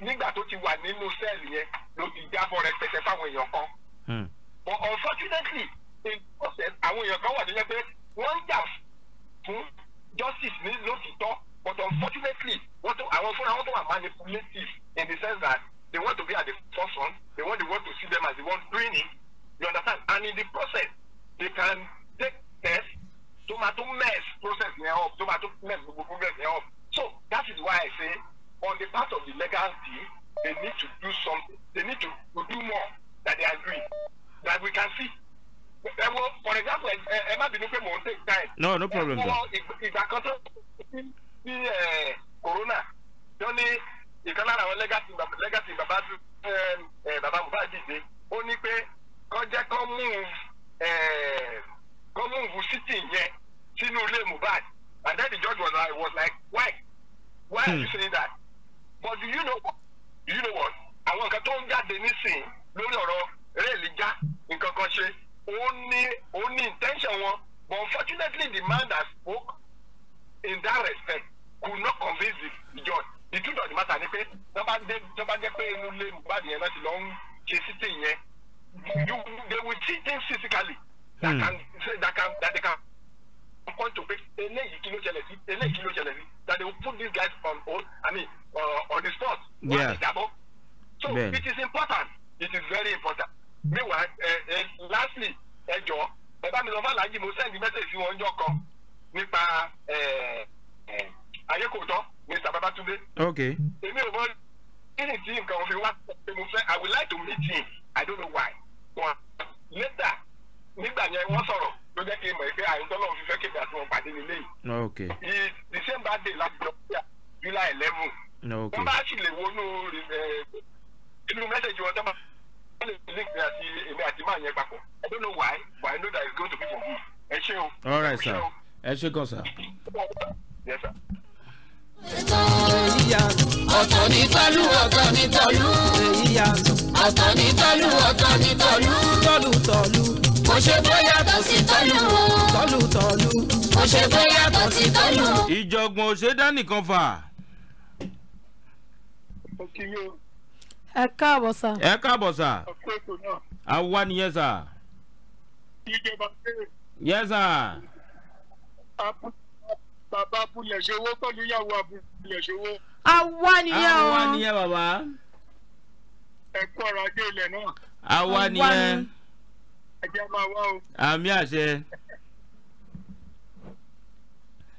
nígbà tó ti wà nínú sẹ́ẹ̀lì yẹn ló ti jábọ̀ rẹpẹtẹ fáwọn èèyàn kan. Hmm. but unfortunately in process àwọn èèyàn kan wà tó yẹ pé wọ́n ń jà fún justice ní lótìtọ́ but unfortunately wọ́n tó àwọn fúnra wọn tó wà manipulative in the sense that they want to be at the forefront they want the world to see them as the one doing it you understand and in the process they can take test tomato mess process yẹn up tomato mess gbogbo progress yẹn up. So that is why I say on the part of the legal team, they need to do something. They need to, to do more that they agree, that we can see. Eh, for example, eh, eh, Emma, má bínú pé mò ń take time. No, no problem. Ẹ wọ ìgbà kan the sí corona tó you cannot have a legacy bàbá bàbá Mohbad dìde ó ní pé kọjá kan mú un kọ́ mú un sítì yẹn sínú ilé Mohbad. And then the judge was like, was like why? Why hmm. are you hmm. saying that? But do you know do you know what? Àwọn nǹkan tó ń jáde nísìnyí lórí ọ̀rọ̀ réèlì já nǹkan kan ṣe ó ní ó ní intention wọn but unfortunately the man that spoke in that respect could not convince the, judge the truth of the matter ni pé tó dé tó jẹ́ pé inú ilé Mohbad yẹn láti lọ ń ṣe sítì you they will see things physically that hmm. can that can that they can point to pé eléyìí kí ló ṣẹlẹ̀ sí eléyìí kí ló ṣẹlẹ̀ sí that they will put these guys on hold I mean uh, on the spot. Yeah. so Bẹ́ẹ̀ni. it is important it is very important. meanwhile uh, uh, lastly ẹ jọ ẹ bá mi lọ fún aláàjì mo send message sí wọn jọ kan nípa eh, ayékòótọ́ Mr. Babatunde. okay. èmi ò mọ kíni tí nǹkan òfin wá pé mo fẹ́ I would like to meet him I don't know why but later nígbà yẹn wọ́n sọ̀rọ̀ ló jẹ́ kí n mọ̀ pé àyíntọ́ náà fẹ́ kéde àti wọn pàdé nílé yìí. yìí december day láti jọ pé july eleven. wọ́n bá sì lè wọnú eh, inú mẹ́sẹ̀gì wọn dábàá wọ́n lè fi link àti èmi àti máa yẹn papọ̀ I don't know why but I know that it's going to be for good. ẹ ṣe o. all right sir ẹ ṣe gan sir. yes sir. ọ̀tọ̀ ní tọ́lú ọ̀tọ̀ ní tọ́lú ọ̀tọ̀ ní tọ́lú ọ̀tọ̀ ní tọ́lú tọ́lú tọ́lú mo ṣe bóyá tó ti tọ́lù o. tọ́lù tọ́lù. mo ṣe bóyá tó ti tọ́lù o. ìjọ̀gbọ̀n ò ṣe dánìkan fà. ẹ káàbọ̀ sà. ẹ káàbọ̀ sà. àwa nìyẹn sà. ìjọba bẹ̀rẹ̀. yẹ sà. bàbá abúlẹ̀ ṣòwò pẹ̀lú ìyàwó abúlẹ̀ ṣòwò. àwa nìyẹn o. àwa nìyẹn bàbá. ẹ kọ́ ọ̀rọ̀ ajé ilẹ̀ náà. àwa nìyẹn ẹjẹ máa wá o. àmì àṣẹ.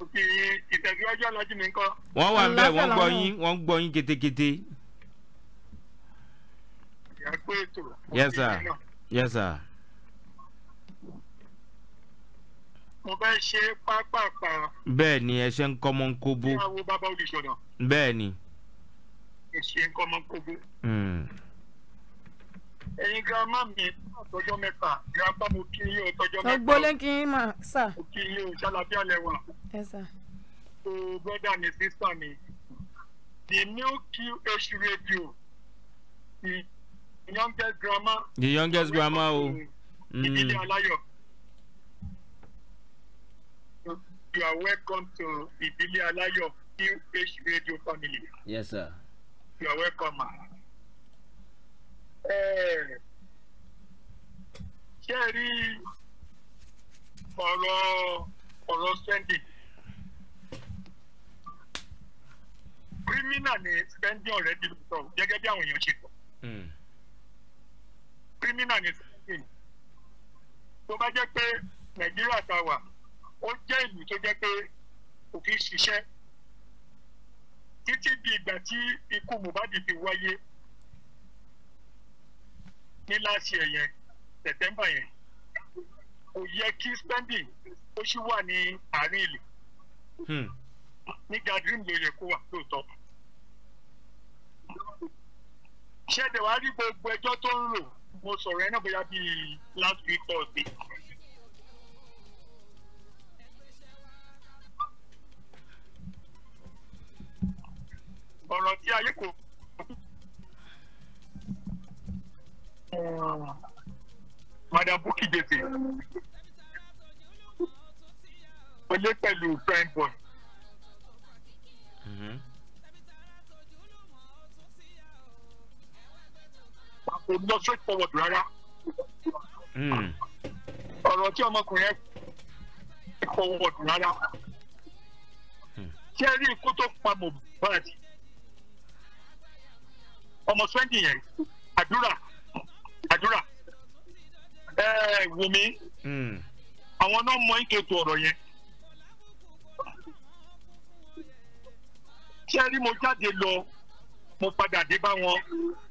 òkè ìtẹ̀bí ọjọ́ lọ́jọ́ mi ń kọ́. wọ́n wà ń bẹ̀ wọ́n gbọ́ yín wọ́n gbọ́ yín ketekete. ìyá pé ètò. yes sir yes sir. mo fẹ́ ṣe pápápá. bẹ́ẹ̀ ni ẹ ṣe ń kọ́mọ ń kóbó. ní àwọn bàbá olùṣọ́nà. bẹ́ẹ̀ ni. ẹ ṣe ń kọ́mọ ń kóbó. Hmm ẹ̀yin grandma mi ọ̀tọ́jọ́ mẹ́fà grandpa mo kí yín ọ̀tọ́jọ́ mẹ́fà. ọgbọ́n lẹ́kìn yín mà sà. mo kí yín o ṣàlàbí àlẹ́ wa. o brother mi sista mi the new QH radio the youngest grandma. the youngest grandma o. Mm. ìdílé mm. aláyọ̀. you are welcome to ìdílé aláyọ̀ QH radio family. yes sir. you are welcome ma. Eh, ṣe rí ọ̀rọ̀ ọ̀rọ̀ spending criminal ni spending already sọ gẹ́gẹ́ bí àwọn èèyàn ṣe sọ hmm. criminal ni spending tó bá jẹ́ pé nàìjíríà ta wà ó jẹ́ ìlú tó jẹ́ pé kò kí ń ṣiṣẹ́ títí di ìgbà tí ikú Mohbad fi wáyé ní láti ẹ̀yẹn sẹ̀tẹ́mbà yẹn kò yẹ kí spending ó sì wà ní àárín ìlú hmm. ní gathering ló yẹ kó wà lóòótọ́ ṣẹ́dẹ̀ wá rí gbogbo ẹjọ́ tó ń rò mo sọ̀rọ̀ ẹ̀ náà bóyá bíi last week Thursday. ọ̀rọ̀ tí ayé kò madam bukki gbèsè olè pẹ̀lú friend boy. Mhm. kò lọ straight forward rárá. Hmm. ọ̀rọ̀ tí ọmọkùnrin yẹn forward rárá. Hmm. ṣé ẹ rí ikú tó pa Mohbad ọmọ swendy yẹn àdúrà àdúrà ẹ Wùmí hmm. àwọn náà mọ ètò ọ̀rọ̀ yẹn tí ẹ rí mo jáde lọ mo padà dé bá wọn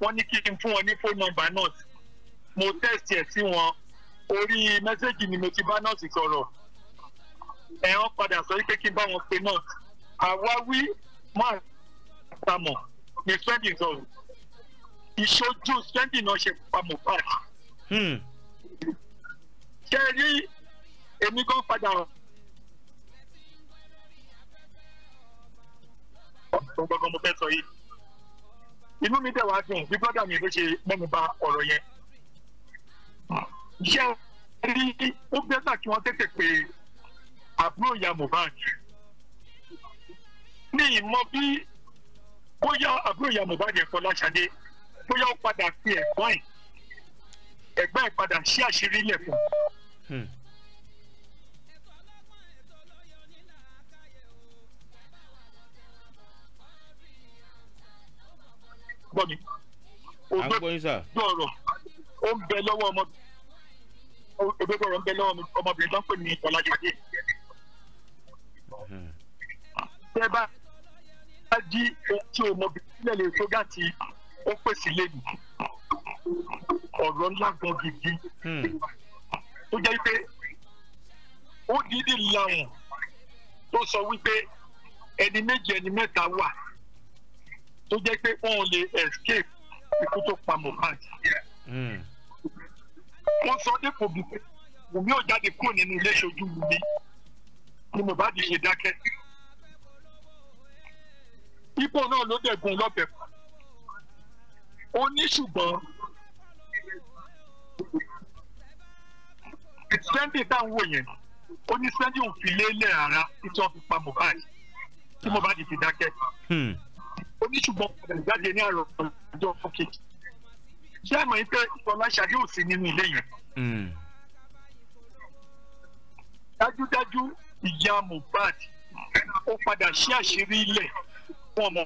wọ́n ní kí n fún wọn ní fóònù nọ́mbà nọ́ọ̀sì mo tẹ́sì ẹ̀ sí wọn orí mẹ́sẹ́gì ni mo ti bá nọ́ọ̀sì sọ̀rọ̀ ẹ̀ wọ́n padà sọ pé kí n bá wọn pe nọ́ọ̀sì àwa wí mọ́ àtàmọ̀ ní fẹ́ẹ̀dì sọ̀rọ̀ ìṣojú sẹ́ńdì náà ṣe pa Mohbad. Hmm. ṣe rí èmi gan padà ọ̀sán gbọ́ngàn mo fẹ́ sọ yìí inú mi dẹ̀ wá dùn bí bọ́dà mi ló ṣe mẹ́nu bà ọ̀rọ̀ yẹn. ṣé rí ó bẹ́tà kí wọ́n tètè pé àbúrò ìyá Mohbad ní ìmọ̀ bí bóyá àbúrò ìyá Mohbad yẹn Fọláṣadé bóyá ó padà fi ẹ̀gbọ́n ẹ̀ ẹ̀gbọ́n ẹ̀ padà sí àṣírí ilẹ̀ fún un. Hmm. gbọ́ mi ògbé ọ̀rọ̀ ó ń bẹ lọ́wọ́ ọmọ ògbé ọ̀rọ̀ ń bẹ lọ́wọ́ ọmọbìnrin tó ń pè ní ọ̀làjọ́dé hmm. tẹ́ bá jí tí ọmọbìnrin lè lè tó ó pèsè lẹ́yìn ọ̀rọ̀ ńlá gan gidi tó hmm. jẹ́ pé ó dídí làwọn tó sọ wípé ẹni méjì ẹni mẹ́ta wà tó jẹ́ pé wọ́n lè escape ikú tó pa Mohbad. Hmm. wọ́n sọ dípò wípé Wùmí ò jáde kúrò nínú ilé ìṣojú Wùmí ni Mohbad ṣe dákẹ́. ibo náà ló dẹ̀ gun lọ́bẹ̀ pa ó ní ṣùgbọ́n sẹ́ńdì tá à ń wò yẹn ó ní sẹ́ńdì òun fi lélẹ̀ ara títí wọ́n fi pa Mohbad tí ah. Mohbad fi dákẹ́ hmm. ó ní ṣùgbọ́n ìjáde ní àrò ọjọ́ kejì ṣé àmọ́ yín pé ìfọlá ṣáájú ò sí nínú ilé yẹn hmm. dájúdájú ìyá Mohbad ó padà ṣí àṣírí ilẹ̀ fún ọmọ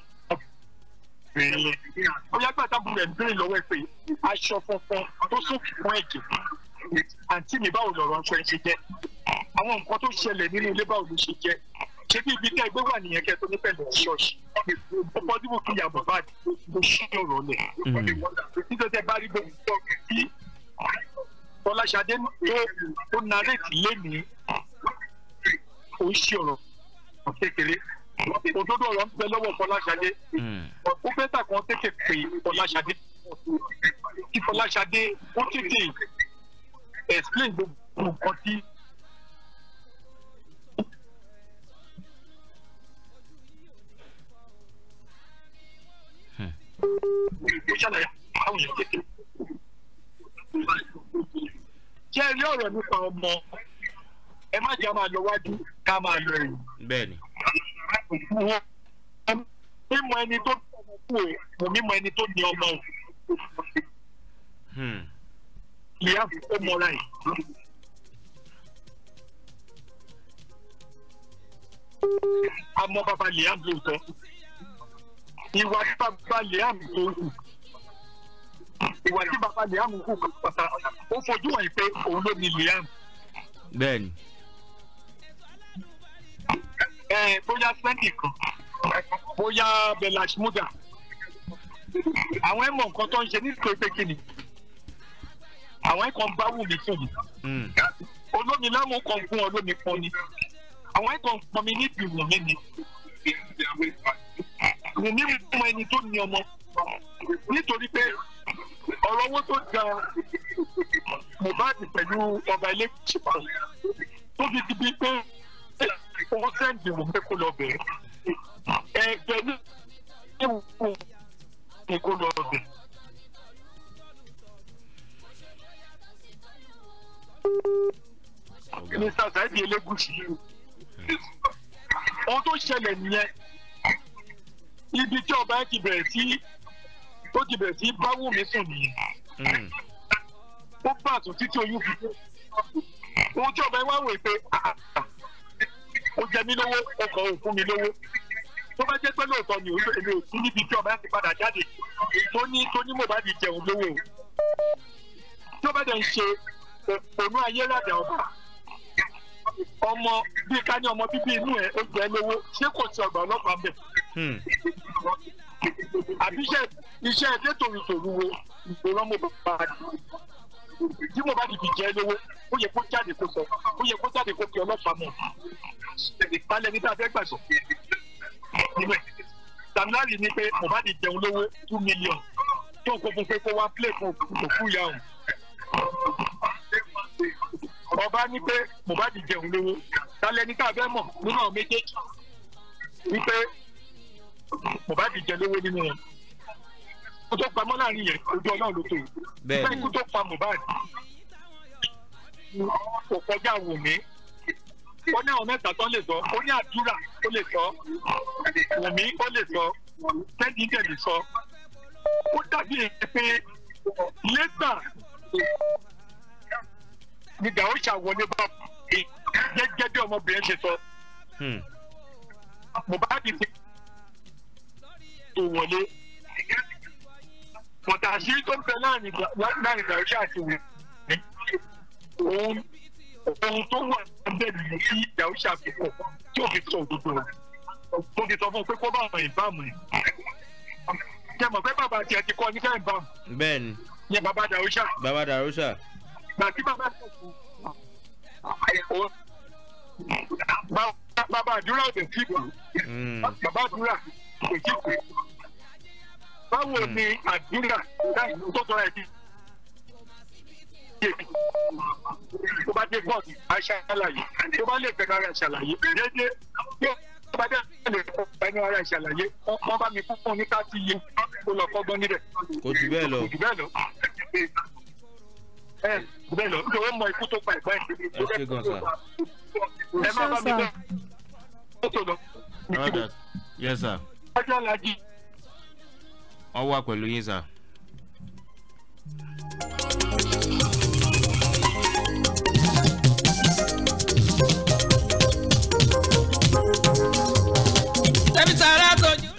bóyá gbàtà bùrù ẹ̀ ń bèrè lọ́wọ́ ẹ pé aṣọ funfun tó sókè fún ẹ̀jẹ̀ àǹtí mi báwo lọ̀rọ̀ aṣọ ẹ̀ ṣe jẹ́ àwọn nǹkan tó ṣẹlẹ̀ nínú ilé báwo ló ṣe jẹ́ ṣé bí ibi tẹ́ ẹgbẹ́ wà nìyẹn kẹ́ tó ní pẹ̀lú ṣọ́ọ̀ṣì ó pọ́sibú kí ìyá bàbá mo ṣí ọ̀rọ̀ lẹ̀ títí hmm. tẹ bá rí bó tọ́ kí Fọláṣadé tó narẹ́tì lénìí ó ń ṣí ọ̀rọ̀ kékeré òdodo ọ̀rọ̀ ń bẹ lọ́wọ́ fọláṣadé hmm. ó fẹ́ tà kan tètè pè fọláṣadé kí fọláṣadé ó tètè explain gbogbo nǹkan tí. Hmm. ṣé ẹ rí ọ̀rọ̀ nípa ọmọ ẹ má jẹ́ máa lọ wájú ká máa lọ ẹ̀yìn. bẹ́ẹ̀ ni láti fún wọn mímọ ẹni tó ní ọmọ kú ẹ kò mímọ ẹni tó ní ọmọ ẹ ìyá fún mọ́ra ẹ̀. àmọ́ bàbá liam ló sọ ìwà tí bàbá liam tó hù ìwà tí bàbá liam hù kàkàtà ó fojú hàn pé òun ló ní liam. bẹ́ẹ̀ni. Eh, bóyá sẹ́ńdì kan bóyá belash muda àwọn ẹ̀ mọ̀ nǹkan tó ń ṣe nítorí pé kí ni àwọn kan bá wù mí hmm. fún mi olómi láwọn kan gún olómi pọn ni àwọn kan pọn mi níbi wù mí ni wù mí mú ẹni tó ní ọmọ nítorí pé ọ̀rọ̀ owó tó ga Mohbad pẹ̀lú ọba ilé tó fi di bíi pé consent ni mo fẹ́ kó lọ bẹ̀ ẹ̀jẹ̀ ní ewu ni kó lọ bẹ̀. Mr. Saidi Elegushi ohun tó ṣẹlẹ̀ nìyẹn ibi tí ọba ti bẹ̀rẹ̀ sí ó ti bẹ̀rẹ̀ sí bá Wùmí sùn nìyẹn hmm. ó pàtó títí oyún fi dé ohun tí ọba yẹn wá wò pé ah, ah, ah, ó jẹ mí lówó ó kàn ó fún mi lówó tó bá jẹ́ pé lóòótọ́ ni èmi ò sí níbi tí ọba ti padà jáde tó ní tó ní Mohbad jẹun lówó tó bá dẹ̀ ń ṣe òpònú ayélujára ọba ọmọ bíi ká ní ọmọ bíbí inú ẹ ó jẹ lówó ṣé kò sí ọgbà ọlọ́pàá bẹ̀ hmm. àbí iṣẹ́ iṣẹ́ ètò ìṣòro wo ìṣòro ọmọ bàbá àti tí mo bá di fi jẹ́ lówó ó yẹ kó jáde kó sọ ó yẹ kó jáde kó fi ọlọ́pàá mọ̀ ìpalẹ̀ ní tá a fẹ́ gbà sọ níbẹ̀ Damilari ní pé Mohbad jẹun lówó two million tó kó fún pé kó wá play fún òkú ìyá òun ọba ní pé Mohbad jẹun lówó talẹ̀ ní tá a fẹ́ mọ̀ nínú àwọn méjèèjì ní pé Mohbad jẹ lówó nínú wọn kó tó pamọ́ láàrin yẹn ojú ọlọ́run ló tó yìí bẹ́ẹ̀ kó tó pa Mohbad kò kọjá wò mí ó ní àwọn mẹ́ta tán lè sọ ó ní àdúrà ó lè sọ wò mí ó lè sọ tẹ́jú dẹ̀ lè sọ ó dàbí pé lẹ́gbà ni gàó ṣàwọlé bá gẹ́gẹ́ bí ọmọbìnrin ṣe sọ hmm. Mohbad ti tó wọlé but àṣírí tó ń bẹ láàrin Ìgbàrúṣà àti wẹ̀ òun ohun tó wà níbẹ̀ nìyí tí Ìgbàrúṣà fi kọ̀ tí ò fi sọ òdodo rẹ̀ mo fi sọ fún un pé kó bá àwọn ìbámu ẹ̀ tẹ mọ̀ pé bàbá tiẹ̀ ti kọ́ ní fẹ́ ìbámu. bẹ́ẹ̀ni. ní bàbá Ìgbàrúṣà. bàbá Ìgbàrúṣà. gbàtí bàbá sọ̀ fún bàbá àdúrà ò sí ìbò bàbá àdúrà kò sí ìpè báwo ni hmm. nàìjíríà tó sọ ẹ̀ di tó bá dé bọ́ọ̀dù aṣàlàyé tó bá lè bẹ̀rẹ̀ ara ṣàlàyé déédéé tó bá dé lè bẹ̀rẹ̀ ara ṣàlàyé wọ́n bá mi fún fún ní káàtì yìí kó lọ fọ́gbọ́n níbẹ̀. kò jù bẹ́ẹ̀ lọ. kò jù bẹ́ẹ̀ lọ. ẹ bẹ́ẹ̀ lọ nítorí mọ ikú tó pa ẹ̀gbọ́n ẹ̀. ẹ ṣe gan sa. ẹ má bá mi bẹ́ẹ̀ tó lọ. yes sir. ọjọ́ la jí ọ wà pẹ̀lú yín sà.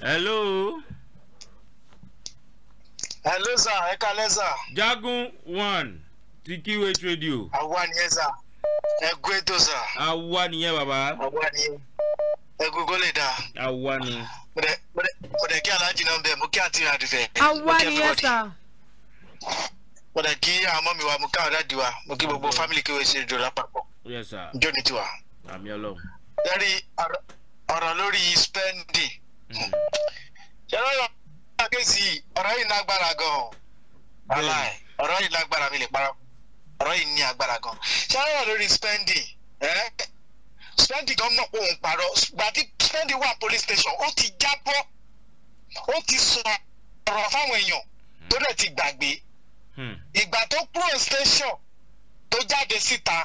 hello. hello sir ẹ kalẹ sir. jagun one ti QH radio. àwa nìyẹn sir ẹ gbé tó sir. àwa nìyẹn bàbá. àwa nìyẹn egungun lè dáa. awa ni. mo dẹ̀ kí aláàjì náà bẹ̀ mo kí àti àdìfẹ́. awa ni ẹ sà. mo kí àwọn ọmọ mi wa mo ká ọ̀dà wa mo kí gbogbo fámìlì kí wọ́n ṣe ìjọ lápapọ̀. ìjọ ni tiwa. àmì ọlọ́run. lórí ọ̀rọ̀ lórí spending. Hmm. ṣẹlẹ ọ̀rọ̀ àkẹ́sì ọ̀rọ̀ yìí lágbára gan-an. aláì ọ̀rọ̀ yìí lágbára mi lè parọ́ ọ̀rọ̀ yìí ní agbára gan-an. ṣẹlẹ ọ̀rọ̀ lórí spending. Eh? Splendid gan mọ̀ pé òun parọ́ gbàdí Splendid wà police station ó ti jábọ́ ó ti sọ̀rọ̀ fáwọn èèyàn tó dẹ̀ ti gbàgbé hmm. ìgbà tó kúrò station tó jáde síta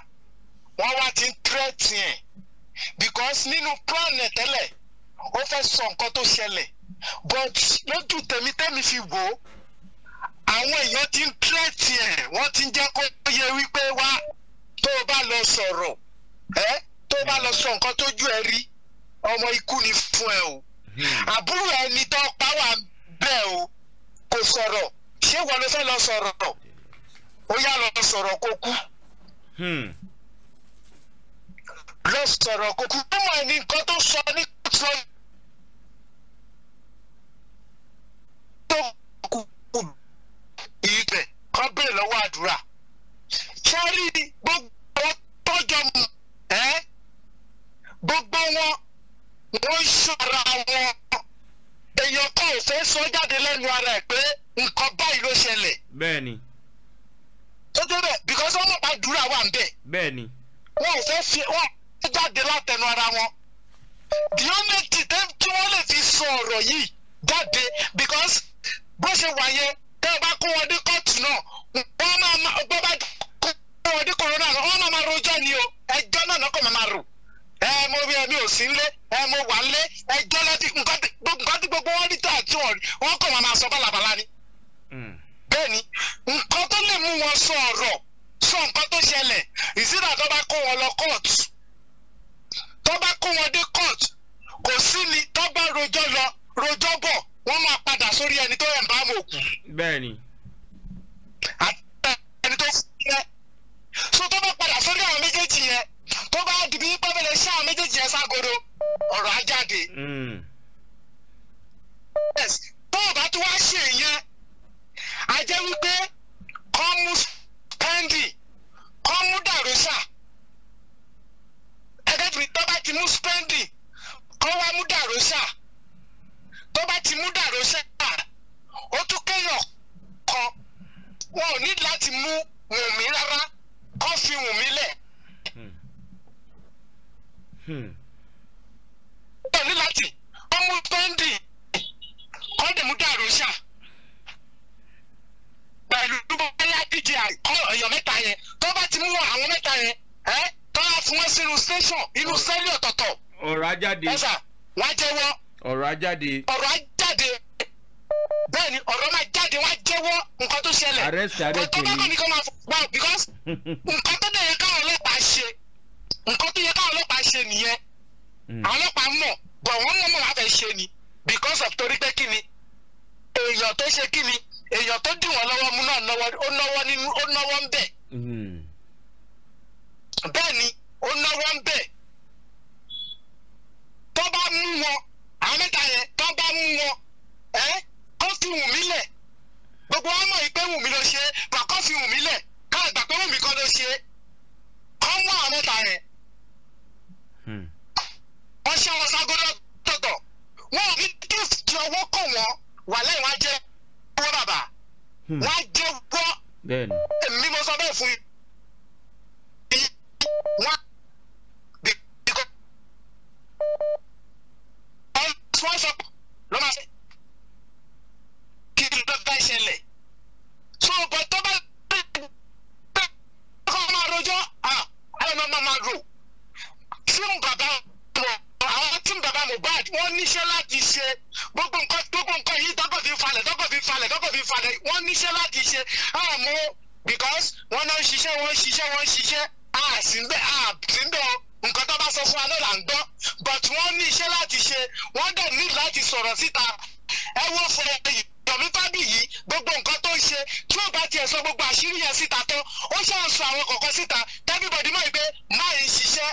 wọ́n wá ti ń tírẹ́tì ẹ̀ because nínú plan ẹ̀ tẹ́lẹ̀ ó fẹ́ sọ nǹkan tó ṣẹlẹ̀ but lójú tèmi tèmi fi wò ó àwọn èèyàn ti ń tírẹ́tì ẹ̀ wọ́n ti ń jẹ́ kó yẹ wípé wá tó o bá lọ sọ̀rọ̀ ẹ́. Eh? tó bá lọ sọ nǹkan tójú ẹ rí ọmọ ikú ni fún ẹ o àbúrò ẹni tó pa wà bẹ́ẹ̀ o kò sọ̀rọ̀ ṣé wọn ló fẹ́ lọ sọ̀rọ̀ ó yá lọ sọ̀rọ̀ kó kú hmm. lọ sọ̀rọ̀ kó kú mọ̀ ní nǹkan tó sọ ní kóòtù tó kú ibẹ̀ kọ́ bèrè lọ́wọ́ àdúrà sáré gbogbo ọtọ́jọ́ mu gbogbo wọn wọ́n ń ṣọ́ra wọn èèyàn kan ò fẹ́ sọ jáde lẹ́nu ara ẹ̀ pé nǹkan báyìí ló ṣẹlẹ̀. bẹ́ẹ̀ni. tó tó bẹ because ọlọ́pàá dúrà wà nbẹ. bẹ́ẹ̀ni. wọn ò fẹ́ fi wọn jáde látẹnu ara wọn. the only thing tí wọ́n lè fi sọ ọ̀rọ̀ yìí jáde because bó ṣe wà yẹn tẹ́ ẹ bá kó wọn dé kóòtù náà wọ́n máa gbọ́ bá kó wọn dé kòrónà náà wọ́n máa máa rojọ́ ni o ẹjọ́ náà náà máa máa rò ẹ mo rí ẹ mi ò sí nlé ẹ mo wà nlé ẹ jẹ́ láti nǹkan tí gbogbo wọn rí tí wọn wọn kàn wọn máa sọ ni. Hmm. bẹ́ẹ̀ ni nǹkan tó lè mú wọn sọ ọ̀rọ̀ sọ nǹkan tó ṣẹlẹ̀ ìsìnà tó bá kó wọn lọ kóòtù tó bá kó wọn dé kóòtù kò sí ni tó bá rojọ́ lọ rojọ́ bọ̀ wọ́n máa padà sórí ẹni tó yẹn bá mọ̀ òkú. bẹ́ẹ̀ ni. àti ẹni tó fún yẹn so tó bá padà sórí àwọn méjèèjì yẹn tó bá di bí pẹ́pẹ́lẹ́ ṣáà méjèèjì ẹ̀ ságodo ọ̀rọ̀ á jáde. Hmm. tó o bá tún wá ṣe ìyẹn a jẹ́ wípé kán mú spendi kán mú dàrúṣà ẹgbẹ́ tó bá ti mú spendi kán wá mú dàrúṣà tó bá ti mú dàrúṣà ó tún kéèyàn kan wọn ò ní láti mú wùnmí rárá kán fi wùnmí lẹ̀ ẹ hmm. ní láti ọmú pẹ́ndì kọ́ndẹ̀mú dàrú ṣá pẹ̀lú bóyá dj kọ́ èèyàn mẹ́ta yẹn tó bá ti mú àwọn mẹ́ta yẹn ẹ́ tó bá fún wọn sínú station inú sẹ́ẹ̀lì ọ̀tọ̀ọ̀tọ̀ ọ̀rọ̀ ajáde ẹ̀sà wọ́n á jẹ́wọ́ ọ̀rọ̀ ajáde ọ̀rọ̀ ajáde bẹ́ẹ̀ ni ọ̀rọ̀ máa jáde wọ́n á jẹ́wọ́ nǹkan tó ṣẹlẹ̀ kò tó bá kọ́ ni máa fọ́ because nǹkan tó dẹ̀ yẹ káwọn ọlọ́pàá ṣe nǹkan tó yẹ káwọn ọlọ́pàá ṣe nìyẹn hmm. àwọn ọlọ́pàá mọ̀ bọ̀ wọ́n mọ̀ mọ̀ ṣe ni because of torí pé kí ni èèyàn tó ṣe kí ni èèyàn tó dì lọ́wọ́ mú náà ó náwó nínú ó náwó ń hmm. bẹ́ẹ̀ ni ó náwó ń tó bá mú wọn àwọn yẹn tó bá mú wọn kó fi wù mí gbogbo pé wù mí ló ṣe é kó ọṣẹ wọn ṣàgọdọ tọtọ wọn ò ní gift ọwọ́ kọ wọn wà lẹ́yìn wọn jẹ wọ bàbá hmm. wọn jẹ wọ èmi mo sọ bẹ́ẹ̀ fún yìí wọn bìkọ wọn sọ lọ máa ṣe kí ni ló bá ṣẹlẹ̀ so bọtọ bá kọ́ máa rojọ́ àwọn ah, ọmọ máa rò fún bàbá wọn àwọn tí bàbá Mohbad wọ́n níṣẹ́ láti ṣe gbogbo nǹkan gbogbo nǹkan yìí tọkọ fi falẹ̀ tọkọ fi falẹ̀ tọkọ fi falẹ̀ wọ́n níṣẹ́ láti ṣe àmọ́ because wọ́n náà ń ṣiṣẹ́ wọ́n ń ṣiṣẹ́ wọ́n ń ṣiṣẹ́ àṣìǹbẹ àṣìǹbẹ o nǹkan tó bá sọ fún wa náà là ń gbọ́ but wọ́n ní iṣẹ́ láti ṣe wọ́n dẹ̀ ní láti sọ̀rọ̀ síta ẹ wo fọlẹ́ yìí yọ̀mí Fábíyì gbogbo nǹkan tó ń ṣe tí ó bá tiẹ̀ sọ gbogbo àṣírí yẹn síta tán ó ṣàn sọ àwọn kọ̀ọ̀kan síta everybody mọ̀ pé máa ń ṣiṣẹ́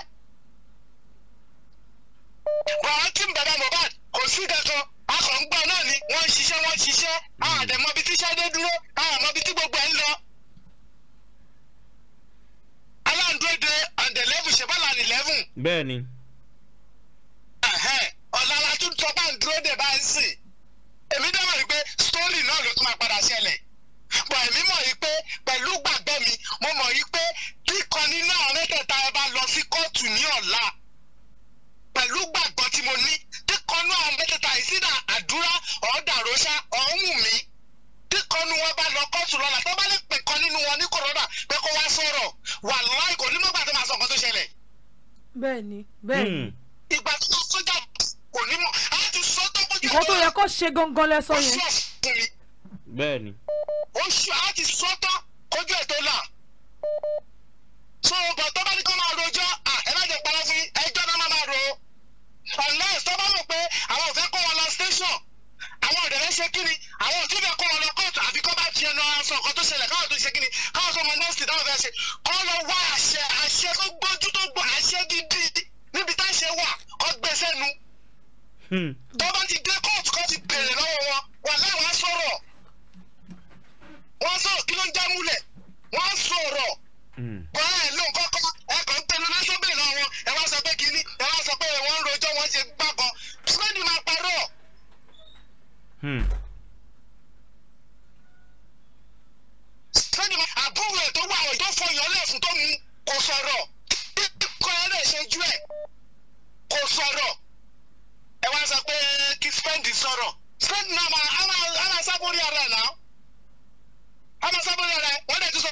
bọ̀ wọ́n ti ń bàbá Mohbad kò sí kankan akọ̀ǹgbọ́n náà ni wọ́n ń ṣiṣẹ́ wọ́n ń ṣiṣẹ́ àdèmọ́bi tí sáré dúró àmọ́bi tí gbogbo ẹ̀ ń lọ. aláǹdóde and eleven ṣe bọ́lá ní eleven. bẹ́ẹ̀ni. ọ̀làlà tún tọ́ bá ń dúró dé bá ń sìn èmi dẹ́ mọ̀ wípé sítórì náà ló tún máa padà ṣẹlẹ̀ bọ̀ èmi mọ̀ wípé pẹ̀lú gbàgbọ́ mi mo mọ̀ wípé kíkan nínú àwọn mẹ́tẹ̀ẹ̀ta ẹ bá lọ sí kóòtù ní ọ̀la pẹ̀lú gbàgbọ́ tí mo ní tí àwọn mẹ́tẹ̀ẹ̀ta ìsínà àdúrà ọ̀ọ́dàrọ́ṣà ọ̀ọ́hùn mi tí wọn bá lọ kọ́ọ̀tù lọ́la tó bá lè pè kan nínú wọn ní kòrónà pé kó wá sọ̀rọ̀ wà láì kò ní mọ̀gbà tó máa sọ nǹkan tó ṣẹlẹ̀. bẹ́ẹ̀ni bẹ́ẹ̀ni. Hmm. ìgbà tó lọ sójà kò ní mọ̀ á ti sọ tó kójú. ìkó tó yẹ kó ṣe gangan lẹ́sọ yẹn. oṣù á ti sọ tán unless tó bá rò pé àwọn ò fẹ́ kó wọn lọ station àwọn òdẹ̀ fẹ́ ṣe kí ni àwọn òtí fẹ́ kó wọn lọ kóòtù àbí kó bá ti ẹnu ara sọ nǹkan tó ṣẹlẹ̀ káwọn tó ṣe kí ni káwọn tó mọ nọ́ọ̀sì táwọn fẹ́ ṣe kó lọ wá àṣẹ àṣẹ tó gbójú tó gbọ́ àṣẹ gidi níbi tá ṣe wà kó gbé sẹ́nu. Hmm. tó bá ti dé kóòtù kó ti bèrè lọ́wọ́ wọn wà láwọn sọ̀rọ̀ wọ́n sọ̀rọ̀ kí ló ń jámúlẹ̀ wọ́n sọ̀rọ̀ bọ́lá ẹ̀ ló ń kọ́kọ́ ẹ kàn ń tẹnu lásọ́bìnrin náà wọn ẹ wá sọ pé kínní ẹ wá sọ pé wọ́n ń rojọ́ wọ́n ṣe gbàgbọ́ sọ́ni máa parọ́. sọ́ni hmm. máa àbúrò ẹ̀ tó wà ọ̀dọ́ fọyàn lẹ́fun tó mu kò sọ̀rọ̀ kíkọ́ ẹ lè ṣe jú ẹ̀ kò sọ̀rọ̀ ẹ wá sọ pé kí spẹ́ndì sọ̀rọ̀ spẹ́ndì náà máa sábórí ara ẹ̀ náà á sábórí ara ẹ̀ wọ́n dẹ̀ ti sọ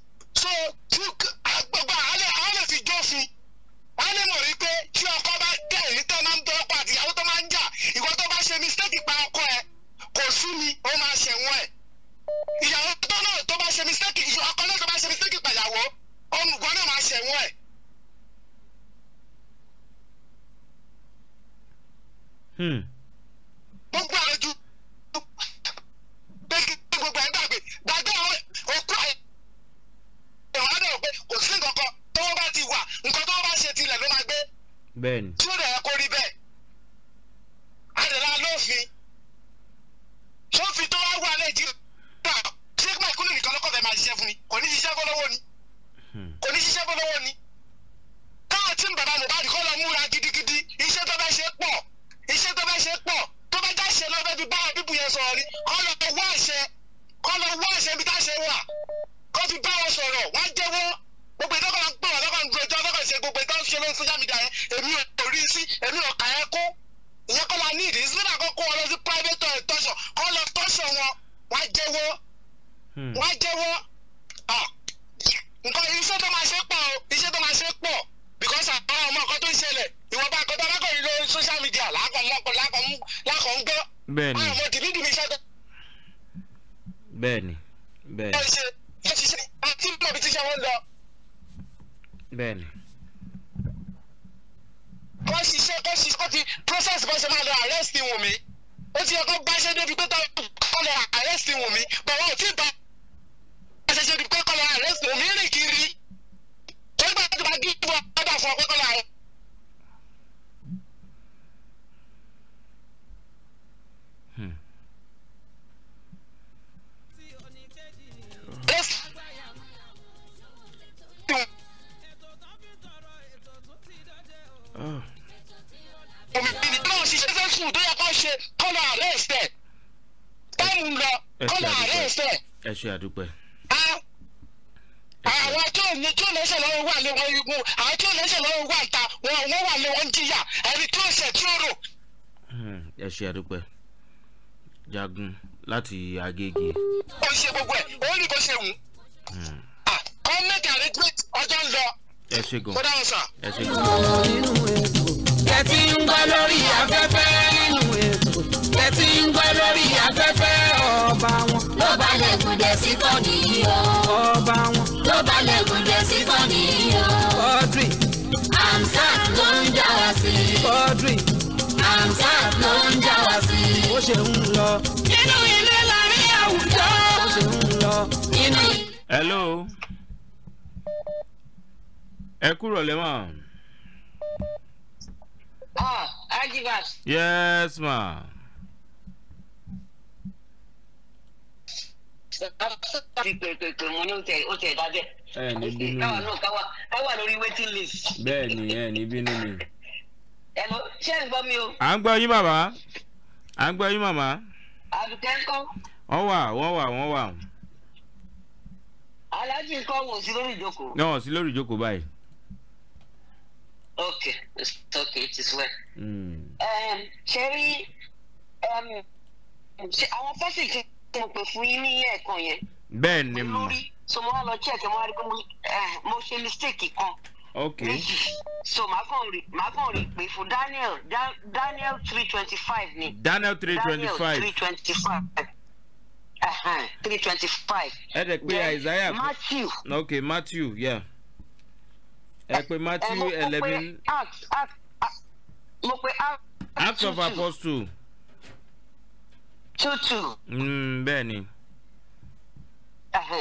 so tu gbogbo àlẹ́ àlẹ́ fi jófin wọ́n lè mọ̀ rí pé tí ọkọ bá tẹ̀ ní tọ́ máa ń tọ́ ọkọ àtìyàwó tó máa ń jà ìwọ tó bá ṣe mistake pa ọkọ ẹ kò sú mi ó máa ṣẹ̀wọ̀n ẹ̀ ìyàwó tó náà tó bá ṣe mistake ìyọ ọkọ náà tó bá ṣe mistake pàyàwó olùgbọ́ náà máa ṣẹ̀wọ̀n ẹ̀. gbogbo àlejò gbogbo ẹ̀ gbàgbé gbàgbé òkú àyè ìwà náà pé kò sí nǹkan kan tó wọ́n bá ti wà nǹkan tó wọ́n bá ṣe tilẹ̀ ló máa gbé. bẹ́ẹ̀ni. tí ó dẹ̀ kó rí bẹ́ẹ̀ àdèlà lófin sófin tó wá wà nàìjíríà ṣé máa kúlù nìkan lọ́kọ̀ fẹ́ máa ṣiṣẹ́ fún mi kò ní ṣiṣẹ́ bọ́lọ́wọ́ ni kò ní ṣiṣẹ́ bọ́lọ́wọ́ hmm. ni káwọn tí ń bàbá Mohbad kọ́ lọ múra gidigidi iṣẹ́ tó bá ṣe pọ̀ iṣẹ́ tó bá ṣe pọ̀ tó bá dáṣe lọ́fẹ́ bí báwọn bíbù yẹn sọ̀rọ̀ ni kọ́ lọ wá àṣẹ kọ́ lọ wá àṣẹ bí dáṣe wà kó fi bá wọn sọ̀rọ̀ wá jẹ́wọ́ gbogbo ìtọ́kọ̀ ń pè wọ́n tọ́kọ̀ ń du ẹjọ́ tọ́kọ̀ ṣe gbogbo ìtọ́kọ̀ ṣe lórí social media yẹn èmi ò rí sí èmi ò kà ẹ́ kó ìyẹn kọ́ la ní ìdí sílẹ̀ kó kó wọn lọ sí private eh, tọ́ṣọ̀ kó lọ tọ́ṣọ̀ wọn wá jẹ́wọ́ hmm. wá jẹ́wọ́ nǹkan iṣẹ́ tó máa ṣe pọ̀ iṣẹ́ tó máa ṣe pọ̀ because àwọn ọmọ ọkọ tó ń ṣẹlẹ̀ ìwọ̀nba àkọ́tà lákọ̀ọ́yìn lórí social media lákọ̀ọ́ mọ́kọ̀ lákọ̀ọ́ ń gbọ́ bẹ́ẹ̀ni bẹ́ẹ̀ni ẹ ṣiṣẹ́ àti mọ̀ bí wọn lọ. bẹ́ẹ̀ni. kọ́ ṣiṣẹ́ kọ́ ṣiṣẹ́ kọ́ ti process bọ́ ṣe máa lọ arrest Wùmí ó ti yẹ kó gbáṣẹ́ débi pé kọ́ lọ arrest Wùmí bọ̀wọ́ ò tí ì ṣe ṣe débi pé kọ́ lọ arrest Wùmí rìn kiri. ó gbàdúrà gígbó ọ̀dà fún ọ̀pẹ́ kọ́ lọ arrest. òmìnira náà ṣiṣẹ́ sẹ́sùn tó yẹ kó ṣe kọ́nà arrest ẹ̀ táìmù ń lọ kọ́nà arrest ẹ̀. ẹ ṣe àdúpẹ́. àwọn tó ní tó lẹ́sẹ̀ lọ́wọ́ wà lé wọn igun àwọn tó lẹ́sẹ̀ lọ́wọ́ wà ta wọn wọ́n wà lé wọn jìyà ẹni tó ṣẹ̀ tó rò. ẹ ṣe àdúpẹ́ hmm, jagun láti agége. kò ṣe gbogbo ẹ òun ni kò ṣe wù. Hmm. kọ́mẹ́tì àrégbèt ọjọ́ ń lọ. ẹ ṣe gan kódà wọn sàn. ẹ ṣe gan. tẹ̀sí ń gbọ́ lórí afẹ́fẹ́ nínú ètò tẹ̀sí ń gbọ́ lórí afẹ́fẹ́ ọba wọn. ló balẹ̀ gùdẹ sí kọ́ni yìí o. ọba wọn. ló balẹ̀ gùdẹ sí kọ́ni yìí o. ọdún. amsat ló ń jà sí i. ọdún. amsat ló ń jà sí i. ó ṣe ń lọ inú ilé la àwùjọ. hello ẹ kúrò lẹ́mọ̀. ah ajibas. yes ma. ẹ ní bínú mi. káwa lórí waiting list. bẹ́ẹ̀ ni ẹ ní bínú mi. ẹ lọ ṣé ẹ gbọ́ mi o. à ń gbọ́ yín màmá à ń gbọ́ yín màmá àdùkẹ́ ńkọ́. wọ́n wà wọ́n wà wọ́n wà. aláàjì ńkọ́ wò sí lórí ìjókòó. náà sí lórí ìjókòó báyìí. okay it's okay it is well. Hmm. ṣe rí àwọn fẹ́sì tí mo pè fún yín ní ẹ̀ẹ̀kan yẹn. bẹ́ẹ̀ ni mo. lórí so mo wá lọ check mo wá rí pé mo eh, ṣe mistake kan méjì so màá kàn rí màá kàn Daniel da, Daniel three twenty five Daniel three twenty five Daniel three twenty five three twenty five. ẹ dẹ̀ Isaiah Matthew Okay, Matthew yeah ẹ pé Matthew eleven mo pe Acts of Apostle two two. Hmm, bẹ́ẹ̀ ni.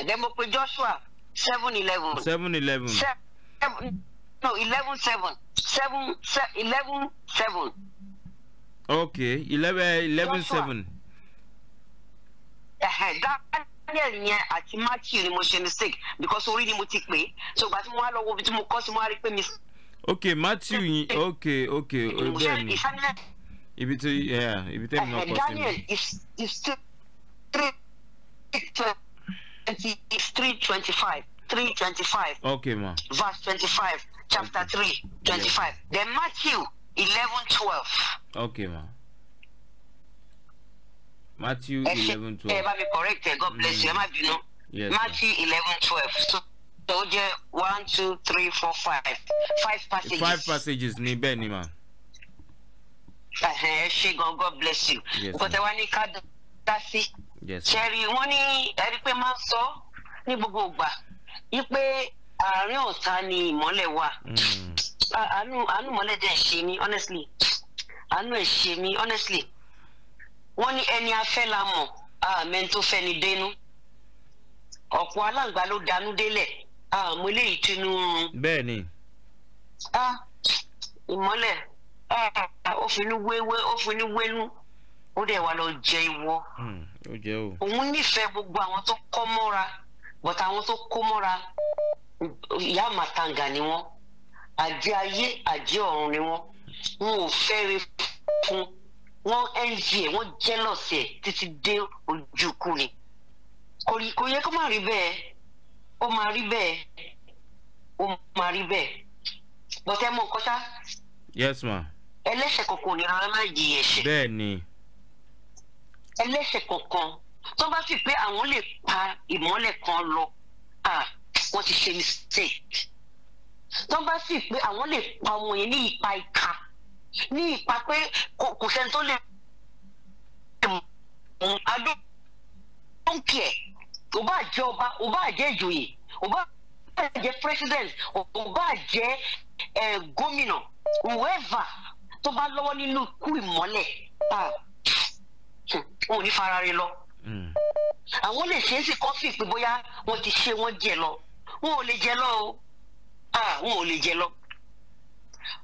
dẹ̀ mo pe Joshua seven eleven. seven eleven seven no eleven seven seven se eleven seven. okay eleven eleven Joshua. seven. ẹ̀hẹ̀ daniel yẹn àti matthew ni mo ṣe mistake because orí ni mo ti pè é so ìgbà tí mo wá lọ wo ibi tí mo kọ́ sí mo wá rí pé mi. okay matthew yẹn okay okay bẹ́ẹ̀ ni ibi tí ibi tí mi kọ́ sí mi. daniel is is three twenty five. 3 25. Okay, ma. Verse 25, chapter okay. 3 25. Yes. Then Matthew 11 12. Okay, ma. Matthew 11 12. Ẹ bá mi correct ẹ, God bless mm. you, ẹ má mm. bínú. Yes. Matthew 11 12. So, so jẹ́ 1 2 3 4 5. Five passages. Five passages ni bẹ́ẹ̀ ni ma. Ẹ ṣe gan, God bless you. Yes, Bọ̀dẹ̀ wa ní ká dá sí. Yes. Ṣé rí wọ́n ní ẹ̀rí pé máa ń sọ ní gbogbo ìgbà wípé àárín ọ̀tá ni ìmọ́lẹ̀ wà hmm. àánú àánú ìmọ́lẹ̀ dẹ̀ ṣe mí honestly àánú ẹ̀ ṣe mí honestly wọ́n ní ẹni afẹ́ la mọ̀ àmẹ́ tó fẹ́ ni dénú ọ̀pọ̀ aláǹgbá ló danú délẹ̀ àmọ́ eléyìí tinú run. bẹ́ẹ̀ni. ìmọ́lẹ̀ ó fi ní wéwé ó fi ní wénú ó dẹ̀ wà lọ jẹ ìwọ. Hmm, òun nífẹ̀ẹ́ gbogbo àwọn tó kọ́ mọ́ra. Mm but àwọn tó kó mọ́ra ìyá màtàǹgà ni wọ́n àjẹ́ ayé àjẹ́ ọ̀run ni wọ́n wọn ò fẹ́re fún wọn envy ẹ̀ wọ́n jealous ẹ̀ títí dé ojú kú ni kò yẹ kó má rí bẹ́ẹ̀ ó má rí bẹ́ẹ̀ ó má rí bẹ́ẹ̀ but ẹ mọ nǹkan ṣá. yes ma. ẹlẹ́ṣẹ̀ kankan ò ní rárá má jìyà ẹ̀ṣẹ̀. bẹ́ẹ̀ ni. ẹlẹ́ṣẹ̀ kankan tó bá fi pé àwọn lè pa ìmọ́lẹ̀ kan lọ wọ́n ti ṣe mistake tó bá fi pé àwọn lè pa wọn yẹn ní ipa ìka ní ipa pé kò sẹ́ni tó lè mú adó tó ń kí ẹ̀ ò bá jẹ́ ọba ò bá jẹ́ ìjòyè ò bá jẹ́ president ò bá jẹ́ gómìnà whoever tó bá lọ́wọ́ nínú ikú ìmọ́lẹ̀ ò ní fara rẹ lọ. Mm. àwọn lè ṣe é sì kọ́fì pé bóyá wọ́n ti ṣe wọ́n jẹ lọ wọn ò lè jẹ lọ o wọn ò lè jẹ lọ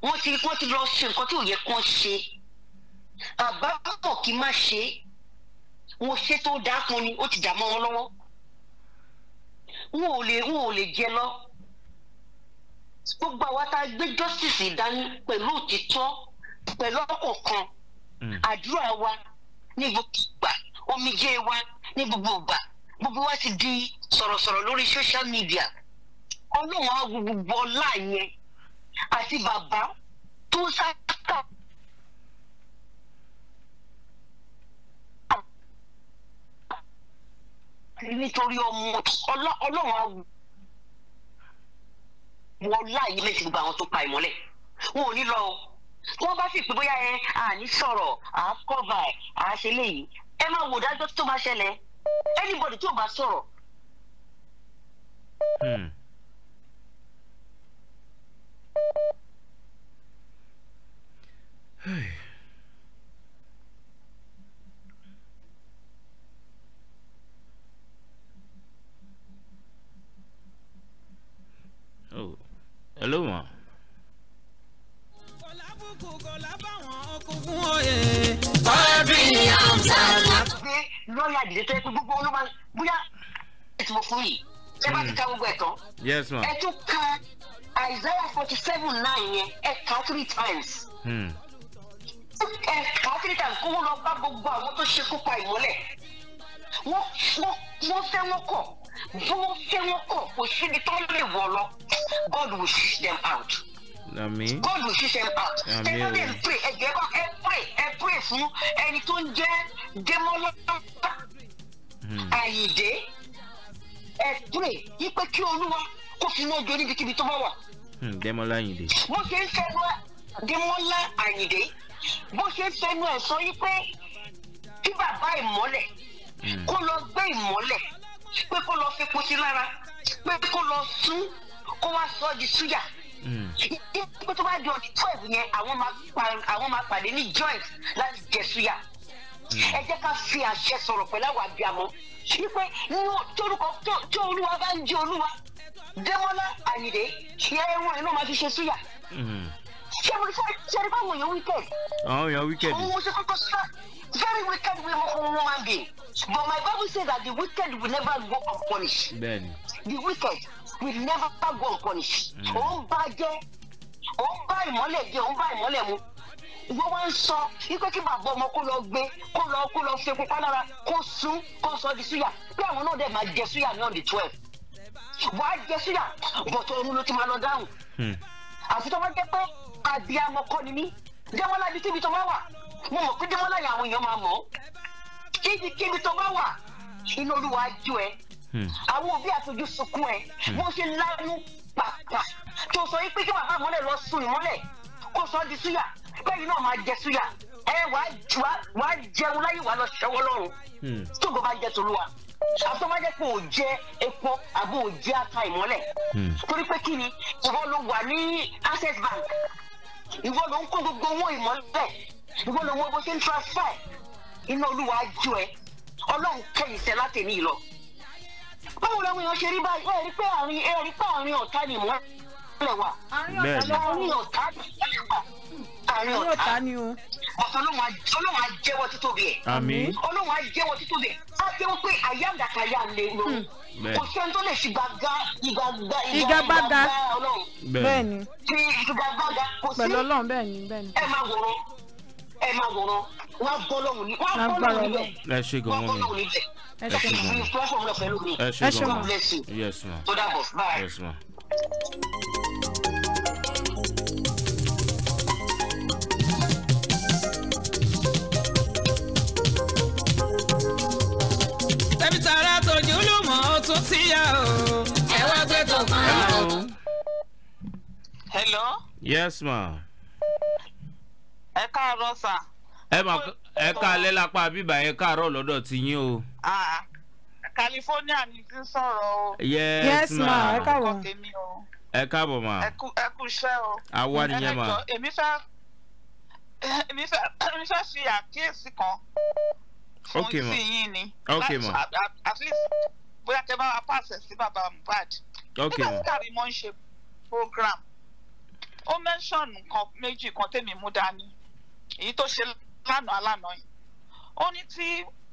wọ́n ti wọ́n ti lọ ṣe nǹkan tí ò yẹ kán ṣe àbábọ̀ kí má ṣe wọ́n ṣe tó dáa fún ni ó ti dà mọ́ wọn lọ́wọ́ wọn ò lè wọn ò lè jẹ lọ gbogbo àwa tá a gbé justice dání pẹ̀lú òtítọ́ pẹ̀lú ọkọ̀ kan mm. àdúrà wa ní gbogbo ìgbà omijé wa ní gbogbo ìgbà gbogbo wa ti di sọ̀rọ̀sọ̀rọ̀ lórí social media ọlọ́run á gbogbo ọlá yẹn àti bàbá tó sáká. nítorí ọmọ ọlọ́run á wọ ọlá yìí lẹ́sìn gbogbo àwọn tó pa ìmọ́lẹ̀ wọn ò ní lọ o wọ́n bá sì pé bóyá ẹ àní sọ̀rọ̀ à á kọ́va ẹ̀ à á ṣe léyìí ẹ máa wò dájọ́ tó máa ṣẹlẹ̀ anybody tí ò bá sọ̀rọ̀. Hmm. Oh, hello, ma gbé lọ́ọ̀yà dìde tó yẹ pé gbogbo olóma bóyá ètò òfin yìí ẹ bá ti ka gbogbo ẹ̀ tún ka Isaiah forty seven nine yẹn ẹ ka three times hmm. ẹ ka three times kó wọ́n lọ bá gbogbo àwọn tó ṣekú pa ìmọ́lẹ̀ wọ́n fẹ́ wọ́n kọ̀ bí wọ́n fẹ́ wọ́n kọ̀ kò síbi tó lè wọ̀ lọ God will shoot them out. Àmín. God will fish them out. Àmín o. Ẹ pray ẹ jẹ́ kọ́ ẹ pray ẹ pray fún ẹni tó ń jẹ́ Démọ́lá hmm. Àyìndé. Ẹ pray wípé kí Olúwa kó fi náà jó níbikíbi tó bá wà. Hmm, Démọ́lá Àyìndé. Bó ṣe ń fẹnu Démọ́lá Àyìndé bó ṣe ń fẹnu ẹ̀ sọ wípé kí bàbá ìmọ́lẹ̀ hmm. kó lọ gbé ìmọ́lẹ̀ pé kó lọ fi epo lára pé kó lọ sún kó wá sọ di súyà. Mm. ìdí tó bá di ọ̀dí twelve yẹn àwọn máa pàdé ní joint láti jẹ̀sùyà mm. ẹ jẹ́ ká fi àṣẹ sọ̀rọ̀ pẹ̀lú àwọn àbíamọ́ wípé torúkọ tó olúwa bá ń jẹ́ olúwa Dẹ́mọ́lá Àyìndé ṣe ẹ̀wọ̀n ẹ̀ náà máa fi ṣe súyà mm. ṣe mo ṣe èèyàn wicked. àwọn èèyàn wicked. òun ṣe kókó sọ very wicked way mo kún woman being but my Bible says that the wicked will never go unpunished. the wicked will never go unpunished. òun mm. bá jẹ́ òun bá ìmọ́lẹ̀ jẹ́ òun bá ìmọ́lẹ̀ mu ìwọ wá ń sọ ikú kí bàbá ọmọ kó lọ gbé kó lọ kó lọ fi pupa lára kó sún kó sọ di súyà pé àwọn náà dẹ̀ máa jẹ súyà ní ọ̀dẹ̀ twelve wàá jẹ súyà bọ̀tọ̀ ọ̀run ló ti máa lọ dáhùn hmm. àfi tó bá jẹ́ pé àbíamọ kọ́ ni mí jẹ́mọ́lá ibi kíbi tó bá wà mo mọ̀ pé jẹ́mọ́lá yẹn àwọn èèyàn máa mọ̀ ọ́ kíbi kíbi tó bá wà inú olúwa jù ẹ́ Hmm. àwọn òbí àtòjú sunkún ẹ hmm. wọ́n ṣe lánú pàpà tó sọ yìí pé kí bàbá ìmọ́lẹ̀ lọ sun ìmọ́lẹ̀ kó sọ di súyà bẹ́ẹ̀ náà máa jẹ súyà ẹ wàá jẹun láyé wàá lọ ṣẹ́wọ́ lọ́rùn hmm. tó gbọ́ bá jẹ tòlúwa àtọ́májẹ́ pé ò jẹ epo àbò ò jẹ ata ìmọ́lẹ̀ torí pé kí ni ìwọ ló wà ní access bank ìwọ ló ń kó gbogbo owó ìmọ́lẹ̀ ìwọ ló ń wọ bó ṣe ń transfer iná olúwa jọ ẹ ọlọ́run kẹ́yìn sẹ́ látẹ̀ ní ìlọ báwo làwọn èèyàn ṣe rí báyìí ẹ rí pé àárín ẹ rí pé àárín ọ̀tá ni mò ń wà àárín ọ̀tá ni mò ń wà àárín ọ̀tá ni o. ọ̀sán ọlọ́run á jẹ́wọ́ títóbi ẹ̀ ọlọ́run á jẹ́wọ́ títóbi ẹ̀ á jẹ́wọ́ pé àyàǹdàkàyà lè lò hmm. kò sẹ́ni tó lè ṣìgbàgà ìgbàgbà ìgbàgbà ọlọ́run bẹ́ẹ̀ ni kò sí pẹ̀lú ọlọ́run bẹ́ẹ̀ ni bẹ́ẹ̀ ni. ẹ máa wòran ẹ máa wòran wọn á bọ́ lọ́run níbẹ̀ wọn á bọ́ lọ́run níbẹ̀ Yes ṣe mọ. platform náà pẹ̀lú mi. ẹ ṣe mọ yes ma. bye. yes ma. tẹ̀bí tààrà tòjú lùmọ̀ ó tún síyà o. ẹ wá gbé tó kàn án. hello. yes ma. ẹ káàárọ̀ sà. ẹ máa ẹ káalẹ́ lápá bíbà ẹ káàárọ̀ lọ́dọ̀ ti yín o. california ni ti sọ̀rọ̀ o. yes ma ẹ káàbọ̀ ẹ káàbọ̀ ma. ẹ kú iṣẹ́ o. àwa nìyẹn ma. èmi fẹ́ èmi fẹ́ èmi fẹ́ ṣe àkíyèsí kan. ok ma ok ma at least bóyá kẹ́ bá wa pàṣẹ sí bàbá mohbad. ok ma nígbà tí kàrí mọ́ ṣe program ó mẹ́ńsọ̀nù kan méjì kan tèmi mú dání èyí tó ṣe lánàá alánàá yìí ó ní tí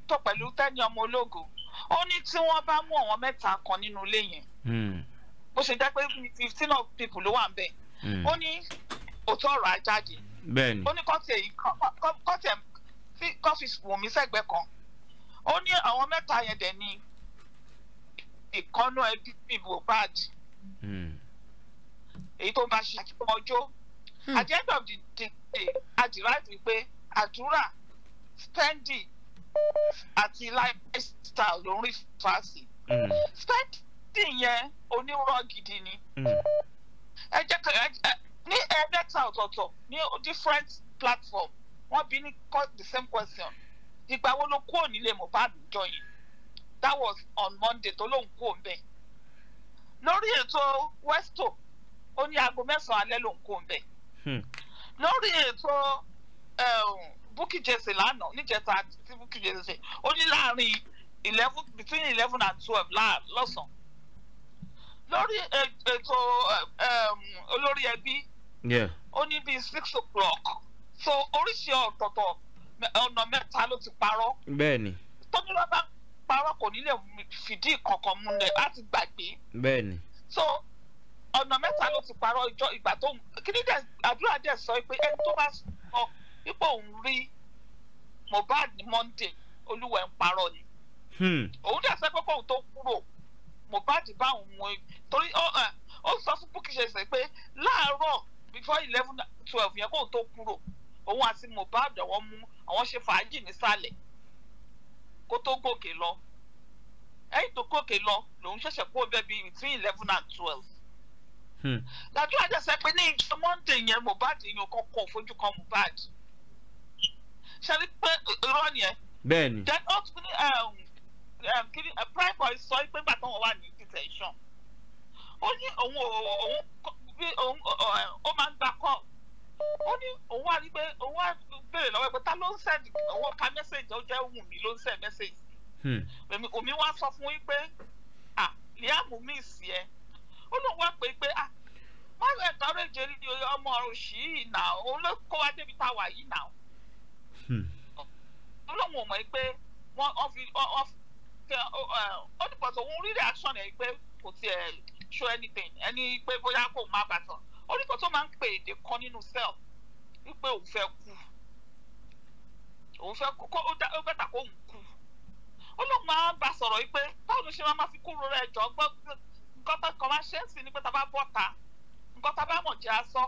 tó pẹ̀lú Tẹ́ni ọmọ ológo ó ní tí wọ́n bá mú àwọn mẹ́ta kan nínú ilé yẹn hmm. bó ṣe jẹ́ pé fifteen of people ló wà ń bẹ̀ hmm. ó ní òótọ́ ọ̀rọ̀ á jáde ó ní kọ́tẹ̀ kọ́fì wòmí sẹ́gbẹ̀ẹ́ kan ó ní àwọn mẹ́ta yẹn dẹ̀ ni ìkọ́nú ẹbí Mohbad hmm. èyí tó bá ṣe àkíkọ́ ọjọ́ at the end of the day a derive wípé àdúrà spending àti lifestyle ló ń rí fásì mm. spending yẹn onírọ́ gidi ni mm. ẹ jẹ́ ká ní ẹ̀ẹ́dẹ́ta ọ̀tọ̀ọ̀tọ̀ ní different platform wọ́n bí ní the same question ìgbà wo ló kúrò nílé Mohbad jọ yìí that was on Monday tó lóun kúrò mbẹ lórí ètò Westo ó ní aago mẹ́sàn-án alẹ́ lòun kúrò mbẹ hmm. lórí ètò Um, Bukky Jesse lánàá níjẹta tí Bukky Jesse ṣe ó ní eleven between eleven and twelve lọ́sàn-án lórí ètò um, olórí ẹbí ó ní bíi six o'clock so oríṣi ọ̀tọ̀ọ̀tọ̀ ọ̀nà mẹ́ta ló ti parọ́ bẹ́ẹ̀ni tóbi bá parọ́ kò ní fìdí kankan múlẹ̀ láti gbàgbé bẹ́ẹ̀ni so ọ̀nà mẹ́ta ló ti parọ́ ìjọ ìgbà tó kí ni àdúrà dẹ̀ sọ pé ẹni tó bá sọ pípọ̀ òun rí Mohbad ní Monday olúwa ń parọ́ ni hmm. òun dẹ̀ sẹ́ pẹ́pọ̀ òun tó kúrò Mohbad bá òun wọn torí ó sọ fún Bukky Jesse pé láàárọ̀ before eleven twelve yẹn kóun tó kúrò òun àti Mohbad àwọn mú àwọn ṣe fàájì nísàlẹ̀ kó tó gòkè lọ ẹ̀yìn tó gòkè lọ lòun ṣẹ̀ṣẹ̀ kó bẹ́ẹ̀ between eleven and twelve hmm. làdúrà dẹ̀ sẹ́ pé ní ìjọ Monday yẹn Mohbad yẹn kọ́kọ́ fojú kan Mohbad. Hmm ṣẹ́ni pé irọ́ nìyẹn. bẹ́ẹ̀ni. then ó tún ní kiri prime boy sọ pé nígbà táwọn wà ní detention ó ní òun òun bí òun uh, uh, ó máa ń gba call ó ní òun wá rí pé òun wá béèrè lọ́wọ́ pé ta ló ń send òun ka message ó jẹ́ wù mí ló ń send message. omi hmm. wá sọ fún yín pé ah Liam mi sí ẹ ó lóun wá pé pé ah má lọ ẹ̀ka ọ̀rẹ́jẹ̀ ọmọ òṣì yìí nà òun ló kó wá débi tá a wà yìí nà ọlọ́run ò mọ̀ pé wọ́n fi ó ní pọ̀tò òun rí reaction ẹ̀ eh, pé kò tiẹ̀ eh, show anything ẹni pé bóyá kò má bàtàn ó ní pọ̀tò máa ń pè èdè kan nínú cell wípé òun fẹ́ kú òun fẹ́ kú kó ó bẹ́tà kó òun kú ó lóun máa ń bá sọ̀rọ̀ yìí pé báwo ló ṣe máa ma fi kúrò rẹ̀ jọ gbọ́ nǹkan tó kàn máa ṣe é sí ni pé tá a bá bọ̀ ta nǹkan bá mọ̀ jẹ́ asọ́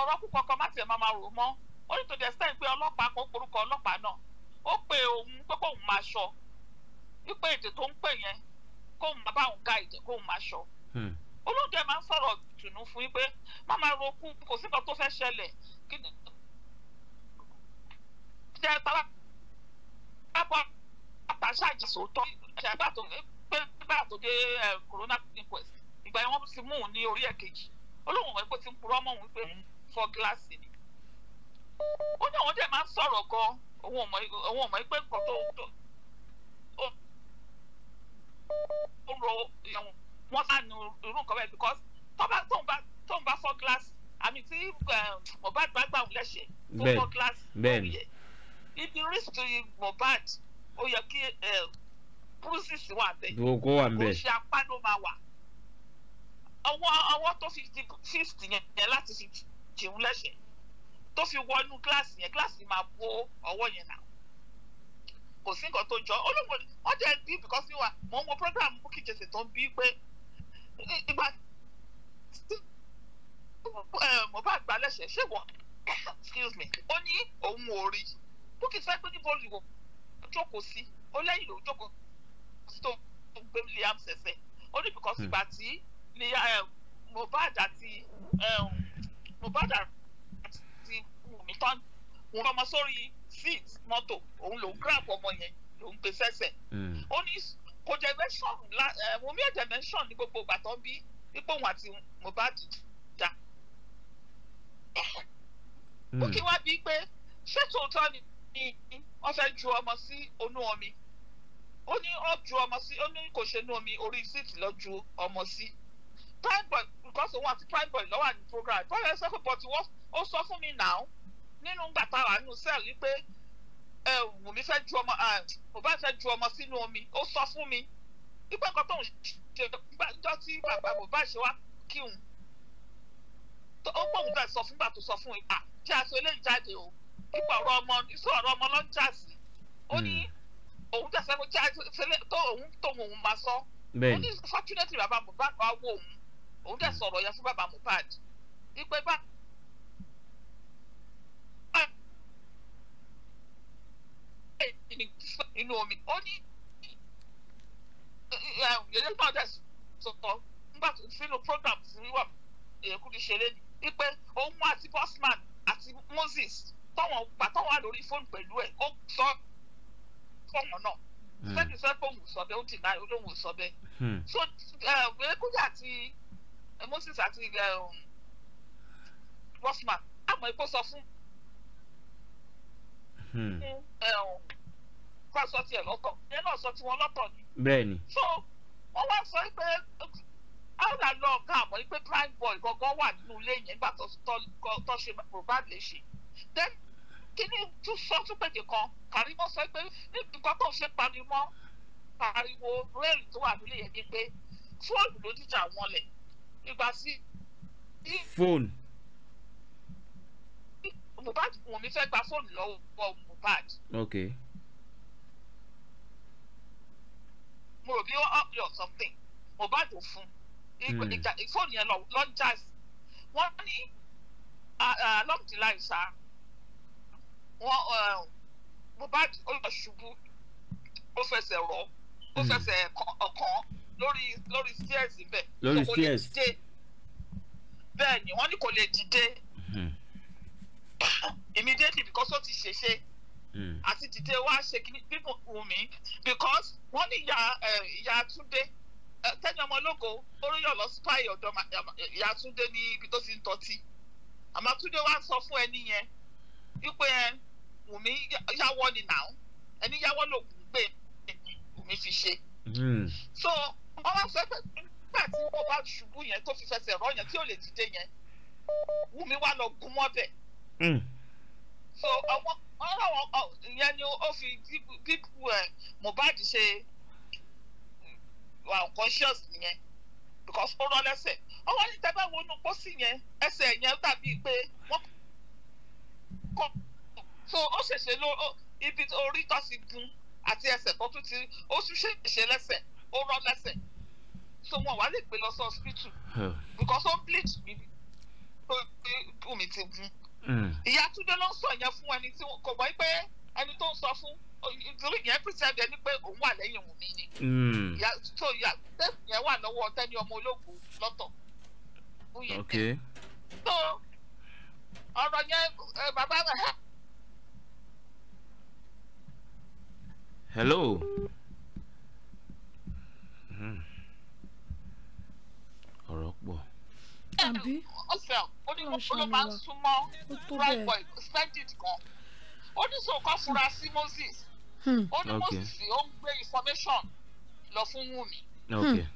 ọ̀rọ̀ púpọ̀ kan má tiẹ̀ máa ma rò mọ́ ó ní tó dẹ̀ sẹ́yìn pé ọlọ́pàá kò porúkọ ọlọ́pàá náà ó pe òun pé kóun máa sọ wípé èdè tó ń pè yẹn kóun máa bá òun ká èdè kóun máa sọ hmm. olóògbé máa ń sọ̀rọ̀ tùnú fún yín pé má máa roku kò sí nǹkan tó fẹ́ ṣẹlẹ̀ kí ni jẹ́ tọ́lá bábọ̀ àtàṣàjì sòótọ́ ìgbà tó pé nígbà tó dé corona inquest ìgbà yẹn wọ́n ti mú un ní orí ẹ̀ kejì olóògùn wọn pé ti ń purọ́ mọ́ òun pé fọ́ gíláàsì ni ó ní àwọn dẹ̀ máa ń sọ̀rọ̀ gan òun ò mọ̀ òun ò mọ̀ pé nǹkan tó ó ro wọ́n sá nu irú nǹkan bẹ́ẹ̀ because tọ́ba tóun bá tóun bá fọ́ gíláàsì àmì tí eh, Mohbad bá gbà òun lẹ́sẹ̀ tó fọ́ gíláàsì lórí ẹ̀ ibi risk to Mohbad ó yẹ kí eh, bruises wà bẹ́ẹ̀ gbogbo wà bẹ́ẹ̀ kò ṣe apá ló máa wà ọwọ́ ọwọ́ tó fifty fifty yẹn láti fi jẹun lẹ́sẹ̀ tó fi wọnú kíláàsì yẹn kíláàsì máa bó ọwọ́ yẹn náà kò sí nǹkan tó jọ olóńgbò wọn jẹ bí because mi wà mò ń wo program Bukky Jesse tó ń bí pé ìgbà mo bá gbà lẹ́sẹ̀ ṣé wọ́n excuse me ó ní òun ò rí Bukky sọ pé níbo lè wò ó jókòó sí ó lẹ́yìn lòún jókòó sí tó gbé Liam sẹ̀sẹ̀ ó ní because hmm. ìgbà tí eh, Mohbad àti eh, Mohbad àti mi tán òun rọmọ sórí seat mọ́tò òun lòún grab ọmọ yẹn lòún gbé sẹ́sẹ̀ hmm. ó ní kò jẹ́ mention Wunmi ò jẹ́ mention ní gbogbo ìgbà tó ń bí wípé òun àti Mohbad jà hmm. ó kí wá bíi pé ṣé tòótọ́ ni wọ́n fẹ́ ju ọmọ sí onú omi ó ní ó ju ọmọ sí ó ní kò ṣe inú omi orí síìtì lọ ju ọmọ sí prime boy because òun àti prime boy lọ́wọ́ àní program prime boy sọ pé but ó sọ fún mi now nínú gbàtà wà nínú sẹ́ẹ̀ wípé ẹ Wùmí fẹ́ ju ọmọ Mohbad fẹ́ ju ọmọ sínú omi ó sọ fún mi ipa kan tó ń ṣe gbàjọ́ tí bàbá Mohbad ṣe wá kí n ó gbóhùn bẹ́ẹ̀ sọ fún gbàtò sọ fún ipa kí a sọ eléyìí jáde o ipa ọ̀rọ̀ ọmọ iṣẹ́ ọ̀rọ̀ ọmọ ló ń jà sí ó ní hmm. òun tẹ̀sẹ̀ ló já tó òun tóun òun máa sọ ó ní fortunately bàbá Mohbad wá wò òun òun dẹ̀ hmm. sọ̀rọ̀ yẹn fún bàbá Mohbad ipa nínú omi ó ní yẹlẹ náà dẹ sọ̀tọ̀ nígbà tó sínú program tí wà èkúdi ṣeré ni wípé òun àti bosman àti moses tọwọn pàtọwọn wà lórí fóònù pẹ̀lú ẹ̀ ó sọ fọwọn náà fẹmi sọ pé òun sọ bẹ́ẹ̀ ó dì náà olóhùn sọ bẹ́ẹ̀ so èkúdi àti moses àti bosman àmọ́ ìkó sọ fún ká hmm. sọ tiẹ̀ lọ́tọ̀ ẹ náà sọ tiwọn lọ́tọ̀ ni. bẹ́ẹ̀ni. so wọ́n wá sọ pé áwùlà náà gan àmọ́ pé prime boy gangan wà nínú ilé yẹn nígbà tó ṣe Mohbad lè ṣe then kíní tún sọ tún pèjì kan Karimo sọ pé nǹkan tó ń ṣe pariwo pariwo rẹ́ẹ̀lì tó wà nílé yẹn ni pé fóònù ló dìjà wọn lẹ̀ nígbà sí. fóònù. Mohbad wọ̀n mi fẹ́ gba fóònù lọ́wọ́ òun apart. okay. mo rò bí ó up your something mo bá dùn fún hmm. fóònù yẹn lọ ń jà sí wọ́n ní along the line sa wọ́n um, Mohbad ó lọ ṣubú ó fẹsẹ̀ rọ ó hmm. fẹsẹ̀ ọ̀kan lórí lórí stairs bẹ́ẹ̀ lórí stairs bẹ́ẹ̀ wọ́n ní kò lè dìde hmm. immediately because ó ti ṣèṣe. Mm. àti dìde wá ṣe kí bíbù wù mí because wọ́n ní ìyá ìyá Túndé tẹ́ni ọmọlógo oróyọ̀ lọ spy ọ̀dọ̀ ìyá Túndé ní ibi tó ti ń tọ́tí àmọ́ Túndé wá sọ fún ẹni yẹn wípé wù mí yáwọ́ ni nàá ẹni yáwọ́ ló gbé wù mí fi ṣe. Mm. so wọ́n wá sọ pé nígbà tí ó bá ṣubú yẹn tó fi fẹsẹ̀ rọ yẹn tí ò lè dìde yẹn wù mí wá lọ gún mọ́ bẹ̀. Mm. so àwọn wọ́n láwọn ìyẹn ni ó fi dípò ẹ̀ Mohbad ṣe wà conscious, nìyẹn because ó rọ́ lẹ́sẹ̀ ó wá ní tẹ́bá wọnú pósí yẹn ẹsẹ̀ yẹn dàbí pé wọ́n kọ́ so ó ṣẹ̀ṣẹ̀ ló ibi orí tó ti gun àti ẹsẹ̀ tó tún ti ó tún ṣẹ̀ṣẹ̀ lẹ́sẹ̀ ó rọ́ lẹ́sẹ̀ so wọn wá lè gbé lọ sí hospital because ó bleach mi tó bùnmi ti gun Mm. ìyá túndé ló ń sọ yẹn fún ẹni tí kò mọ̀ pé ẹni tó ń sọ fún nítorí yẹn pèsè ẹni pé òun wà lẹ́yìn òun mi ni mm. ìyá tó yà yẹn wà lọ́wọ́ tẹ́ni ọmọ ológun lọ́tọ̀ fún yẹn tẹ́ tó ọ̀rọ̀ yẹn bàbá rẹ̀. hello. ọ̀rọ̀ pọ̀ ọsẹ ó ní kó ló máa ń súnmọ́ right boy splendid gan ó ní sọ kó fura sí Moses hmm. ó ní Moses ó ń gbé information lọ fún Wunmi. kìnìún okay.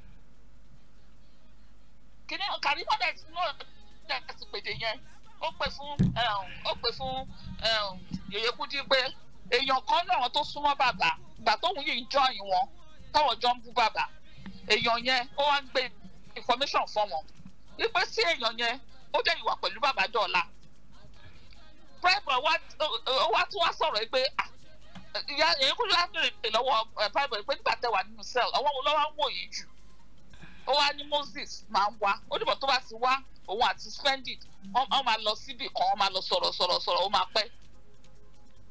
Hmm. Karimo dẹ̀ ti náà dẹ̀ ti pèdè yẹn ó pè fún um, ó pè fún um, yèyé Kúdí pé èèyàn kan náà tó súnmọ́ bàbá ìgbà tóun yìí jọ ìwọ̀n táwọn jọ ń bú bàbá èèyàn yẹn ó wá ń gbé information fún wọn wípé sí èèyàn yẹn ó dẹ̀ ìwà pẹ̀lú bàbá dọ̀la prime wa tún wá sọ̀rọ̀ pé ah, ìyá èyí kúrò láti lọ́wọ́ eh, prime pé nígbà tẹ́ wà nínú cell ọwọ́ wo lọ́wọ́ ń wò yìí jù ó wá ní Moses máa ń wá ó dìbò tó bá ti wá òun àti Splendid wọ́n máa lọ síbì kan wọ́n máa lọ sọ̀rọ̀ sọ̀rọ̀ sọ̀rọ̀ ó máa pẹ́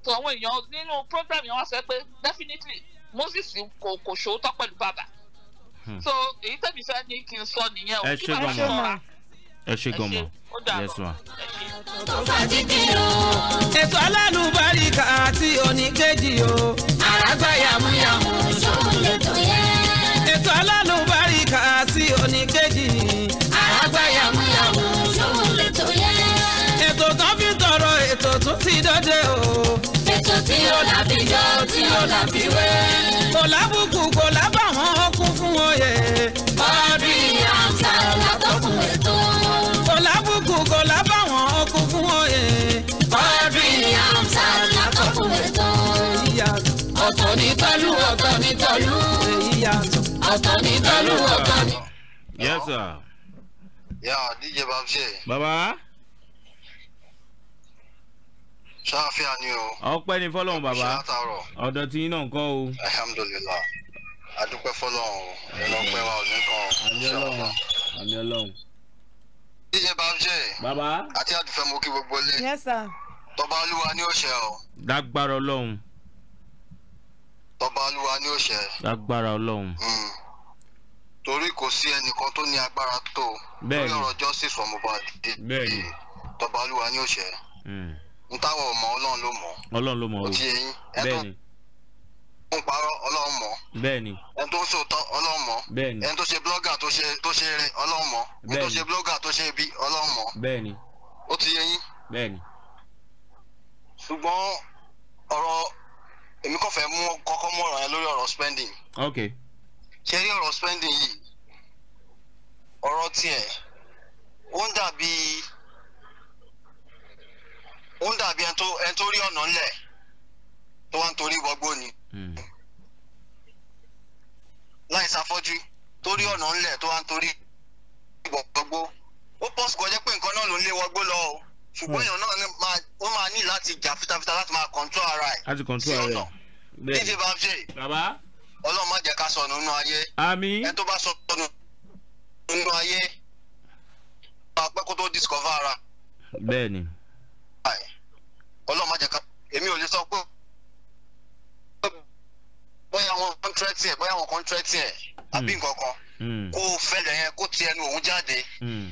tó àwọn èèyàn nínú program yẹn wọ́n sọ pé definitely Moses kò kò ṣòótọ́ pẹ̀lú bàbá Hmm. so èyí tẹ̀mí fẹ́ ní kí n sọ nìyẹn o kí máa ṣe mọ́ ẹ ṣe gan mọ yes ma. ètò alálùbáríkà àti oníkejì o. àràgbá yàmúyàmú ṣòwò lè tó yẹ. ètò alálùbáríkà àti oníkejì. àràgbá yàmúyàmú ṣòwò lè tó yẹ. ètò kan fi tọrọ ètò tún ti dọdẹ o. ètò tí ó làbíjọ tí ó làbíwẹ́. kò lábùkù kò lábàwọ́n láyé. bọ́ọ̀rì àǹtà látọkùn ètò. kò lábùkù kò lábàwọ̀n okùn fún òye. bọ́ọ̀rì àǹtà látọkùn ètò. ọ̀tọ̀ ní tọ́lú ọ̀tọ̀ ní tọ́lú. ọ̀tọ̀ ní tọ́lú ọ̀tọ̀ ní. yes sir. yà á díje baba. ṣáà fi o. ọpẹ́ ni fọlọ́run bàbá ọ̀dọ̀ tí yín náà kọ́ o. alhamdulilayi adúpẹ́ fọlọ́run ẹlọpẹ́ wa ò ní kan ṣàlùfà. àmì ọlọ́run. díje babjẹ́ bàbá àti àdùfẹ́ mo kí gbogbo lé tọba olúwa ní òṣè o. lágbára ọlọ́run. tọba olúwa ní òṣè. lágbára ọlọ́run. Hmm. torí kò sí ẹnìkan tó ní agbára tó lórí ọ̀rọ̀ justice for Mohbad dé tọba olúwa ní òṣè. Hmm. n táwọn ò mọ ọlọ́run ló mọ̀. ọlọ́run ló mọ̀ o bẹ́ẹ̀ ni ń parọ́ ọlọ́run mọ̀. bẹ́ẹ̀ni. ẹni tó ń sòótọ́ ọlọ́run mọ̀. bẹ́ẹ̀ni. ẹni tó ṣe blọ́gà tó ṣe tó ṣe eré ọlọ́run mọ̀. bẹ́ẹ̀ni. ẹni tó ṣe blọ́gà tó ṣe ibi ọlọ́run mọ̀. bẹ́ẹ̀ni. ó ti yé yín. bẹ́ẹ̀ni. ṣùgbọ́n ọ̀rọ̀ èmi kàn fẹ́ mú kọ́kọ́ mú ọ̀rọ̀ yẹn lórí ọ̀rọ̀ spending. ok. ṣe rí ọ̀rọ̀ spending yìí ọ̀rọ̀ tiẹ̀ ó ń dàbí ó ń dàbí ẹni tó rí ọ̀nà ńlẹ̀ tó wá ń torí gbọgbó ni. Hmm. láì ṣàfọ́jú torí hmm. ọ̀nà ńlẹ̀ tó wá ń torí ìbọ̀ gbogbo ó pọ́sù kọjá pé nǹkan náà ló ń lé wọgbó lọ o ṣùgbọ́n hmm. èèyàn náà ó máa ní láti jà fitafita láti máa kọ̀ǹtò ara ẹ̀ láti kọ̀ǹtò ara ẹ̀ bẹ́ẹ̀ ní ti bá ń ṣe bàbá ọlọ́run má jẹ́ ká sọnù nínú ayé àmín ẹ tó bá sọnù nínú ayé pẹ́ kó tó discover ara bẹ́ẹ̀ ni ọlọ́run má jẹ́ ká èmi ò lè sọ pé bóyá wọn kọ́ńtrẹ́tì ẹ̀ bóyá wọn kọ́ńtrẹ́tì ẹ̀ àbí hmm. nǹkan kan hmm. kó fẹ́lẹ̀ yẹn kó ti ẹnu òun jáde. Hmm.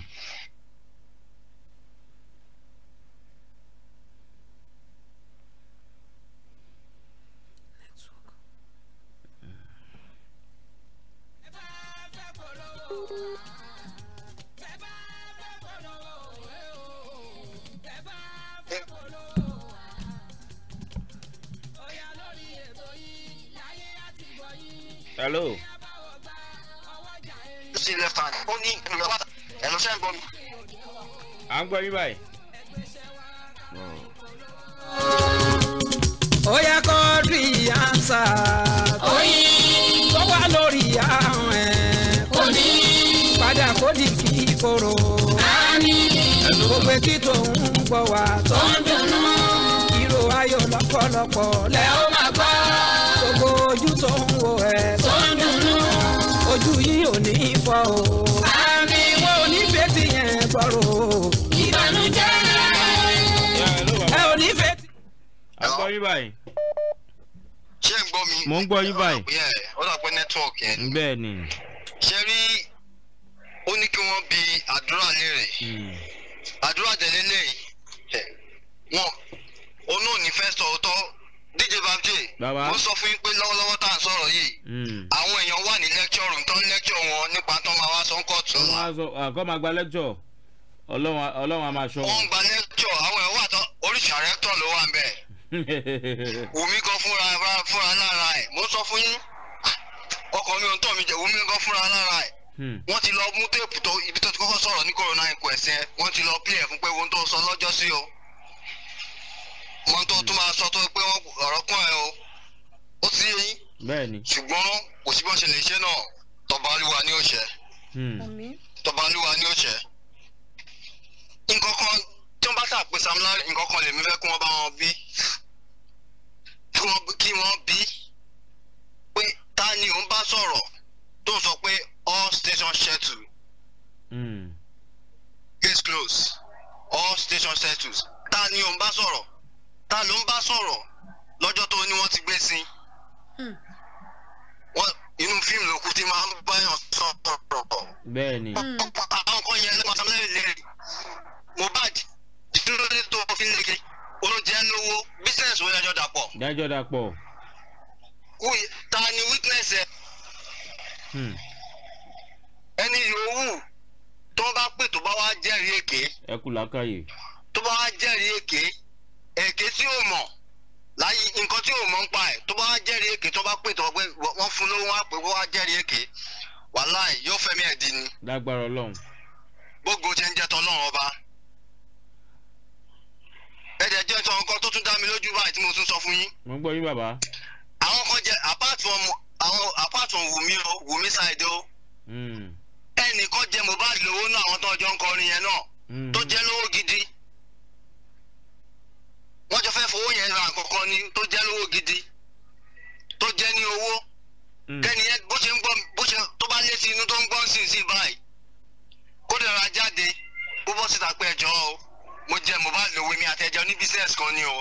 hello. you see left hand ó ní oh, ẹ̀lọ́ oh, ń gbọ́ mi. oh, ń oh, yín báyìí. ó oh, kó oh, àǹsà. oyin. tó oh, lórí oh, ẹ̀. kò ní. oh, kó oh, fi koro. àmì. oh, etí oh, ń gbọ́ wa. oh, ń oh, ìró ayọ̀ lọ́pọ̀lọpọ̀ oh, ó oh, gbọ́. gbogbo ojú oh, ń oh, ẹ̀ mi fọ́ o. àmì wo onífẹ̀ẹ́ ti yẹn gbọ́rọ̀ o. ìbànújẹ́ ẹ onífẹ̀ẹ́ ti. a gbọ́ yín báyìí. ṣé ń gbọ́ mi. mò ń gbọ́ yín báyìí. ó dà pé nẹ́tíwọ̀kì yẹn. bẹ́ẹ̀ ni. ṣe rí ó ní kí wọ́n bi àdúrà léèrè hmm. àdúrà tẹ̀lé lẹ́yìn wọn onú ò ní fẹ́ sọ òótọ́ DJ Babjay mo sọ fún yín pé lọ́wọ́lọ́wọ́ tá à ń sọ̀rọ̀ yìí hmm. àwọn èèyàn wà ní lecture room tán lecture wọn nípa tán máa wá sọ́n kọ́ọ̀tù. àkọ́ máa gba lecture ọlọ́run a máa ṣọ́ wọn. wọ́n gba lecture àwọn èèyàn wà tán oríṣi àrẹ́tọ̀ ló wà ń bẹ̀. wùmí kan fúnra fúnra lára ẹ̀ mo sọ fún yín ọkọ mi ò ń tọ̀ mí jẹ wùmí kan fúnra lára ẹ̀ hmm. wọ́n ti lọ mú téèpù tó ibi tó ti kọ́kọ́ sọ̀rọ̀ ní corona inquest yẹn wọ́n ti lọ pílẹ̀ fún pé ohun tó sọ lọ́jọ́ sí o mọ tó tún máa sọ tó pé wọn ọ̀rọ̀ kún ẹ o ó sì yé yín. bẹ́ẹ̀ni. ṣùgbọ́n kò sí bí wọ́n ṣe lè ṣe náà tọba olúwa ní òṣẹ. Hmm. tọba olúwa ní òṣẹ. nǹkan kan tí wọ́n bá tàpé Sam Larry nǹkan kan lèmi fẹ́ kí wọ́n bá wọn bí kí wọ́n bí pé ta ni òun bá sọ̀rọ̀ tó ń sọ pé all station settle. Hmm. case closed all station settles ta ni òun bá sọ̀rọ̀ ta ló ń bá sọ̀rọ̀ lọ́jọ́ tó ní wọ́n ti gbé sí hmm. inú fíìmù ló kú tí máa ń báyọ̀ sọ̀rọ̀. bẹ́ẹ̀ni. àwọn kan yẹn lọ́wọ́ sọ́mọ́lẹ́ ìlérí Mohbad ìdúró ní tó fi ń leke oúnjẹ lówó bísíǹsì wo dájọ́ dàpọ̀. dájọ́ dàpọ̀. kú ta ni witness ẹ. Hmm. ẹni yòówù tó bá pè tó bá wá jẹ́rìí èké. ẹ kú làákàyè. tó bá wá jẹ́rìí èké. èké tí o mọ̀ láyé nǹkan tí o mọ̀ ń pa ẹ̀ tó bá jẹ́rìí èké tó bá pè tó pé wọ́n fún lówó wá pé wọ́n wá jẹ́rìí èké yóò fẹ́mi ẹ̀ di ni. lágbára ọlọrun. gbogbo ṣe ń jẹ́ ọba. ẹ tún dá mi lójú báyìí tí mo tún sọ fún yín. mo ń gbọ́ àwọn kan jẹ apart from wumi hmm. Mohbad lówó náà àwọn tó yẹn náà hmm. tó lówó wọ́n jọ fẹ́ fowó yẹn ra àkọ́kọ́ ni tó jẹ́ lówó gidi tó jẹ́ ní owó hmm. kẹ́ni yẹn bó ṣe ń gbọ́ bó ṣe tó bá lé sí inú tó ń gbọ́ sí sí báyìí kó lè ra jáde bó bọ́ síta pé ẹjọ́ o mo jẹ mo bá lòwe mi àtẹjọ ní business kan ni o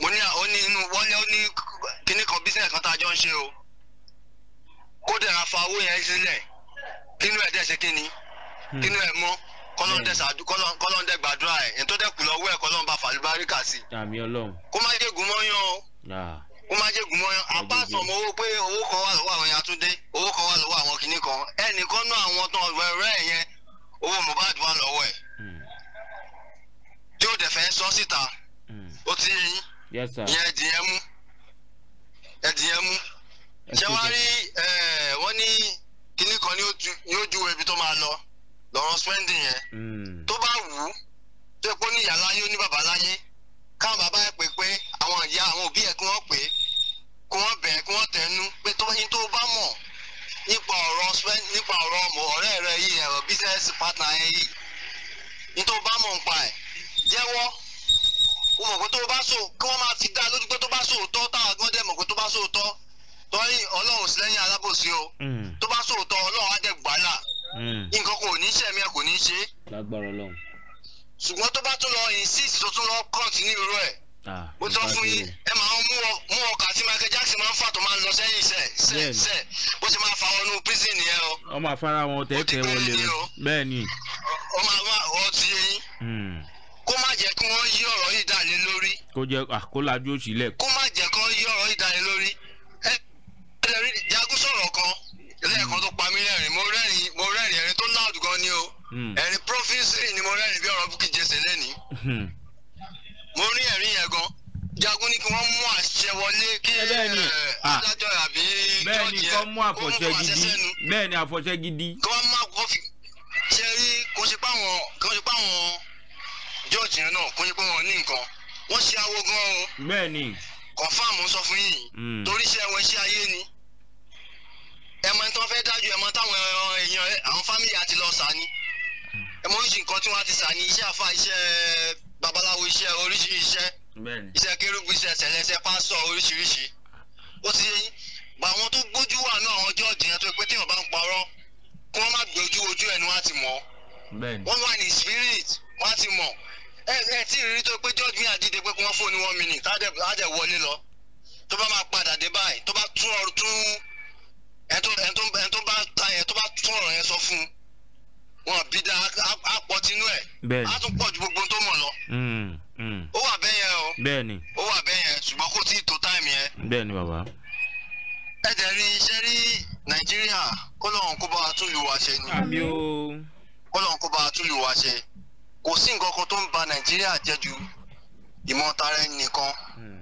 mo ní ó ní inú wọlé ó ní kíní kan business kan tá a jọ ń ṣe o kó lè ra fa owó yẹn sílẹ̀ kínú ẹ̀ dẹ̀ ṣe kíni kínú ẹ̀ mọ́ kọlọ́ndẹ̀ sàdú kọlọ́ndẹ̀ gbàdúrà ẹ̀ ẹ̀ tó dẹ̀ kù lọ́wọ́ ẹ̀ kọlọ́n bá fàlùbáríkà sí. àmín ọlọ́run. kó má jẹ́ gùnmọ́yán o. kó má jẹ́ gùnmọ́yán apá àsọ̀mọ́ owó pé owó kan wà lọ́wọ́ àwọn yàtúndé owó kan wà lọ́wọ́ àwọn kinní kan ẹnìkan náà àwọn tán wẹ̀rẹ̀ yẹn owó Mohbad wà lọ́wọ́ ẹ̀. yóò hmm. dẹ̀ fẹ́ sọ síta hmm. ó ti yẹn yẹn ẹ̀dìyẹn mú ẹ̀dìyẹn mú ṣẹ́wárí wọ́n ní kinní kan ní ó ju ibi tó máa lọ lọ́rọ̀ spending yẹn hmm. tó bá wù ú tó epo ní ìyá láyé ó ní bàbá láyé káwọn bàbá ẹ pè pé àwọn ìyá àwọn òbí ẹ kí wọ́n pè é kí wọ́n bẹ̀ kí wọ́n tẹnu pé tó yín tó bá mọ̀ nípa ọ̀rọ̀ spend nípa ọ̀rọ̀ ọmọ ọ̀rẹ́ rẹ yìí ẹ̀rọ business partner yẹn yìí ní tó bá mọ̀ nípa ẹ̀ jẹ́wọ́ o mọ̀ pé tó bá so kí wọ́n máa fi dá lójú pé tó bá so òótọ́ táwọn gbọ́n dẹ̀ mọ̀ pé tó bá so òótọ́ tọ́yìn ọlọ́run sílẹ̀yìn alábòsí o hmm. tó bá so òótọ́ ọlọ́run á dẹ̀ gbàlà Hmm. nǹkan kò ní sẹ̀mí ẹ̀ kò ní ṣe. lágbára Ọlọ́run. ṣùgbọ́n tó bá tún lọ insist tó tún lọ continue irú ẹ̀ ah, mo sọ fún yín ẹ máa ń mú ọkà tí Michael Jackson máa ń fà tó máa ń lọ sẹ́yìn sẹ́ sẹ́ sẹ́ bó ṣe máa fa wọnú prison yẹn o. ọmọ afárá wọn tẹ́tẹ́ wọlé o bẹ́ẹ̀ ni. ọmọ àwọn ọtí hmm. yẹn kó má jẹ́ kí wọ́n yí ọ̀rọ̀ yìí dálé lórí. kó jẹ́ ah, kó lajú òsì lẹ̀. kó má jẹ́ kí wọ́n yí ọ̀rọ̀ yìí dálé lórí. ẹ ẹ lè rí jagun sọ̀rọ̀ kan ẹlẹ́ẹ̀kan tó pa mí lẹ́rìn mo rẹ́rìn mo rẹ́rìn ẹ̀rín tó loud gan ni o hmm. ẹ̀rín proficiency ni mo rẹ́rìn bí ọ̀rọ̀ Bukky Jesse lẹ́ni hmm. mo rí ẹ̀rín yẹn gan jagun ni kí wọ́n mú àṣẹ wọlé kí eh, ah. adájọ́ àbí jọ́ọ̀jì ẹ̀ kó mú àṣẹ gidi kí wọ́n má kó fi ṣe rí kó ṣe páwọn kó ṣe páwọn jọ́ọ̀jì yẹn náà kó ṣe pé wọ́n ní nǹkan wọ́n ṣe awo gan o bẹ́ẹ̀ ni sọ fún yìí hmm. torí iṣẹ́ wọn iṣẹ́ ayé ni ẹmọ tí wọn fẹ́ dájú ẹmọ táwọn eh, èèyàn eh, àwọn fámìlì àti lọ sá ni ẹmọ oríṣi nǹkan tí wọn ti sá ni iṣẹ́ àfa iṣẹ́ eh, babaláwo iṣẹ́ oríṣi iṣẹ́ iṣẹ́ kérúbù iṣẹ́ sẹlẹsẹ pásọ oríṣiríṣi ó ti yẹn àwọn tó gbójú wà náà àwọn jọ́ọ̀jì yẹn tó pé téèyàn bá ń parọ́ kí wọ́n má gbé ojú ojú ẹ̀ ni wọ́n ti mọ̀ wọ́n wà ní spirit wọ́n ti mọ̀ ẹ ẹ tí ìrírí tó pé jọ́ọ̀jì mi àdìde pé kí wọ́n fóònù one minute á tó bá máa padà dé báyìí tó bá tún ọ̀rọ̀ tún ẹ̀tọ́ ẹ̀tọ́ ẹ̀tọ́ bá ta ẹ̀tọ́ bá fọ̀rọ̀ yẹn sọ fún wọn bí da á pọ̀ tinú ẹ̀ á tún pọ̀ ju gbogbo tó mọ̀ lọ. Hmm, hmm. ó wà bẹ́ẹ̀ yẹn o bẹ́ẹ̀ni ó wà bẹ́ẹ̀ yẹn ṣùgbọ́n kò tí ì tó táìmù yẹn. bẹ́ẹ̀ni bàbá. ẹ jẹ́ rí iṣẹ́ rí nàìjíríà kó lọ́run kó bá wa tún lù wá ṣe ni. àmì o. kó lọ́run kó bá wa tún lù wá ṣe kò sí nǹkan kan tó ń ba nàìjíríà jẹ́ ju ìmọ̀tara ẹnìkan hmm.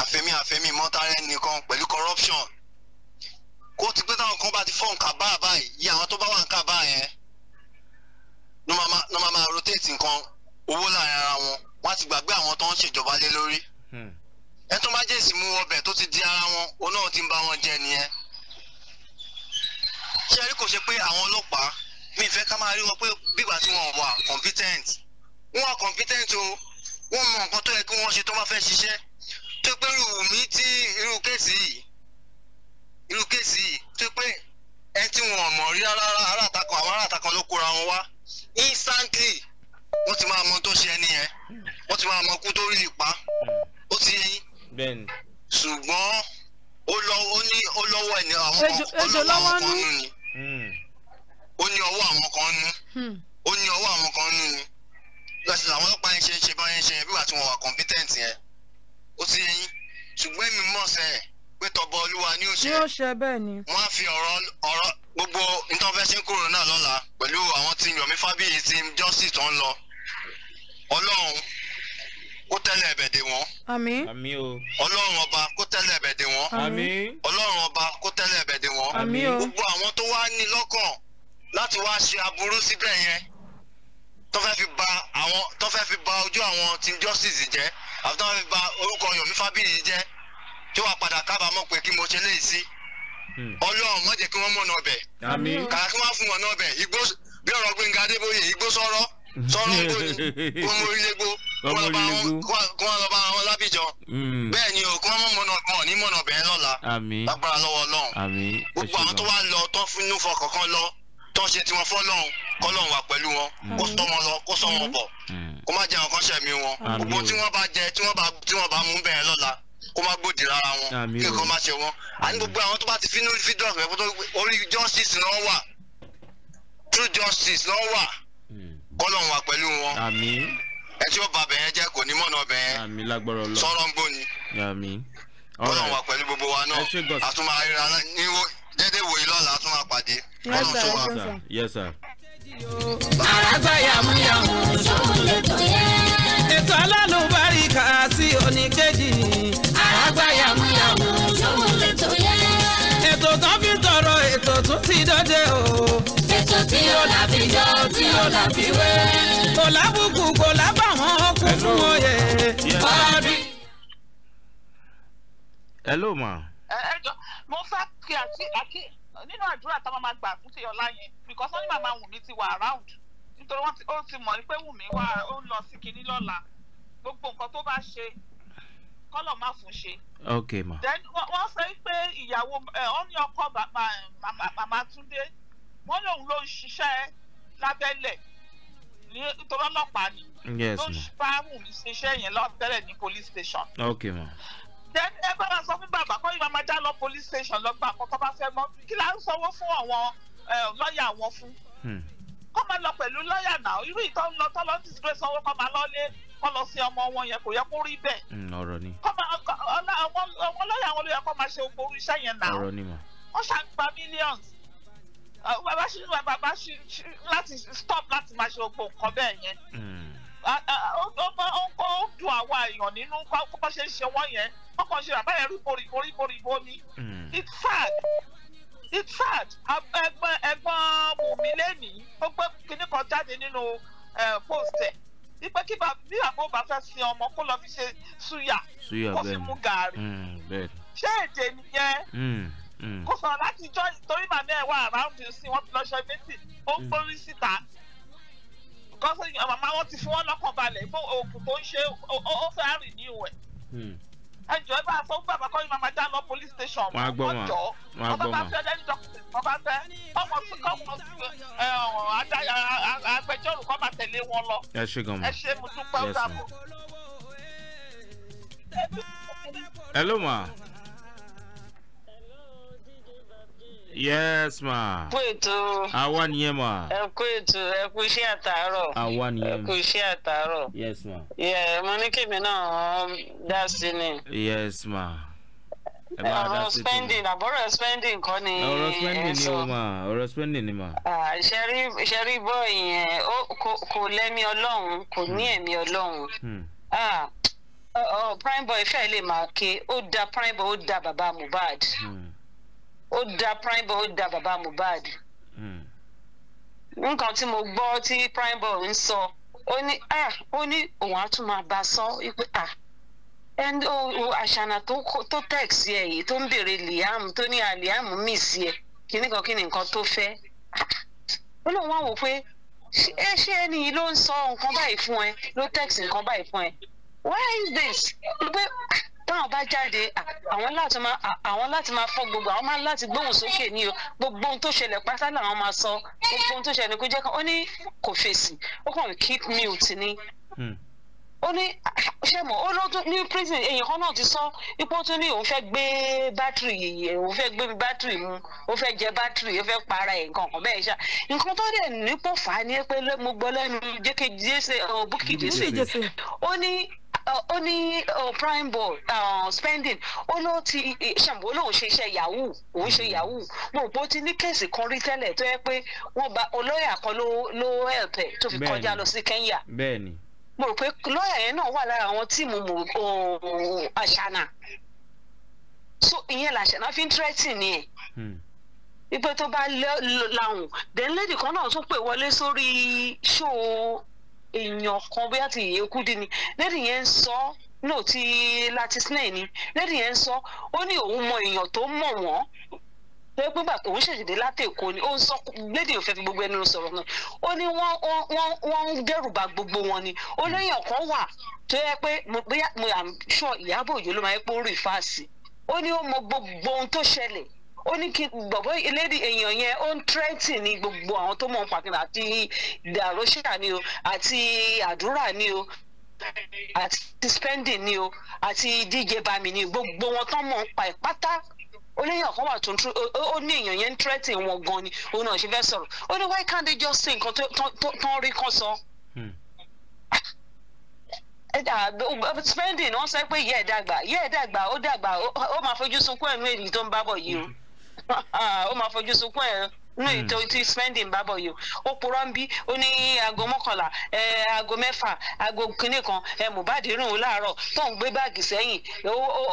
àfẹ́mí àfẹ́mí ìmọ̀tara ẹnìkan pẹ̀lú corruption kó ti pé táwọn kan bá ti fọ́ nǹkan bá báyìí iye àwọn tó bá wà nǹkan bá yẹn ló máa máa rotate nǹkan owó láàrin ara wọn wọn á ti gbàgbé àwọn tó ń ṣèjọba lé lórí hmm. ẹ tó bá jẹ́ ìsìnmú ọbẹ̀ tó ti di ara wọn òun náà ti ń bá wọn jẹ nìyẹn ṣé ẹ rí kò ṣe pé àwọn ọlọ́pàá mi fẹ́ ká máa rí wọn pé bígbà tí wọn wà competent wọn wà competent o wọn mọ nǹkan tó yẹ kí wọ́n ṣe tó bá fẹ́ ṣiṣẹ́ tó pé irú mi tí irú kéèsì yìí irú kéèsì yìí tó pé ẹ tí wọn mọ̀ rí alátakọ̀ àwọn alátakọ̀ ló kóra wọn wá instantly wọ́n ti máa mọ tó ṣe ẹni yẹn wọ́n ti máa mọ kú tó rí ipa ó ti yẹn bẹ́ẹ̀ni ṣùgbọ́n ó lọ́wọ́ ní ó lọ́wọ́ ẹni àwọn kan nù hmm. ni ó ní ọwọ́ àwọn kan nù hmm. ó ní ọwọ́ àwọn kan nù ni lọ́sìn àwọn ọlọ́pàá yẹn ṣe ṣe bá yẹn ṣe yẹn bí wàá tí wọ́n wà competent yẹn ó ti yẹn ṣùgbọ́n èmi mọ̀ sẹ́yìn pé tọ̀bọ̀ olúwa ni ó ṣe. ni ṣe bẹ́ẹ̀ ni. wọ́n á fi ọ̀rọ̀ ọ̀rọ̀ gbogbo ìtọ́fẹ́sí kòrónà lọ́la pẹ̀lú àwọn tí Yomi Fabiyi ti jọ́sìn tó ń lọ ọlọ́run kó tẹ́lẹ̀ ẹ̀bẹ̀ dè wọ́n. àmín. o. ọlọ́run ọba kó tẹ́lẹ̀ ẹ̀bẹ̀ dè wọ́n. ọlọ́run ọba kó tẹ́lẹ̀ ẹ̀bẹ̀ dè wọ́n. o. gbogbo àwọn tó wá ní lọ́kàn láti wá ṣe aburú síbẹ̀ yẹn tó fẹ́ fi ba àwọn tó fẹ́ fi ba ojú àwọn team justice jẹ́ àbí tó fẹ́ fi ba orúkọ Yomi Fabiyi jẹ́ tí wàá padà kábàámọ̀ pé kí mo ṣe léyìí sí hmm. ọlọ́run má jẹ́ kí wọ́n mọ̀ náà bẹ̀ kàrà kí wọ́n fún wọn náà bẹ̀ igbó bí ọ̀rọ̀ Gbẹ́ngà Adébóyè igbó sọ̀rọ̀ sọ̀rọ̀ gbó ni kó mo rí légbó kó wọ́n lọ bá wọn lábìjọ hmm. bẹ́ẹ̀ ni o kí wọ́n mọ̀ náà ní mọ̀ náà bẹ̀ lọ́la lágbára lọ́wọ́ ọlọ́run gbogbo àwọn tó wá lọ tán fún inú fọkànkan lọ tán ṣe tiwọn fọlọ́run kọ́lọ́run wà pẹ̀lú wọn hmm. kó sọ wọn lọ kó sọ wọn bọ̀ kó má jẹ́ àwọn kan ṣẹ̀mí wọn gbogbo tí wọ́n bá jẹ tí wọ́n bá mú bẹ́ẹ̀ lọ́la kó má gbòdì lára wọn kí nǹkan má ṣe wọn àní gbogbo àwọn tó bá ti fínú fídíò rẹ kó orí justice náà wà true justice náà wà hmm. kọ́lọ́run wà pẹ̀lú wọn ẹ tí ó ba bẹ̀yẹn jẹ́ kò ní mọ̀nà bẹ̀yẹn sọ̀rọ̀ ń gbóni kọ́lọ́run wà pẹ̀lú gbogbo wa náà àtúmọ̀ àríra ní dédé wòye lọ́la àtúmọ̀ pàdé kọ́lọ́run tó wà. Yes yàmúyàmú sóhun lè tó yẹ. ètò alálùbọ̀. ti dòde o. ètò tí ó là fi jọ tí ó là fi wé. kò lábùkù kò lábàwọ́n ó kún fún oyè. hello ma. ẹ ẹ jọ mo fẹ́ kí àti àti nínú àdúrà táwọn máa gbà fún tèyọlá yẹn because wọ́n ní màmá ti wà around nítorí wọ́n ti ó ti mọ̀ ní pé Wùmí wà ó lọ sí kinní lọ́la gbogbo nǹkan tó bá ṣe kọ́lọ̀ má fún ṣe. ok ma. then wọ́n sọ pé ìyàwó ọ̀n ní ọkọ màmá Túndé wọ́n lòun ló ń ṣiṣẹ́ lábẹ́lẹ̀ nítorí ọlọ́pàá ni. yes ma. ló ń bá Wùmí ṣiṣẹ́ yẹn lọ́tẹ́lẹ̀ ní police station. ok ma. then ẹ bá wa sọ fún bàbá kọ́ ìmọ̀ máa já lọ police station lọ gba àkọ́kọ́ bá fẹ́ mọ́ kí la ń sanwó fún àwọn lọ́ọ̀yà wọn fún. Hmm. kọ́ máa lọ pẹ̀lú lọ́ọ̀yà náà irú ìtọ́ ń lọ tọ́lọ́ disgrace sanwó kọ́ máa lọ́ọ́ lé kọ́ lọ sí ọmọ wọn yẹn kò yẹ kó rí bẹ́ẹ̀. Hmm, ọ̀rọ̀ ni. àwọn lọ́yà wọn ló yẹ kó máa ṣe gbogbo iṣẹ́ yẹn náà. ọ̀rọ̀ ni mà. wọ́n ṣàn millions. bàbá ṣì bàbá ṣì láti stop láti máa ṣe gbogbo nǹkan bẹ́ẹ̀ yẹn. Hmm. ó kó dùn àwọn èèyàn nínú kó ṣe ń ṣe wọ́n yẹn wọ́n ṣe bàbá yẹn rí boríbo rí boríbo ni. Hmm. it's sad in fact ẹ̀gbọ́n ẹ̀gbọ́n mùmí lẹ́nìí ó gbé kinní kan jáde nínú post ẹ̀ wípé kí bí àbó bá fẹ́ sin ọmọ kó lọ fi ṣe suya kó fi mú gàárì mm, ṣé èdè nìyẹn mm, mm. kò sọ̀rọ̀ láti jọ torí màmí ẹ̀ wà around you sí wọ́n ti lọ ṣe méjì ó ń gbórí síta because màmá wọn ti fi wọ́n lọ́kàn balẹ̀ fún oògùn tó ń ṣe ó fẹ́ rìn ní ìwẹ̀ ẹjọ ẹ bá sọ fún bàbá kọ́yìn màmá lọ police station wọn gbọ́ mọ wọn gbọ́ mọ ọba bá fẹ́ ẹni dọ́kítà ọba fẹ́ sí kọ́mọ sí agbẹjọ́rò kọ́ máa tẹ̀lé wọn lọ. ẹ ṣe gan mọ ẹ ṣe mo dúpẹ́ ó dàbọ̀. ẹ ló mọ̀. Yes, ma. Kú ètò. Àwa nìyẹn ma. Ẹ kú ètò ẹ kú iṣẹ́ àtàárọ̀. Àwa nìyẹn. Ẹ kú iṣẹ́ àtàárọ̀. Yes, ma. Yẹ mo ní kèmí náà um, dá sí ni. Yes, ma. Ọ̀rọ̀ spending àbọ̀rọ̀ spending kọ́ ni. Ọ̀rọ̀ spending ni o ma. Ọ̀rọ̀ spending ni ma. Ṣẹ́rí ṣẹ́rí bọ́ ìyẹn kò lẹ́mí ọlọ́run kò ní hmm. ẹ̀mí ọlọ́run. Hmm. Prime boy fẹ́ lè máa ké ó da prime boy ó da bàbá Mohbad. Hmm ó da prime boy ó da bàbá Mohbad hmm. nǹkan tí mo gbọ́ tí prime boy ń sọ ó ní ah, ó ní òun á tún máa bá a sọ wípé ah ẹni o àṣànà tó tẹ̀sí ẹ̀ yìí tó ń béèrè Liam tó ní ah, Liam mí sí ẹ kíní kan kíní nǹkan tó fẹ́ ó lóun wá wò pé ẹ ṣé ẹni yìí ló ń sọ nǹkan báyìí fún ẹ ló tẹ̀sí nǹkan báyìí fún ẹ why is this táwọn bá jáde àwọn láti máa àwọn láti máa fọ gbogbo àwọn máa láti gbóhùn sókè ní o gbogbo ohun tó ṣẹlẹ̀ pátá làwọn máa sọ gbogbo ohun tó ṣẹlẹ̀ kó jẹ́ kan ó ní kò fèsì ó kàn keep mute ni hmm. ó ní ṣé mọ̀ ó lọ́dún ní prison èyàn kan náà ti sọ ipò tún ní òun fẹ́ gbé bátìrì yìí òun fẹ́ gbé bátìrì mu òun fẹ́ jẹ bátìrì òun fẹ́ para ẹ̀ nǹkan kan bẹ́ẹ̀ ṣá nǹkan tó dẹ̀ nípò fà á ní pé mo gbọ́ lẹ́nu jẹ́kẹ́jẹ́sẹ̀ oh, bukidese ó ní. Uh, ó ní uh, prime ball uh, spending ó ló ti eh, ṣàmùwò lòun ṣe iṣẹ́ yahoo òun ṣe hmm. yahoo mo rò pé ó ti ní kéèsì kan rí tẹ́lẹ̀ tó yẹ pé wọ́n bá olóyà kan ló ló help ẹ̀ tó fi kọjá lọ sí Kenya mo rò pé lọ́ọ̀yà yẹn náà wà lára àwọn tíìmù àṣànà oh, so ìyẹn làṣànà fi ń tírẹ́tì ni ẹ̀ hmm. wípé tó bá láwùn then lady kan náà tún pè wọlé sórí ṣóò èèyàn kan bóyá ti ìyẹn kú dín ni lẹ́dí yẹn ń sọ náà ti láti sinai ni lẹ́dí yẹn ń sọ ó ní òun mọ èèyàn tó mọ̀ wọ́n pé gbígbà tó ń ṣèṣèdè látẹ̀kọ́ ni ó ń sọ lédè òfin gbogbo ẹnu sọ̀rọ̀ náà ó ní wọ́n ń dẹ́rù ba gbogbo wọn ni olóyìn ọ̀kan wà tó yẹ pé bóyá mo am sure Ìyábọ̀ Òjó ló máa yẹ pé ó rí fáàsì ó ní ó mọ gbogbo ohun tó ṣẹlẹ̀ ó ní kí gbogbo elédè èèyàn yẹn ó ń tírẹ́tì ní gbogbo àwọn tó mọ̀ ń pàkínà àti dàróṣà ni o àti àdúrà ni o àti spending ni o àti dj bami ni gbogbo wọn tó mọ̀ ń pa ẹ̀ pátá oníyàn kan wà tó ń tú ó ní èèyàn yẹn ń tírẹ́tì wọn gan ni òun náà ṣe fẹ́ sọ̀rọ̀ ó ní why can't they just say nǹkan tó ń rí kan sọ hmm. spending wọn sọ pé yẹ ẹ dàgbà yẹ ẹ dàgbà ó dàgbà ó máa fojú sunkún ẹnu èyí tó ń bábọ̀ yìí o. Hmm. ó máa fojú sunkún ẹ̀ nínú ètò tí hmm. spending bá bọ̀ yìí ó purọ́ ń bí ó ní aago mọ́kànlá aago mẹ́fà aago kínní kan Mohbad rìn òun láàárọ̀ tóun gbé báàgì sẹ́yìn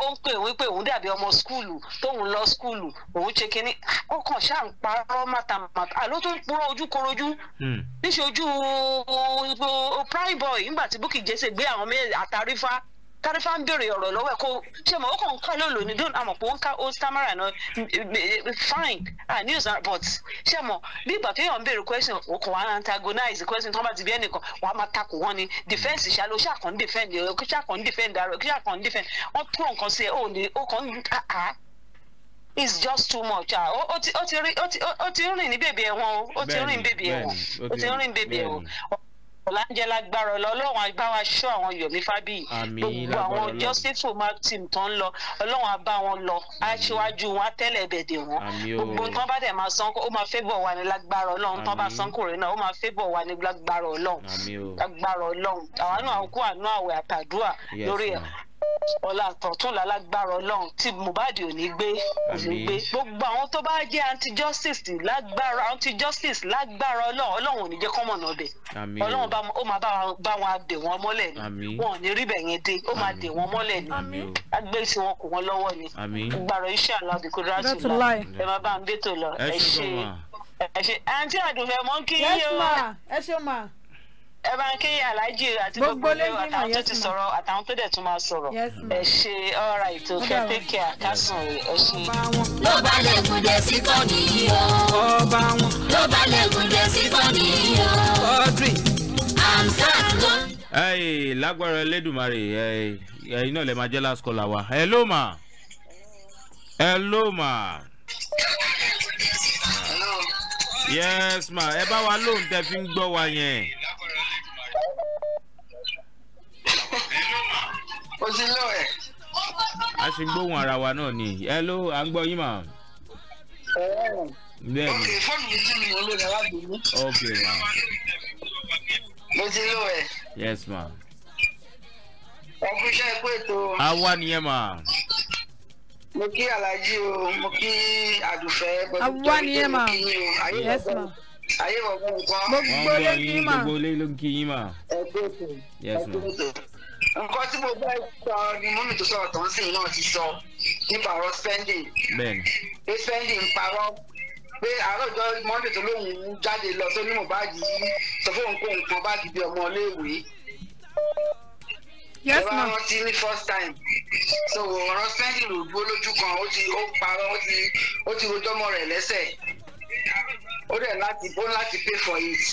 ó ń pè wípé òun dàbí ọmọ skúlù tóun lọ skúlù òun ṣe kínní ó kàn ṣáà ń parọ́ mátàmátà àló tó ń purọ́ ojúkorojú hmm. níṣojú prime boy nígbà tí Bukky Jesse gbé àwọn mẹ́rin àtàrífà kárífà ń béèrè ọ̀rọ̀ lọ́wọ́ ẹ̀ kó ṣe mọ̀ ó kàn ń ká lóòlò ní dóun àmọ̀ pé ó ń ká old tamara náà fine ah news are but ṣe mọ̀ bí ìgbà tó yàn ń béèrè question ó kàn wá antagonize question tó bá ti bí ẹnìkan wà á máa takò wọ́n ni defence ṣáàló ṣàkàn defend ṣàkàn defend ààrẹ ṣàkàn defend wọ́n tó nǹkan sí ẹ ó ní ó kàn ń àá it's just too much ah o ti o ti rìn ní bèbè ẹ̀wọ̀n o o ti rìn ní bèbè ẹ̀wọ̀n o ti rìn ní bèbè ẹ̀wọ̀n ọ̀làǹjẹ́lá gbára ọlọ́run á ṣọ́ àwọn yọ̀mí fábíyì gbogbo àwọn jọ́sífù martin tó ń lọ ọlọ́run á wọn lọ aṣíwájú wọn tẹ́lẹ̀ bẹ̀dẹ̀ wọn gbogbo nǹkan bá dẹ̀ máa san ó máa fẹ́ bọ̀ wá ní lágbára ọlọ́run tán bá san kòrè náà ó máa fẹ́ bọ̀ wá ní lágbára ọlọ́run lágbára ọlọ́run àwọn náà kú àánú àwẹ̀ àtàdúrà lórí ẹ̀ ọ̀la àtọ̀túnla lágbára ọlọ́run tí Mohbad ò ní gbé gbé gbogbo àwọn tó bá jẹ́ anti-justice lágbára anti-justice lágbára ọlọ́run ọlọ́run ò ní jẹ́ kọ́mọ̀ náà bẹ̀ ọlọ́run ó máa bá wọn dè wọ́n mọ́lẹ̀ ni wọn ò ní rí bẹ̀yẹn dé ó máa dè wọ́n mọ́lẹ̀ ni agbé tí wọn kò wọ́n lọ́wọ́ ni gbàrọ̀ iṣẹ́ aláàbí kò dára tó la ẹ máa bá ń dé tó lọ ẹ ṣe ẹ ṣe àǹtí àdùnfẹ́ mọ́ kí yín o ẹ ṣe máa ẹ bá ń kí aláàjì àti gbogbo lẹ́yìn àtàwọn tó ti sọ̀rọ̀ àtàwọn tó dẹ̀ tún máa sọ̀rọ̀ ẹ ṣe ọ̀rọ̀ ètò kẹ́tẹ́ kí àkásùn ẹ ṣe. ló bá lẹ́gùn jẹ sí kọ́ọ̀dì yìí o. ló bá lẹ́gùn jẹ sí kọ́ọ̀dì yìí o. audrey. amsat ẹ lágbára Elédùmarè ẹ ẹyin lè máa jẹ́ last caller wa hello ma hello ma. yes ma ẹ bá wa lóhùn tẹ fi ń gbọ́ wa yẹn. o ti lọ ẹ. a ṣe gbóhùn ara wa náà ni hello à ń gbọ́ yín mà. bẹ́ẹ̀ni fóònù mi ti mi ò lè rárá bí mi. mo ti lọ ẹ. yes ma. ọkùnrin ikú ètò. àwa nìyẹn ma mo kí alhaji o mo kí àdùfẹ́ pẹ̀lú tó ní mo kí yín ayé bàbá ayé nǹkan. mo gbọ́ lé kí yín mà. gbogbo lé ló ń kí yín mà. ẹ kú ẹ kú ètò nǹkan tí mo fẹ́ sọ ni mọ́mí tó sọ̀rọ̀ tó ń sìn náà ti sọ nípa ọ̀rọ̀ spending pé spending parọ́ pé àárọ̀jọ́ mọ́mí tó lóun jáde lọ sóní Mohbad yìí sọ fún kó nǹkan báàgì bí ọmọ iléèwé yes ma. ẹ̀rọ ti ní first time so ọ̀rọ̀ spending ló dúró lójú kan ó ti ó parọ́ ó ti ó ti rojọ́ mọ́ rẹ̀ lẹ́sẹ̀ ó dẹ̀ láti bó láti pay for it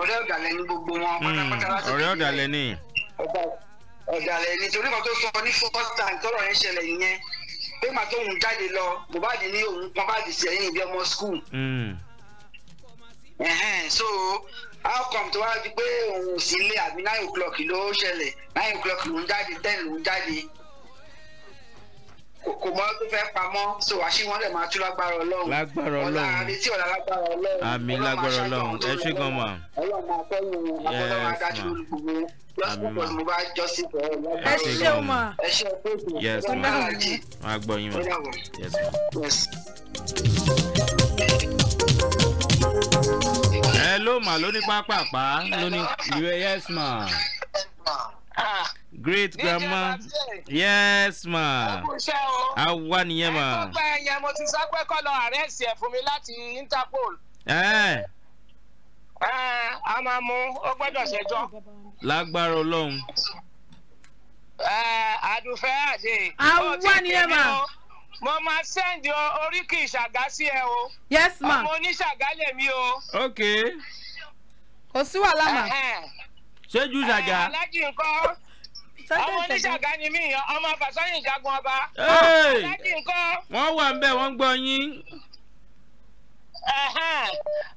ọ̀rẹ́ ọ̀dàlẹ̀ ni gbogbo wọn pátápátá hmm, láti pay for it. ọ̀rẹ́ ọ̀dàlẹ̀ ni ọ̀dàlẹ̀ nítorí kan tó sọ ní first time yẹn ṣẹlẹ̀ yẹn pé màá tóun jáde lọ Mohbad ní òun kan báàdì sẹ́yìn bí ọmọ school. Hmm. so how come to wá di pé òun ò sí ilé àbí nine o'clock ló ṣẹlẹ̀ nine o'clock ló ń jáde ten ló ń jáde kò mọ tó fẹ́ pamọ́ so àṣì máa tú lágbára ọlọ́run lágbára ọlọ́run ọlá retí ọ̀la lágbára ọlọ́run àmì lágbára ọlọ́run ẹ ṣé gan ma. ọlọ́run máa fẹ́ yìí àbọ̀dọ̀ máa dájú gbogbo lọ́sibítọ̀ tí mo bá jọ ẹ ṣé o ma ẹ ṣé o ma ma gbọ́ yín ma yes ma. ẹ ló mà lóní pápá pa lóní yes ma great grandma yes ma awa nìyẹn ma. ẹ tó pẹ́ yẹn mo ti sọ pé kọ́ lọ àrẹ́sì ẹ̀ fún mi láti interpol. ẹ a máa mú ó gbọ́dọ̀ ṣẹjọ́. lágbára ọlọ́run. àdùfẹ́ àdè. awa nìyẹn ma mo máa sẹ́ndì oríkì ìṣàgá sí ẹ o. yes ma ọmọ oníṣàgá lèmi o. ok. kò sí wàhálà mà. ṣé jù ṣàgá. alájì nǹkan. àwọn oníṣàgá ni mí ọmọ Fàsọyìn Ìṣàgùn ọba aláàjì nǹkan. wọ́n wà ń bẹ̀ wọ́n ń gbọ́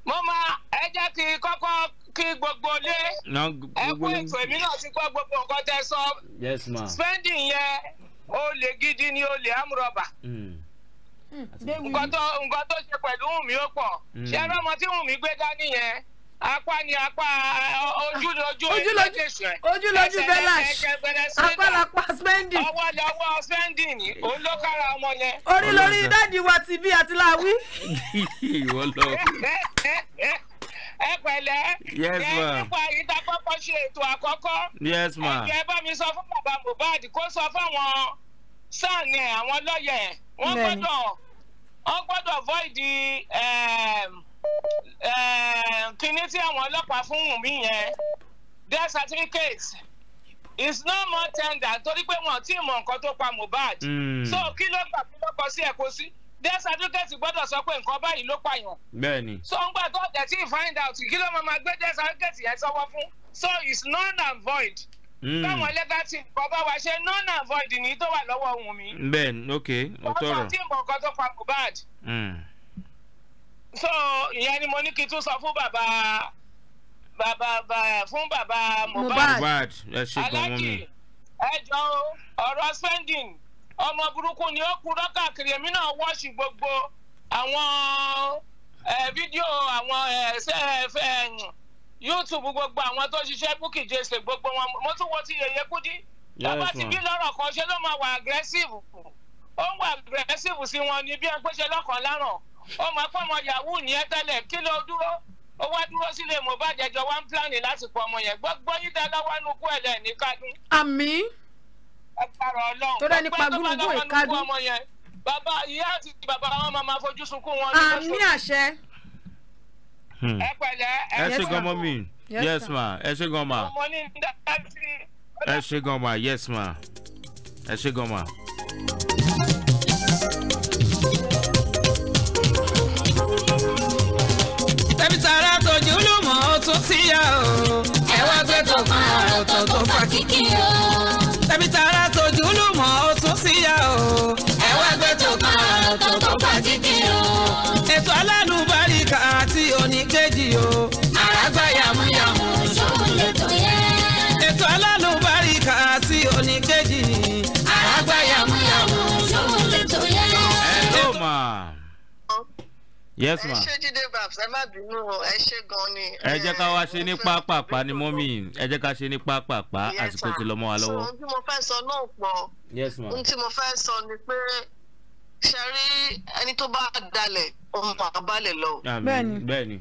mo máa ẹ jẹ́ kí gbogbo lé ti gbogbo nǹkan sọ spending yẹn gidi ni amúrọ̀bà hmm. Hmm, nǹkan tó ṣe pẹ̀lú Wùmí ó pọ̀ hmm. ṣé tí Wùmí gbé dání apá ni apá ojúlójú ojúlójú ojúlójú belash apá lápá spending ọwọ́ lọ́wọ́ spending ni òun ló kára ọmọ yẹn. orí lórí dáàdi wa ti bí àti láwí. ìwọ lọ. ẹ pẹ̀lẹ́ ẹ nípa ìtakọ́kọ́ ṣe ètò àkọ́kọ́ ẹ jẹ́ bá mi sọ fún bàbá Mohbad kó sọ fáwọn sàn ẹ̀ àwọn lọ́yẹ̀ wọ́n gbọ́dọ̀ wọ́n gbọ́dọ̀ void. Um, kíní tí àwọn ọlọ́pàá fún Wùnmí yẹn death certificate is no more tender torí pé wọn ò tí ì mọ nǹkan tó pa Mohbad hmm. so kí ló gbà kí ló kọ sí ẹ̀kọ́ sí death certificate gbọ́dọ̀ sọ pé nǹkan báyìí ló pààyàn. bẹ́ẹ̀ni. so ń gbà tó ọ̀dẹ̀ tí ì find out kí ló máa gbé death certificate yẹn sọ́wọ́ fún so it's non and void káwọn hmm. legal team kọ bá wa ṣe non and void ní tó wà lọ́wọ́ Wùnmí. bẹ́ẹ̀ni ok òtọ́rọ̀. wọ́n sọ tí nǹkan tó pa Mohbad. Hmm so ìyẹn ni mo ní kí n tún sọ fún bàbá bàbá fún bàbá Mohbad alájì ẹ jọ ọ̀rọ̀ spending ọmọ burúkú ni ó kúrò káàkiri èmi náà wọ́ọ̀ṣì gbogbo àwọn fídíò àwọn youtube gbogbo àwọn tó ṣiṣẹ́ búkì jèsè gbogbo wọn mo tún wo ti yẹ̀yẹ́ kúdí bàbá ti bí lọ́rọ̀ kan ṣe ló máa wà aggressive ó ń wà aggressive sí wọn ni bí ẹgbẹ́ ṣe lọ́kàn láràn ọmọ akọ́mọ yahoo ní ẹ tẹ́lẹ̀ kí ló dúró ó wá dúró sílé Mohbad ẹjọ́ wá ń pílánì lásìkò ọmọ yẹn gbọ́gbọ́ yín tẹ́ lọ́wọ́ inú kú ẹ̀lẹ́ ní kádùn. àmín. agbára Ọlọ́run tó dání pagúrúgbó ìkádùn. bàbá ìyá àti bàbá wọn máa máa fojú sunkún wọn. àmín àṣẹ. Hmm. ẹ pẹ̀lẹ́ ẹ ṣe gan mọ mi yes ma ẹ ṣe gan ma ẹ ṣe gan ma yes ma ẹ ṣe gan ma. tara tójú ló mọ̀ ó tún síyá o. ẹ wá gbé tó kan ọ̀tọ̀ tó fa kíkì o. tẹ̀mí tara tójú ló mọ̀ ó tún síyá o. ẹ wá gbé tó kan ọ̀tọ̀ tó kíkì o. ètò alálùbáríkà àti oníkejì o. yes ma. ẹ ṣe jíde babs ẹ má bínú ẹ ṣe gan ni. ẹ jẹ́ ká wá ṣe ní pápápá ni mọ́mí ẹ jẹ́ ká ṣe ní pápápá àsìkò ti lọ mọ́ wa lọ́wọ́. ohun tí mo fẹ́ sọ náà pọ̀ ohun tí mo fẹ́ sọ ni pé ṣe rí ẹni tó bá dalẹ̀ ohun àbálẹ̀ lọ. bẹ́ẹ̀ni bẹ́ẹ̀ni.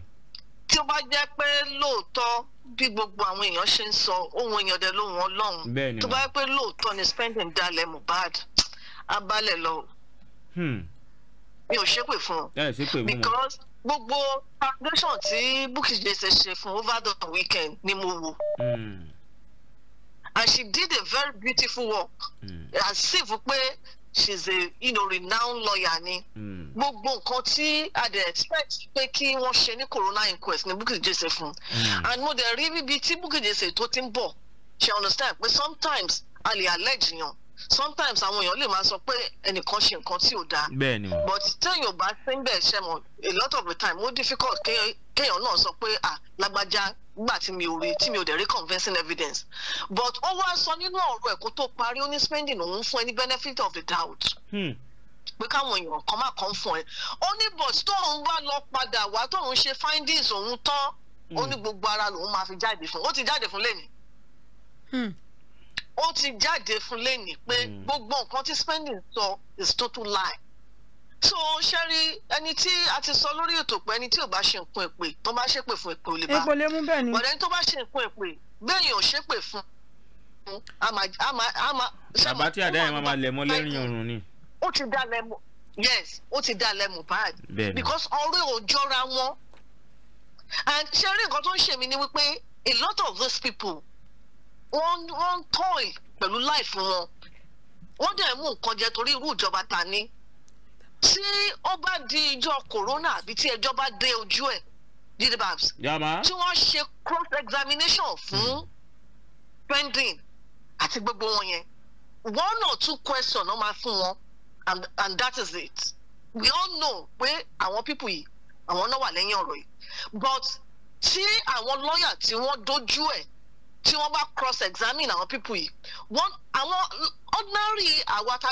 tí ó bá jẹ́ pé lóòótọ́ bí gbogbo àwọn èèyàn ṣe ń sọ ohun èèyàn dẹ lóhun ọlọ́run tó bá jẹ́ pé lóòótọ́ ni spending dalẹ̀ Mohbad abalẹ̀ lọ. Hmm mi ò ṣépè fún un because gbogbo foundation tí Bukky Jesse ṣe fún over the weekend ni mo wò hmm. and she did a very beautiful work hmm. as if pé she is a you know, renowned lawyer ni hmm. gbogbo nǹkan tí i dey expect pé kí wọ́n ṣe ní corona inquest ni Bukky Jesse fún and mo dey rí bíbi tí Bukky Jesse tó ti ń bọ̀ she understand pé sometimes a lè allege yan sometimes àwọn èèyàn lè máa sọ pé ẹnìkan ṣe nǹkan tí ò dáa but téèyàn bá ti ń bẹ̀ ṣe mọ̀ a lot of the time More difficult kéèyàn náà sọ pé ah lágbájá gbà tí mi ò rí tí mi ò dẹ̀ rí convincing evidence but ó wá sọ nínú ọ̀rọ̀ ẹ̀kọ́ tó parí ó ní spending òun fún ẹ benefit of the doubt. Hmm pé káwọn èèyàn kan má kàn fún ẹ ó ní but tóun bá lọ padà wá tóun ṣe findings òun tán ó ní hmm. gbogbo ara lòun máa fi jáde fún ó ti jáde fún lẹ́yìn. Hmm ó ti jáde fún lẹ́nìí pé mm. gbogbo nǹkan tí spending sọ is total lie so ṣẹ́rí ẹni tí a ti sọ lórí ètò pé ẹni tí ò bá ṣe nǹkan èpè tó bá ṣépè fún èpè ò lè bá èpò lè mú bẹ́ẹ̀ ni bọ̀dẹ́ni tó bá ṣe nǹkan èpè gbẹ̀yìn ṣépè fún bàbá tí àdá yẹn máa lẹ̀ mọ́ lẹ́rìn ọ̀run ni. ó ti dá lẹ́mù yes ó ti dá lẹ́mù bad because ọ̀rẹ́ ò jọra wọn and ṣe rí nǹkan tó ń ṣe mí ni wípé a lot of those people wọ́n wọ́n ń tọ́ì pẹ̀lú láìfù wọn wọ́n dẹ̀ mú nǹkan jẹ torí irú ìjọba ta ni tí ó bá di ìjọ kòrónà àbí tí ẹjọ́ bá dé ojú ẹ̀ jíde babs tí wọ́n ṣe cross examination fún hmm. pending àti gbogbo wọn yẹn one or two questions ló máa fún wọn and and that is it we all know pé àwọn pípù yìí àwọn náà wà lẹ́yìn ọ̀rọ̀ yìí but tí àwọn lọ́ọ̀yà tí wọ́n dojú ẹ̀ tí wọ́n bá cross examine àwọn people yìí wọ́n àwọn ordinary àwa tá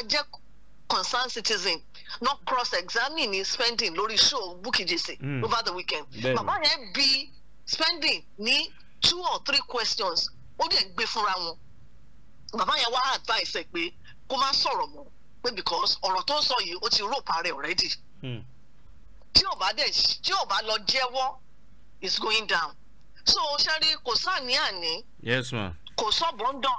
concerned citizen no cross examine ní spending lórí show Bukky Jesse mm. over the weekend bàbá yẹn bi spending ní two or three questions ó dẹ̀ gbé fúnra wọn bàbá yẹn wá advice ẹ̀ pé kó má sọ̀rọ̀ mọ́ pé because ọ̀rọ̀ tó ń sọ yìí ó ti rò parẹ́ already hmm. tí ò bá dẹ̀ tí ò bá lọ jẹ́wọ́ is going down so ṣẹ́rí kò sáàní àní kò sọ́bọ̀ndọ̀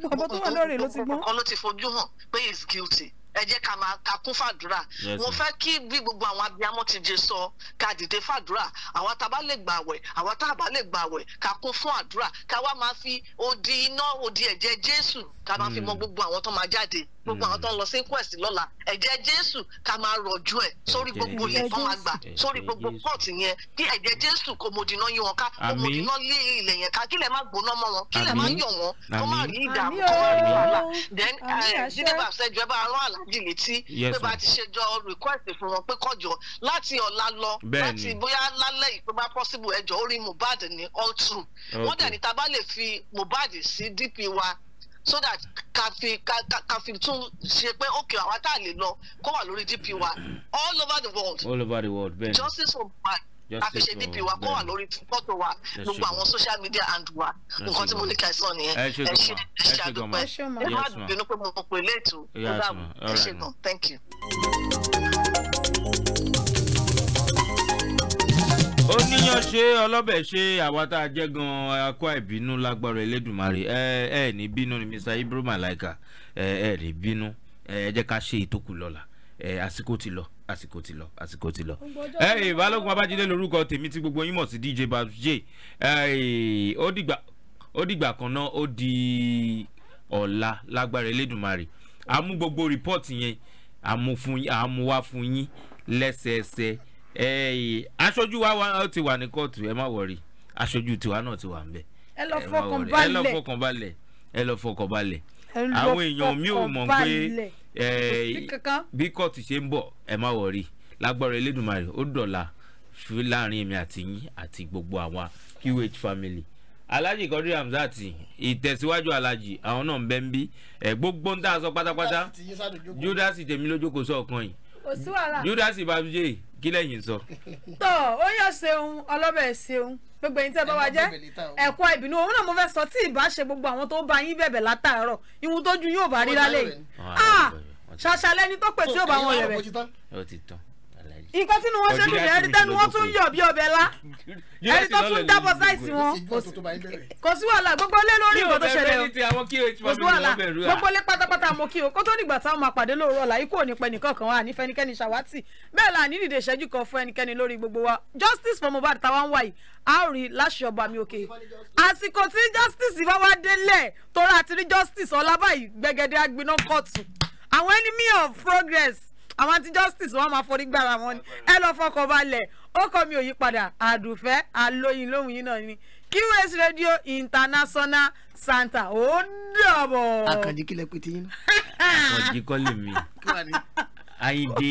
gbogbo kan ló ti fojú hàn pé he is guilty ẹ jẹ́ ká máa ka kún fàdúrà mo fẹ́ kí bí gbogbo àwọn abiyamọ ti jẹ sọ ká dìde fàdúrà àwa tá a bá lè gbà wẹ̀ àwa tá a bá lè gbà wẹ̀ ká kún fún àdúrà ká wá máa fi odi iná odi ẹ̀jẹ̀ Jésù ká máa fi mọ hmm. gbogbo àwọn tó máa jáde gbogbo hmm. àwọn tó ń lọ sí quest lọ́la ẹ̀jẹ̀ jésù ká máa rọ̀jú ẹ̀ sórí gbogbo ilẹ̀ fún wa sórí gbogbo port yẹn kí ẹ̀jẹ̀ jésù kò mòdìná yín wọn ká kò mòdìná lé ilẹ̀ yẹn ká kí lẹ̀ má gbóná mọ́ wọn kí lẹ̀ má yọ̀ wọn kó má rí ìdààmú kó má rí wàhálà then dídébà eh, sẹ́jọ́ ẹ bá rán àlàjì létí pé bá ti ṣe jọ request fún wọn pé kọjọ láti ọ̀la lọ láti bóyá lálẹ́ yìí bá possible ẹjọ́ orí mohbad ní all true wọ́n dẹ̀ ní ta fi mohbad sí dp wa so that ká fi tún ṣe pé òkè àwa tá a lè lọ kó wà lórí DP wa all over the world all over the world bẹ́ẹ̀ justice for Mohbad àfiṣe DP wa kó wà lórí fọ́tò wa gbogbo àwọn social media and wa nǹkan tí mo ní ká sọ nìyẹn ẹ ṣe ẹ ṣe àdúpẹ́ ẹ má bínú pé mo pè léètò ẹ ṣe gan thank you ó níyàn ṣe ọlọ́bẹ̀ ṣe àwa tá a jẹ́ gan-an akọ ìbínú lágbára Elédùmarè ẹ ẹ ní bínú ni Mr Ibrahim Alaika ẹ ẹ ní bínú ẹ jẹ́ ká ṣe ìtókù lọ́la ẹ àsìkò ti lọ àsìkò ti lọ àsìkò ti lọ. ẹ ìbálòpọ̀ abájídé lórúkọ tèmi tí gbogbo yín mọ̀ sí DJ Babjay ó dìgbà ó dìgbà kan náà ó di ọ̀la lágbára Elédùmarè àmú gbogbo rìpọ́ọ̀tì yẹn àmú wá fún yín lẹ́sẹẹsẹ aṣojú wa ti wà ní kóòtù ẹ má wọrí aṣojú tiwa náà ti wà ń bẹ ẹ lọ fọkàn balẹ̀ ẹ lọ fọkàn balẹ̀ ẹ lọ fọkàn balẹ̀ àwọn èèyàn mi ò mọ̀ pé bí kóòtù ṣe ń bọ̀ ẹ má wọrí lágbára elédùnmarè ó dọ̀la láàrin èmi àti yín àti gbogbo àwọn qh family alhaji kọdí hamzat ìtẹ̀síwájú alhaji àwọn náà ń bẹ́ ń bí ẹ̀ gbogbo ń tà sọ pátápátá judas tèmi lójókòó sọ̀kan yìí judas babjé kí lẹ́yìn sọ. tó ó yọ ṣeun ọlọ́bẹ̀ ṣeun gbogbo ẹ̀yin tẹ́ bá wa jẹ́ ẹ̀kọ́ ìbínú òun náà mo fẹ́ sọ tí ìbá ṣe gbogbo àwọn tó bá yín bẹ̀bẹ̀ látàárọ̀ ìhun tójú yóò bá rí lálẹ́ yìí ah, ṣàṣàlẹ́ ni tó pè tí yóò bá wọn rẹ̀ nǹkan tí wọ́n ṣe nìyẹn ẹni tẹ́nu wọ́n tún yọ̀ bí ọbẹ̀ lá ẹni tó tún dábọ̀ sáìsì wọn kò sí wàhálà gbogbo lé lórí ìwọ tó ṣẹlẹ̀ o kò sí wàhálà gbogbo lé pátápátá mo kí o kó tó nígbà táwọn máa pàdé lóòrọ̀ ọ̀la ikú òní pẹ́ nìkan kan wà ní fẹ́nikẹ́ni ṣàwátì bẹ́ẹ̀ là ní dìde ìṣẹ́jú kan fún ẹnikẹ́ni lórí gbogbo wa justice for Mohbad táwa ń wà yìí a ó rí láṣẹ ọba mi òkè àsìkò tí justice bá wá délẹ̀ tó rà àti rí justice ọlábàyí gbẹgẹdẹ agbiná kóòtù àwọn enemy of progress àwọn ti justice wọn máa forí gbára wọn ni ẹ lọ fọkàn balẹ̀ ó kọ́ mi ò yí padà àdùfẹ́ àlóyin lóhùn yín náà ni Qs Radio International Santa. ó dàbọ̀. àkànjí kílẹ̀ pété yín. àkànjí kọ́ lè mi àyìndé.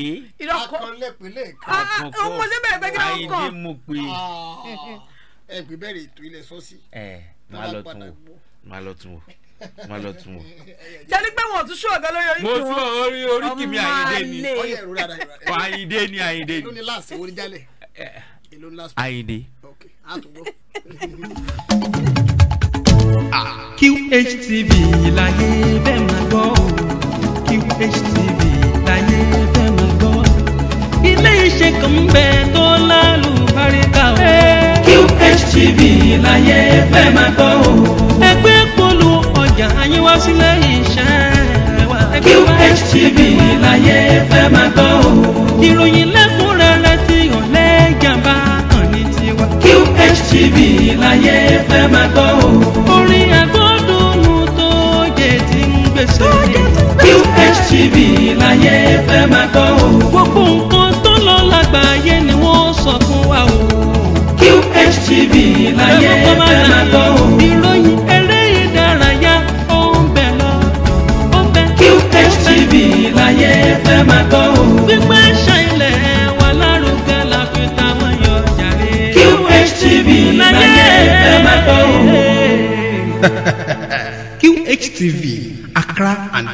akọlẹ̀ pínlẹ̀ kan. ọmọ ṣẹ́ bẹ̀rẹ̀ pẹ́kẹ́ ọkọ̀. àyìndé mo pe. Ah, ẹ gbé bẹ́ẹ̀ rè tó ilẹ̀ sọ́ọ̀sì. ẹ máa lọ tún wò máa lọ tún wò wọn lọ tún wọn. jẹ́ni pé wọ́n tún ṣọ̀gán lórí oríkì wọn. mo tún orí oríkì mi àyíndé ni àyíndé ni àyíndé ni. àyíndé. QHTV láyé bẹ́ẹ̀ máa gbọ́ QHTV láyé bẹ́ẹ̀ máa gbọ́ ilé iṣẹ́ kan ń bẹ tó lálùbáríkà o. QHTV láyé bẹ́ẹ̀ máa gbọ́ ẹgbẹ́ pọ̀ àjà yín wá sílé iṣẹ́ wa. QH TV láyé fẹ́ máa gbọ́ o. ìròyìn lẹ́kùnrẹ́rẹ́ tí ọ̀lẹ́ jàmbá kan ní tiwa. QH TV láyé fẹ́ máa gbọ́ o. orin agbódùnmù tó yẹ ti ń gbèsè. QH TV láyé fẹ́ máa gbọ́ o. gbogbo nǹkan tó lọ lágbàáyé ni wọ́n sọ fún wa o. QH láyé fẹ́ máa gbọ́ o. fẹ́ máa QHTV QHTV Accra and.